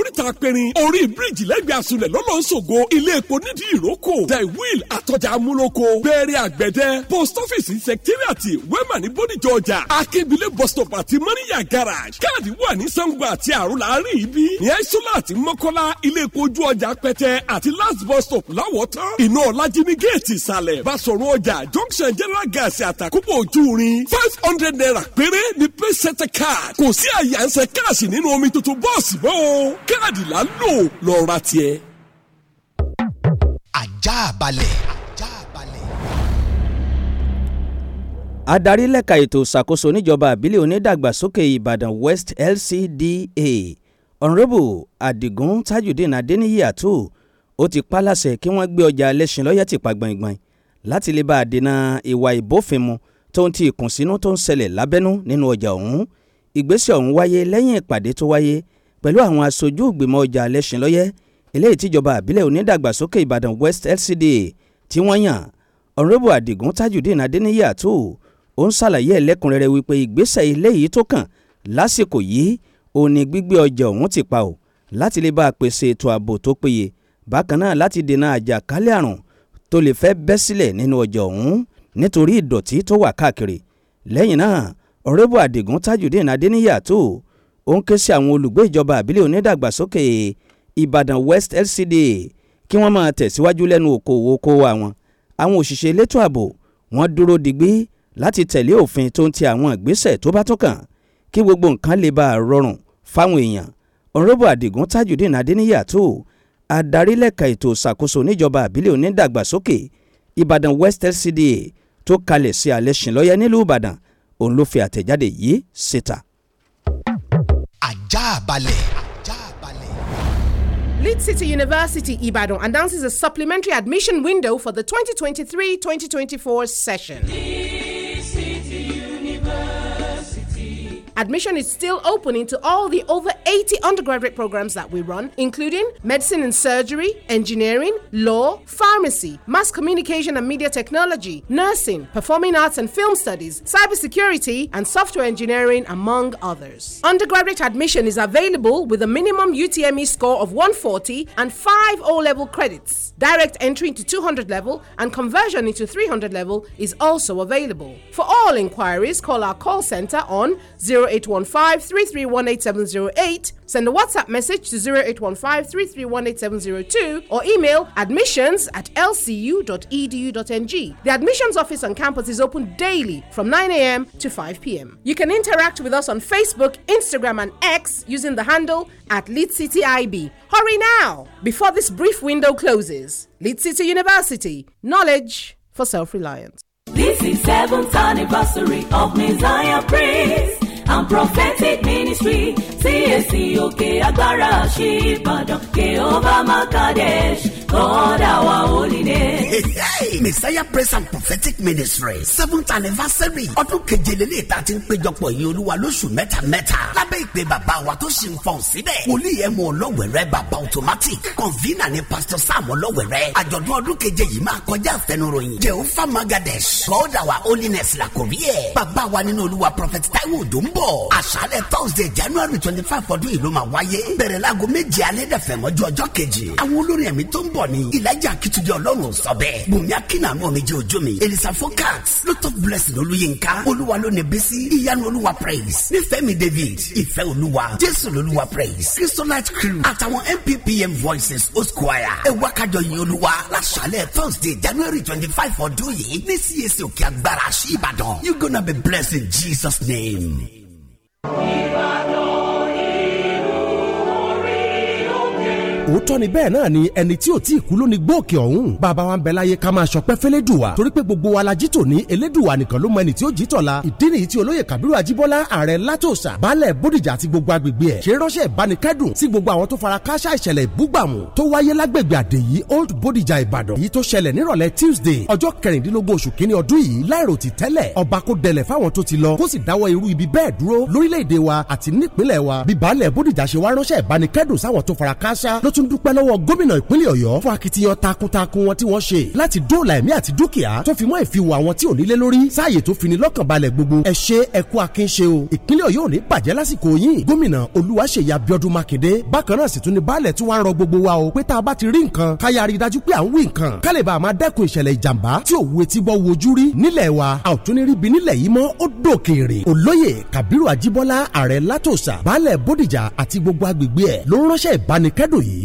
lóríta apẹ̀rin orí bíríìjì lẹ́gbẹ̀ẹ́ asunlẹ̀ lọ́lọ́sọ̀gọ ilé epo nídìí ìrókò the wheel àtọjà amúlòkọ bẹ́ẹ̀rẹ̀ àgbẹ̀dẹ post office secretariat wema ní bódìjọ ọjà akébílẹ̀ bus stop àti mọ́níyà garage káàdì wà ní sango àti àrùn láàrin ibi ní aisola àti mọ́kọ́lá ilé epo ojú ọjà pẹ́tẹ́ àti last bus stop láwọ̀tán iná ọ̀làjì ní géètì ìsàlẹ̀ basọ̀rọ̀ ọjà junction general gas àtàkùbọ̀ ojú rin five hundred naira péré ní pẹ́sẹ́tẹ̀ card kò sí àyànṣe káàsì nínú omi tuntun bọ́ọ̀sì bọ́ọ̀ káàdì là ń lò lọ́ọ́ ra tiẹ̀. ajá balẹ̀. adarí lẹ́ka ètò ìṣàkóso níjọba àbílẹ̀ onídàgbàsókè ìbàdàn west lcda honourable adigun tajudeen adeniyi ato ó ti pálàṣẹ kí wọ́n gbé ọjà lẹ́sìn lọ́yẹ̀ tìpa gbọ̀ngbọ̀n láti lè bá a dènà ìwà ìbófinmu tó ń ti ìkùnsínú tó ń ṣẹlẹ̀ lábẹ́nú nínú ọjà ọ̀hún ìgbésẹ̀ ọ̀hún wáyé lẹ́yìn ìpàdé tó wáyé pẹ̀lú àwọn aṣojú ìgbìmọ̀ ọjà Alẹ́ṣinlọ́yẹ́ eléyìí tíjọba àbílẹ̀ onídàgbàsókè Ìbàdàn West LCDA tí wọ́n yàn ọ̀rẹ́bù Àdìgún Tajudeen Adéníyì Àtù ó ń ṣàlàyé ẹlẹ́kùnrẹ́rẹ́ wípé ìgbésẹ̀ eléyìí tó kàn lásìkò yìí òun ni gbígbé ọjà ọ̀hún ti pa ò láti lè bá a pèsè ètò ààbò tó péye bákan náà láti dènà àjàkálẹ̀ àrùn tó lè fẹ́ bẹ́ sílẹ̀ nínú ọjà ọ̀hún nítorí ìdọ̀tí tó wà káàkiri lẹ́yìn náà ọ̀rẹ́bù Àdìgún Tajudeen Adéníyì Àtù ó ń ké sí àwọn olùgbé ìjọba àbílẹ̀ onídàgbàsókè Ìbàdàn West lcd kí wọ́n máa tẹ̀síwájú lẹ́nu òkòwò okòwò àwọn àwọn òṣìṣẹ́ elétò ààbò wọ́n dúró digbí láti tẹ̀lé òfin tó ń ti àwọn ìgbésẹ̀ tó bá tó kàn kí gbogbo nǹkan lè bá a rọrùn fáwọn èèyàn ọ̀rọ̀bù àdìgún tajudeen adéníyàtò adarí lẹ́ka ètò ìṣàkóso níjọba àbílẹ̀ onídàgbàsókè ìbàdàn west lcd tó kalẹ̀ sí alẹ́ ṣìnlọ́yẹ nílùú ìbàdàn òun ló fi àtẹ̀jáde yìí síta. Lead City University Ibadan announces a supplementary admission window for the 2023 2024 session. Admission is still open into all the over 80 undergraduate programs that we run, including medicine and surgery, engineering, law, pharmacy, mass communication and media technology, nursing, performing arts and film studies, cybersecurity, and software engineering, among others. Undergraduate admission is available with a minimum UTME score of 140 and 5 O level credits. Direct entry into 200 level and conversion into 300 level is also available. For all inquiries, call our call center on 0 0815 3318708, send a WhatsApp message to 0815 3318702, or email admissions at lcu.edu.ng. The admissions office on campus is open daily from 9 a.m. to 5 p.m. You can interact with us on Facebook, Instagram, and X using the handle at Lead Hurry now before this brief window closes. Lead City University, knowledge for self reliance. This is seventh anniversary of Messiah Praise. and prophetic ministry CAC òkè agbára ṣí Ìbàdàn Jehovah Makadesh God our holiness. Messiah Praise and Prophetic Ministry seventh anniversary ọdún kejelele ta ti ń péjọpọ̀ yìí olúwa lóṣù mẹ́ta-mẹ́ta lábẹ́ ìpè bàbá wa tó ṣe ń fọ̀n síbẹ̀ wòlíì ẹ̀ mú ọlọ́wẹ̀rẹ́ bàbá automatic convener ni pastor Sam ọlọ́wẹ̀rẹ́ àjọ̀dún ọdún keje yìí máa kọjá àfẹnuròyìn Jehovah Magadesh God our holiness la kò rí ẹ̀ bàbá wa nínú olúwa prophet Taiwo Odo ń bọ̀ àṣálẹ̀ Thursday January twenty five ọdún yìí ló máa wáyé bẹ̀rẹ̀ láago méje alẹ́ dẹ̀fẹ̀mọ́jú ọjọ́ kejì àwọn olórin ẹ̀mí pọ̀ ni ìlàjà akitunde ọlọ́run sọ bẹ́ẹ̀ bùnmi akínàánú omijì ojú mi elisa focus lot of blessing olúyinka olúwa lónìí bísí ìyanu olúwa praise nífẹ̀mí david ìfẹ́ olúwa jésù olúwa praise christolite crew àtàwọn mppm voices osquire ẹ̀wá kájọ yin olúwa láṣálẹ̀ thursday january twenty five ọdún yìí ní cac òkè agbára sí ìbàdàn you gonna be blessed in jesus name. ìbàdàn. òótọ́ ni bẹ́ẹ̀ náà ni ẹni tí ò tí ì kú ló ní gbòòkè ọ̀hún bàbá wa ń bẹ láyé ká máa ṣọpẹ́ fẹ́lẹ́dùwà torí pé gbogbo wa la jí tòní elédùwà nìkan ló mọ ẹni tí ó jí tọ̀la ìdí nìyí tí olóyè Kabiru Ajíbọ́lá ààrẹ látòsà baálẹ̀ Bódìjà àti gbogbo agbègbè ẹ̀ ṣe ránṣẹ́ ìbánikẹ́dùn sí gbogbo àwọn tó fara káṣá ìṣẹ̀lẹ̀ ìbúgbàmù tó wáyé lágbègbè àdèyí Tuesday ọjọ́ kẹrìndínlógún oṣù kínní ọdún yìí láìrò ti tẹ́lẹ̀ ọba kó dẹlẹ̀ fáwọn tó ti lọ kó sì dáwọ́ irú ibi bẹ́ẹ̀ dúró lórílẹ̀‐èdè wa àti tún dúpẹ́ lọ́wọ́ gómìnà ìpínlẹ̀ ọ̀yọ́ fún akitiyan takuntakun wọn tí wọ́n ṣe láti dóòlà ẹ̀mí àti dúkìá tó fi mọ́ ìfiwọ̀ àwọn tí ò nílé lórí sáàyè tó fini lọ́kàn balẹ̀ gbogbo ẹ ṣe ẹ kú akínṣe o ìpínlẹ̀ ọ̀yọ́ ò ní bàjẹ́ lásìkò yín gómìnà olúwaṣèyí abíọ́dún mákindé bákan náà sì tún ni baálẹ̀ tí wọ́n á rọ gbogbo wa o pé tá a bá ti rí nǹkan ká yára rí dájú pé à ń wí nǹkan ká lè bá a máa dẹ́kun ìṣẹ̀lẹ̀ ìjàmbá tí òwú etí gbọ́ wojú rí nílẹ̀ wa a ò tún ní rí bi nílẹ̀ yìí mọ́ ó dòkèèrè olóyè kabiru àjíbọ́lá ààrẹ látòsà baálẹ̀ bódìjà àti gbogbo agbègbè ẹ̀ ló ránṣẹ́ ìbánikẹ́dùn yìí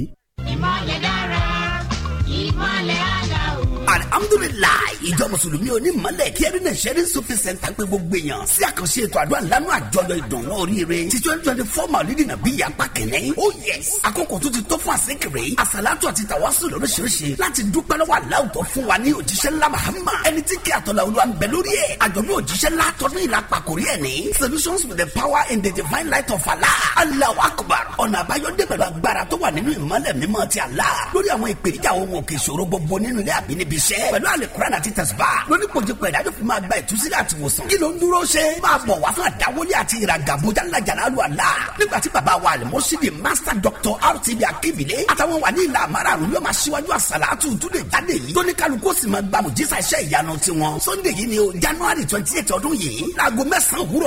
Alhamdulillah ìjọ mùsùlùmí onímọ̀lẹ̀ kẹrin náà ṣẹ́rí sufi center pé gbogbo èèyàn sí àkànṣe ètò àdúrà lánàá àjọyọ̀ ìdùnnú oríire ti twenty twenty four maulidi nàbí yapa kẹ̀lẹ́ oh yes àkókò tó ti tó fún àṣekèrè àṣàlátù àti tàwásù lóríṣiríṣi láti dúpẹ́ lọ́wọ́ aláwọ̀ tó fún wa ní òjíṣẹ́ ńlá mahama ẹni tí kí àtọ̀là olúwa ń bẹ lórí ẹ̀ àjọ̀dún òjíṣẹ́ ńlá tọdún ìlà pàkórí ẹ̀ ní solutions with the power in the divine light of Allah Allahu Akbar ọ̀nà àbáyọ dé pẹ̀lú agbára tó wà nínú ìmọ̀lẹ̀ mímọ́ ti Allah lórí àwọn ìpèníjà ohun òkè ìṣòro gbogbo nínú health spa lónípojìpọ̀ ìdájọ́ fún máa gba ìtúsílẹ̀ àti ìwòsàn kí ló ń dúró ṣe máa bọ̀ wá fún àdáwọlé àti ìràgàbọ̀ jálajàlá lu àlá nígbà tí bàbá wa àlùmọ́sídìí master doctor rtb akíbílẹ̀ àtàwọn wà ní ìlà àmàràrún yóò máa ṣíwájú àsàlátù túnde jáde yìí tóníkàlùkù sì máa gba mùjísà iṣẹ́ ìyanu tiwọn sunday yìí ni o january twenty eight ọdún yìí láago mẹ́sàn wọlé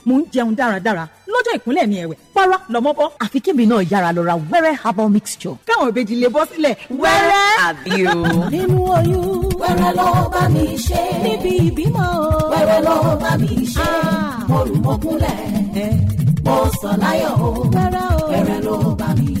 mo ń jẹun dáradára lọ́jọ́ ìkúnlẹ̀ mi ẹ̀wẹ̀ para lọ́mọ bọ́. àfi kébì náà yára lọ ra wẹ́rẹ́ herbal mixture. káwọn ìbejì lè bọ́ sílẹ̀ wẹ́rẹ́. àbí o. nínú oyún wẹ́rẹ́ lọ bá mi ṣe. níbi ìbímọ wẹ́rẹ́ lọ bá mi ṣe. Ah. mo rù mọ́kúnlẹ̀ eh. mo sọ láyọ̀ o wẹ́rẹ́ lọ bá mi ṣe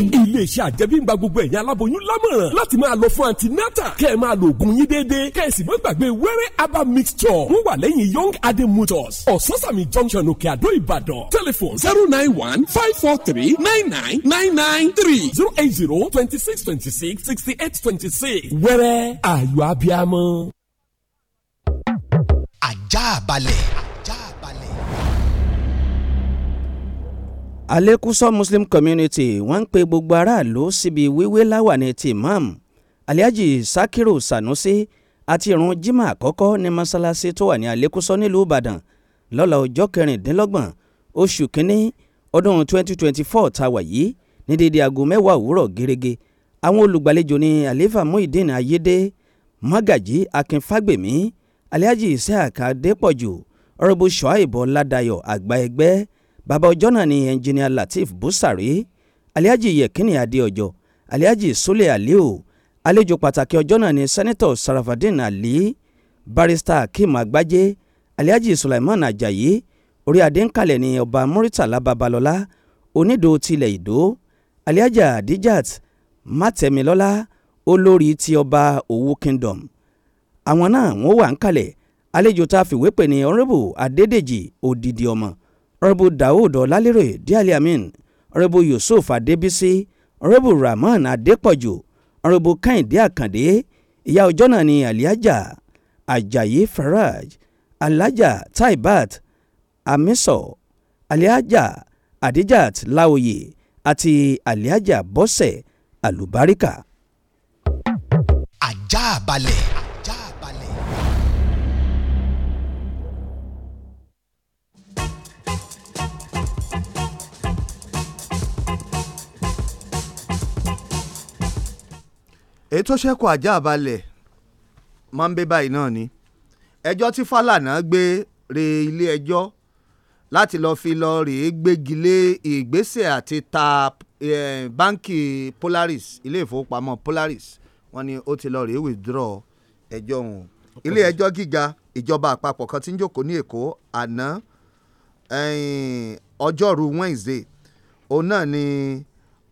iléeṣẹ́ àjẹmíngba gbogbo ẹ̀yin aláboyún lámọ̀ràn láti máa lọ fún antinata kẹ́ ẹ̀ máa lo oògùn yín déédéé kẹ́ ẹ̀ sì má gbàgbé wẹ́rẹ́ herbal mixture wọ́n wà lẹ́yìn young adé motors ososami junction òkè àdó ìbàdàn telephone zero nine one five four three nine nine nine nine three zero eight zero twenty six twenty six sixty eight twenty six wẹ́rẹ́ ayọ̀ abiamọ. ajá balẹ̀. alekuso muslim community wọ́n ń pe gbogbo aráàlú síbi wíwé láwàní ti imam alhaji sakiru sanusi àti ìrun jimá àkọ́kọ́ ní mọ́sálásí tó wà ní alekuso nílùú ìbàdàn lọ́la ọjọ́ kẹrìndínlọ́gbọ̀n oṣù kínní ọdún 2024 tá a wà yìí ní dédé aago mẹ́wàá òwúrọ̀ gẹ́gẹ́ àwọn olùgbàlejò ní àlefa muhyiddin ayédè magaji akínfàgbèmí alhaji isaac adépọ̀jù ọ̀rọ̀bù ṣọ́àìbọ̀ ládàyọ̀ àgbà ẹgbẹ́ bàbá ọjọ́ náà ni ẹnjìnìà Latif Busari Alhaji Yekini Adeojo Alhaji Sule Aliu àlejò pàtàkì ọjọ́ náà ni sẹ́nitọ̀ Sarafadin Ali barista Akeem Agbaje Alhaji Sulaiman Ajayi orí adéǹkalẹ̀ ni ọba Muritala Babalọlá onídòó tilẹ̀ ìdó Alhaja Adijat Mátẹ̀mílọ́lá olórí ti ọba Owu Kingdom àwọn náà wọ́n wà ń kalẹ̀ àlejò tá a fìwé pè ní Honourable Adédèjì Òdìdí ọmọ ọ̀rẹ́bù daoud ọ̀làlérè díàlì amin ọ̀rẹ́bù yusuf adébísí ọ̀rẹ́bù rahman adépọ̀jù ọ̀rẹ́bù kẹ́hìndé àkàndé ìyá ọjọ́ náà ni aliaja ajayi faraj alaja taibat amiso aliaja adijat laoye àti aliaja bọ́sẹ̀ alubarika. ajá balẹ̀. èyí tó ṣẹ́kù ajá balẹ̀ máa ń bẹ báyìí náà ni ẹjọ́ tí Fálànà gbé re ilé ẹjọ́ láti lọ́ọ́ fi lọ́ọ́ rèé gbégi lé ìgbésẹ̀ àti ta báǹkì Polaris ilé ìfowópamọ́ Polaris wọ́n ní ó ti lọ́ọ́ rèé withdraw ẹjọ́ ọ̀hún ilé ẹjọ́ gíga ìjọba àpapọ̀ kan tí ń jókòó ní Èkó àná ọjọ́rú Wednesday òun náà ni. Eh,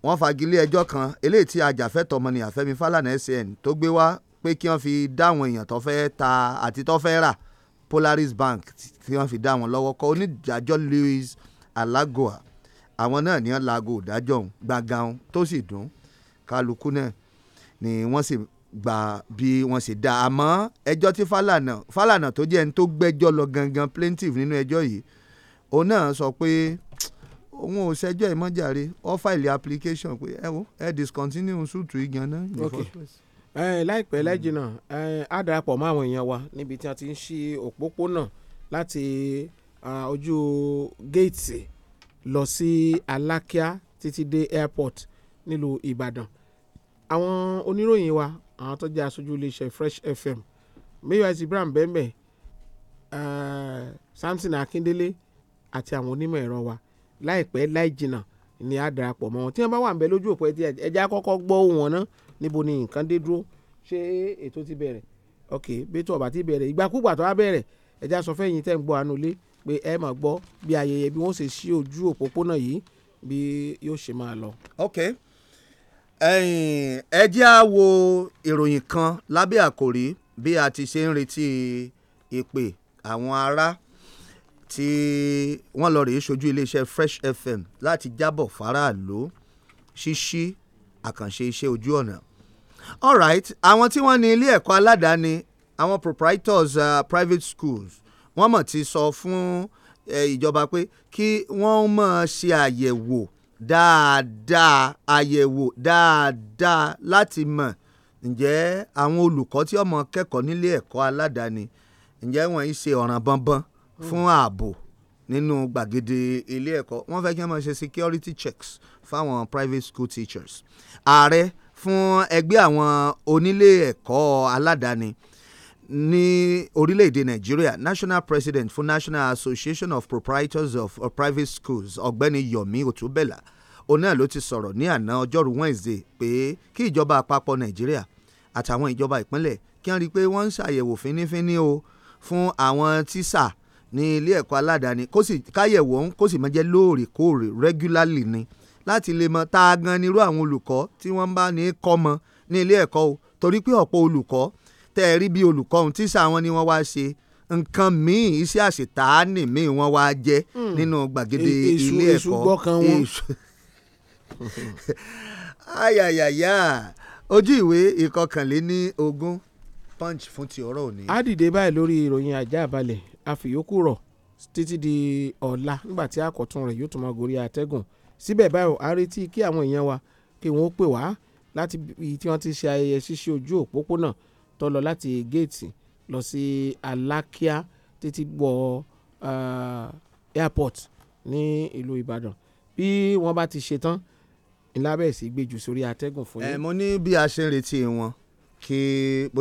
wọ́n fagilé ẹjọ́ kan eléyìí tí ajàfẹ́tọ̀ọ́ ọmọnìyàn Fẹ́mi Fálànà SAN tó gbé wá pé kí wọ́n fi dáwọn èèyàn tó fẹ́ ta àti tó fẹ́ rà Polaris Bank tí wọ́n fi dá wọn lọ́wọ́ kọ onídàájọ́ Louis Alagoa àwọn náà ní laago ìdájọ́ òun gbàngàn tó sì dùn kálukú náà ni wọ́n sì gbà bí wọ́n sì dá àmọ́ ẹjọ́ tí Fálànà Fálànà tó jẹ́ ẹni tó gbẹ́jọ́ lọ gangan plaintiff nínú ẹjọ́ yìí òun náà sọ pé òun ò ṣẹjọ́ ìmọ̀járe ọ fàìlì application pé ẹ wo ẹ discontinue suit igan náà in the first place. láìpẹ́ lẹ́jìnà á darapọ̀ mọ́ àwọn èèyàn wa níbi tí a ti ń ṣí òpópónà láti ojú géètì lọ sí alákíá títí dé airport nílùú ìbàdàn àwọn oníròyìn wa àwọn tó jẹ́ aṣojú iléeṣẹ́ fresh fm mayowa ibrahim Bembe, uh, samson akíndélé àti àwọn onímọ̀ ẹ̀rọ wa láìpẹ́ láì jìnnà ni a darapọ̀ mọ́ wọn tí wọ́n bá wà ń bẹ lójú òpó ẹja kọ́kọ́ gbọ́ wọn ná níbo ni nǹkan dé dúró ṣé ètò ti bẹ̀rẹ̀ ok bẹ́tọ̀ ọ̀bà ti bẹ̀rẹ̀ ìgbàkúgbà tó bá bẹ̀rẹ̀ ẹja sọ fẹ́yìn tẹ́ ń gbọ́ àánú lé pé ẹ máa gbọ́ bí ayẹyẹ bí wọ́n ṣe ṣí ojú òpópónà yìí bí yóò ṣe máa lọ. ok ẹ jẹ́ á wo ìròyìn kan lábẹ́ àkòrí bí a ti ṣe ń retí ìpè àwọn ará tí wọ́n lọ rèé ṣojú iléeṣẹ́ Fresh FM láti jábọ̀ faraàlú ṣíṣí àkànṣe iṣẹ́ ojú ọ̀nà. alright àwọn tí wọ́n ní ilé ẹ̀kọ́ aládàáni àwọn proprietors uh, private schools wọ́n mọ̀ ti sọ fún eh, ìjọba pé kí wọ́n mọ̀ ṣe àyẹ̀wò dáadáa àyẹ̀wò dáadáa láti mọ̀ ǹjẹ́ àwọn olùkọ́ tí ọmọ kẹ́kọ̀ọ́ nílé ẹ̀kọ́ aládàáni ǹjẹ́ wọ́n ń ṣe ọ̀ràn bọ́nbọ́n fún hmm. ààbò nínú gbàgede ilé ẹ̀kọ́ wọ́n fẹ́ kí wọ́n máa ṣe security checks fáwọn private school teachers ààrẹ fún ẹgbẹ́ àwọn onílé ẹ̀kọ́ aládàáni ní orílẹ̀-èdè nàìjíríà national president fún national association of proprietors of, private schools ọ̀gbẹ́ni yomi otubela òun náà ló ti sọ̀rọ̀ ní àná ọjọ́rú wednesday pé kí ìjọba àpapọ̀ nàìjíríà àtàwọn ìjọba ìpínlẹ̀ kí wọ́n rí i pé wọ́n ń ṣàyẹ̀wò fínífíní o fún àwọn tíṣà ní ilé ẹ̀kọ́ aládàáni kó sì káyẹ̀wò ọ̀hún kó sì máa jẹ́ lóòrèkóòrè regularly ni láti lè mọ tá a gan nírú àwọn olùkọ́ tí wọ́n bá ní kọ́ mọ ní ilé ẹ̀kọ́ o torí pé ọ̀pọ̀ olùkọ́ tẹ́ ẹ rí bí olùkọ́ ohun tíṣà wọn ni wọ́n wá ṣe nǹkan míì iṣẹ́ àṣetáàní míì wọ́n wá jẹ́ hmm. nínú gbàgede e-, ilé ẹ̀kọ́ ayayaya ojú ìwé ìkọkànléní ogún punch fún ti ọ̀rọ̀ òní. á dìde báyìí lórí ìròyìn ajá balẹ̀ àfìyókù rọ̀ títí di ọ̀la nígbà tí àkọ́tún rẹ̀ yóò tún máa gorí àtẹ́gùn síbẹ̀ báyìí a retí kí àwọn èèyàn wa kí wọ́n pè wá láti ibi tí wọ́n ti ṣe ayẹyẹ ṣíṣe ojú òpópónà tó lọ láti géètì lọ sí Alákíá títí gbọ́ airport ní ìlú Ìbàdàn bí wọ́n bá ti ṣe tán ńlá bẹ́ẹ̀ sì gbé jù sórí atẹ́gùn fún yín. ẹ mo ní bí a ṣe ń retí wọn kí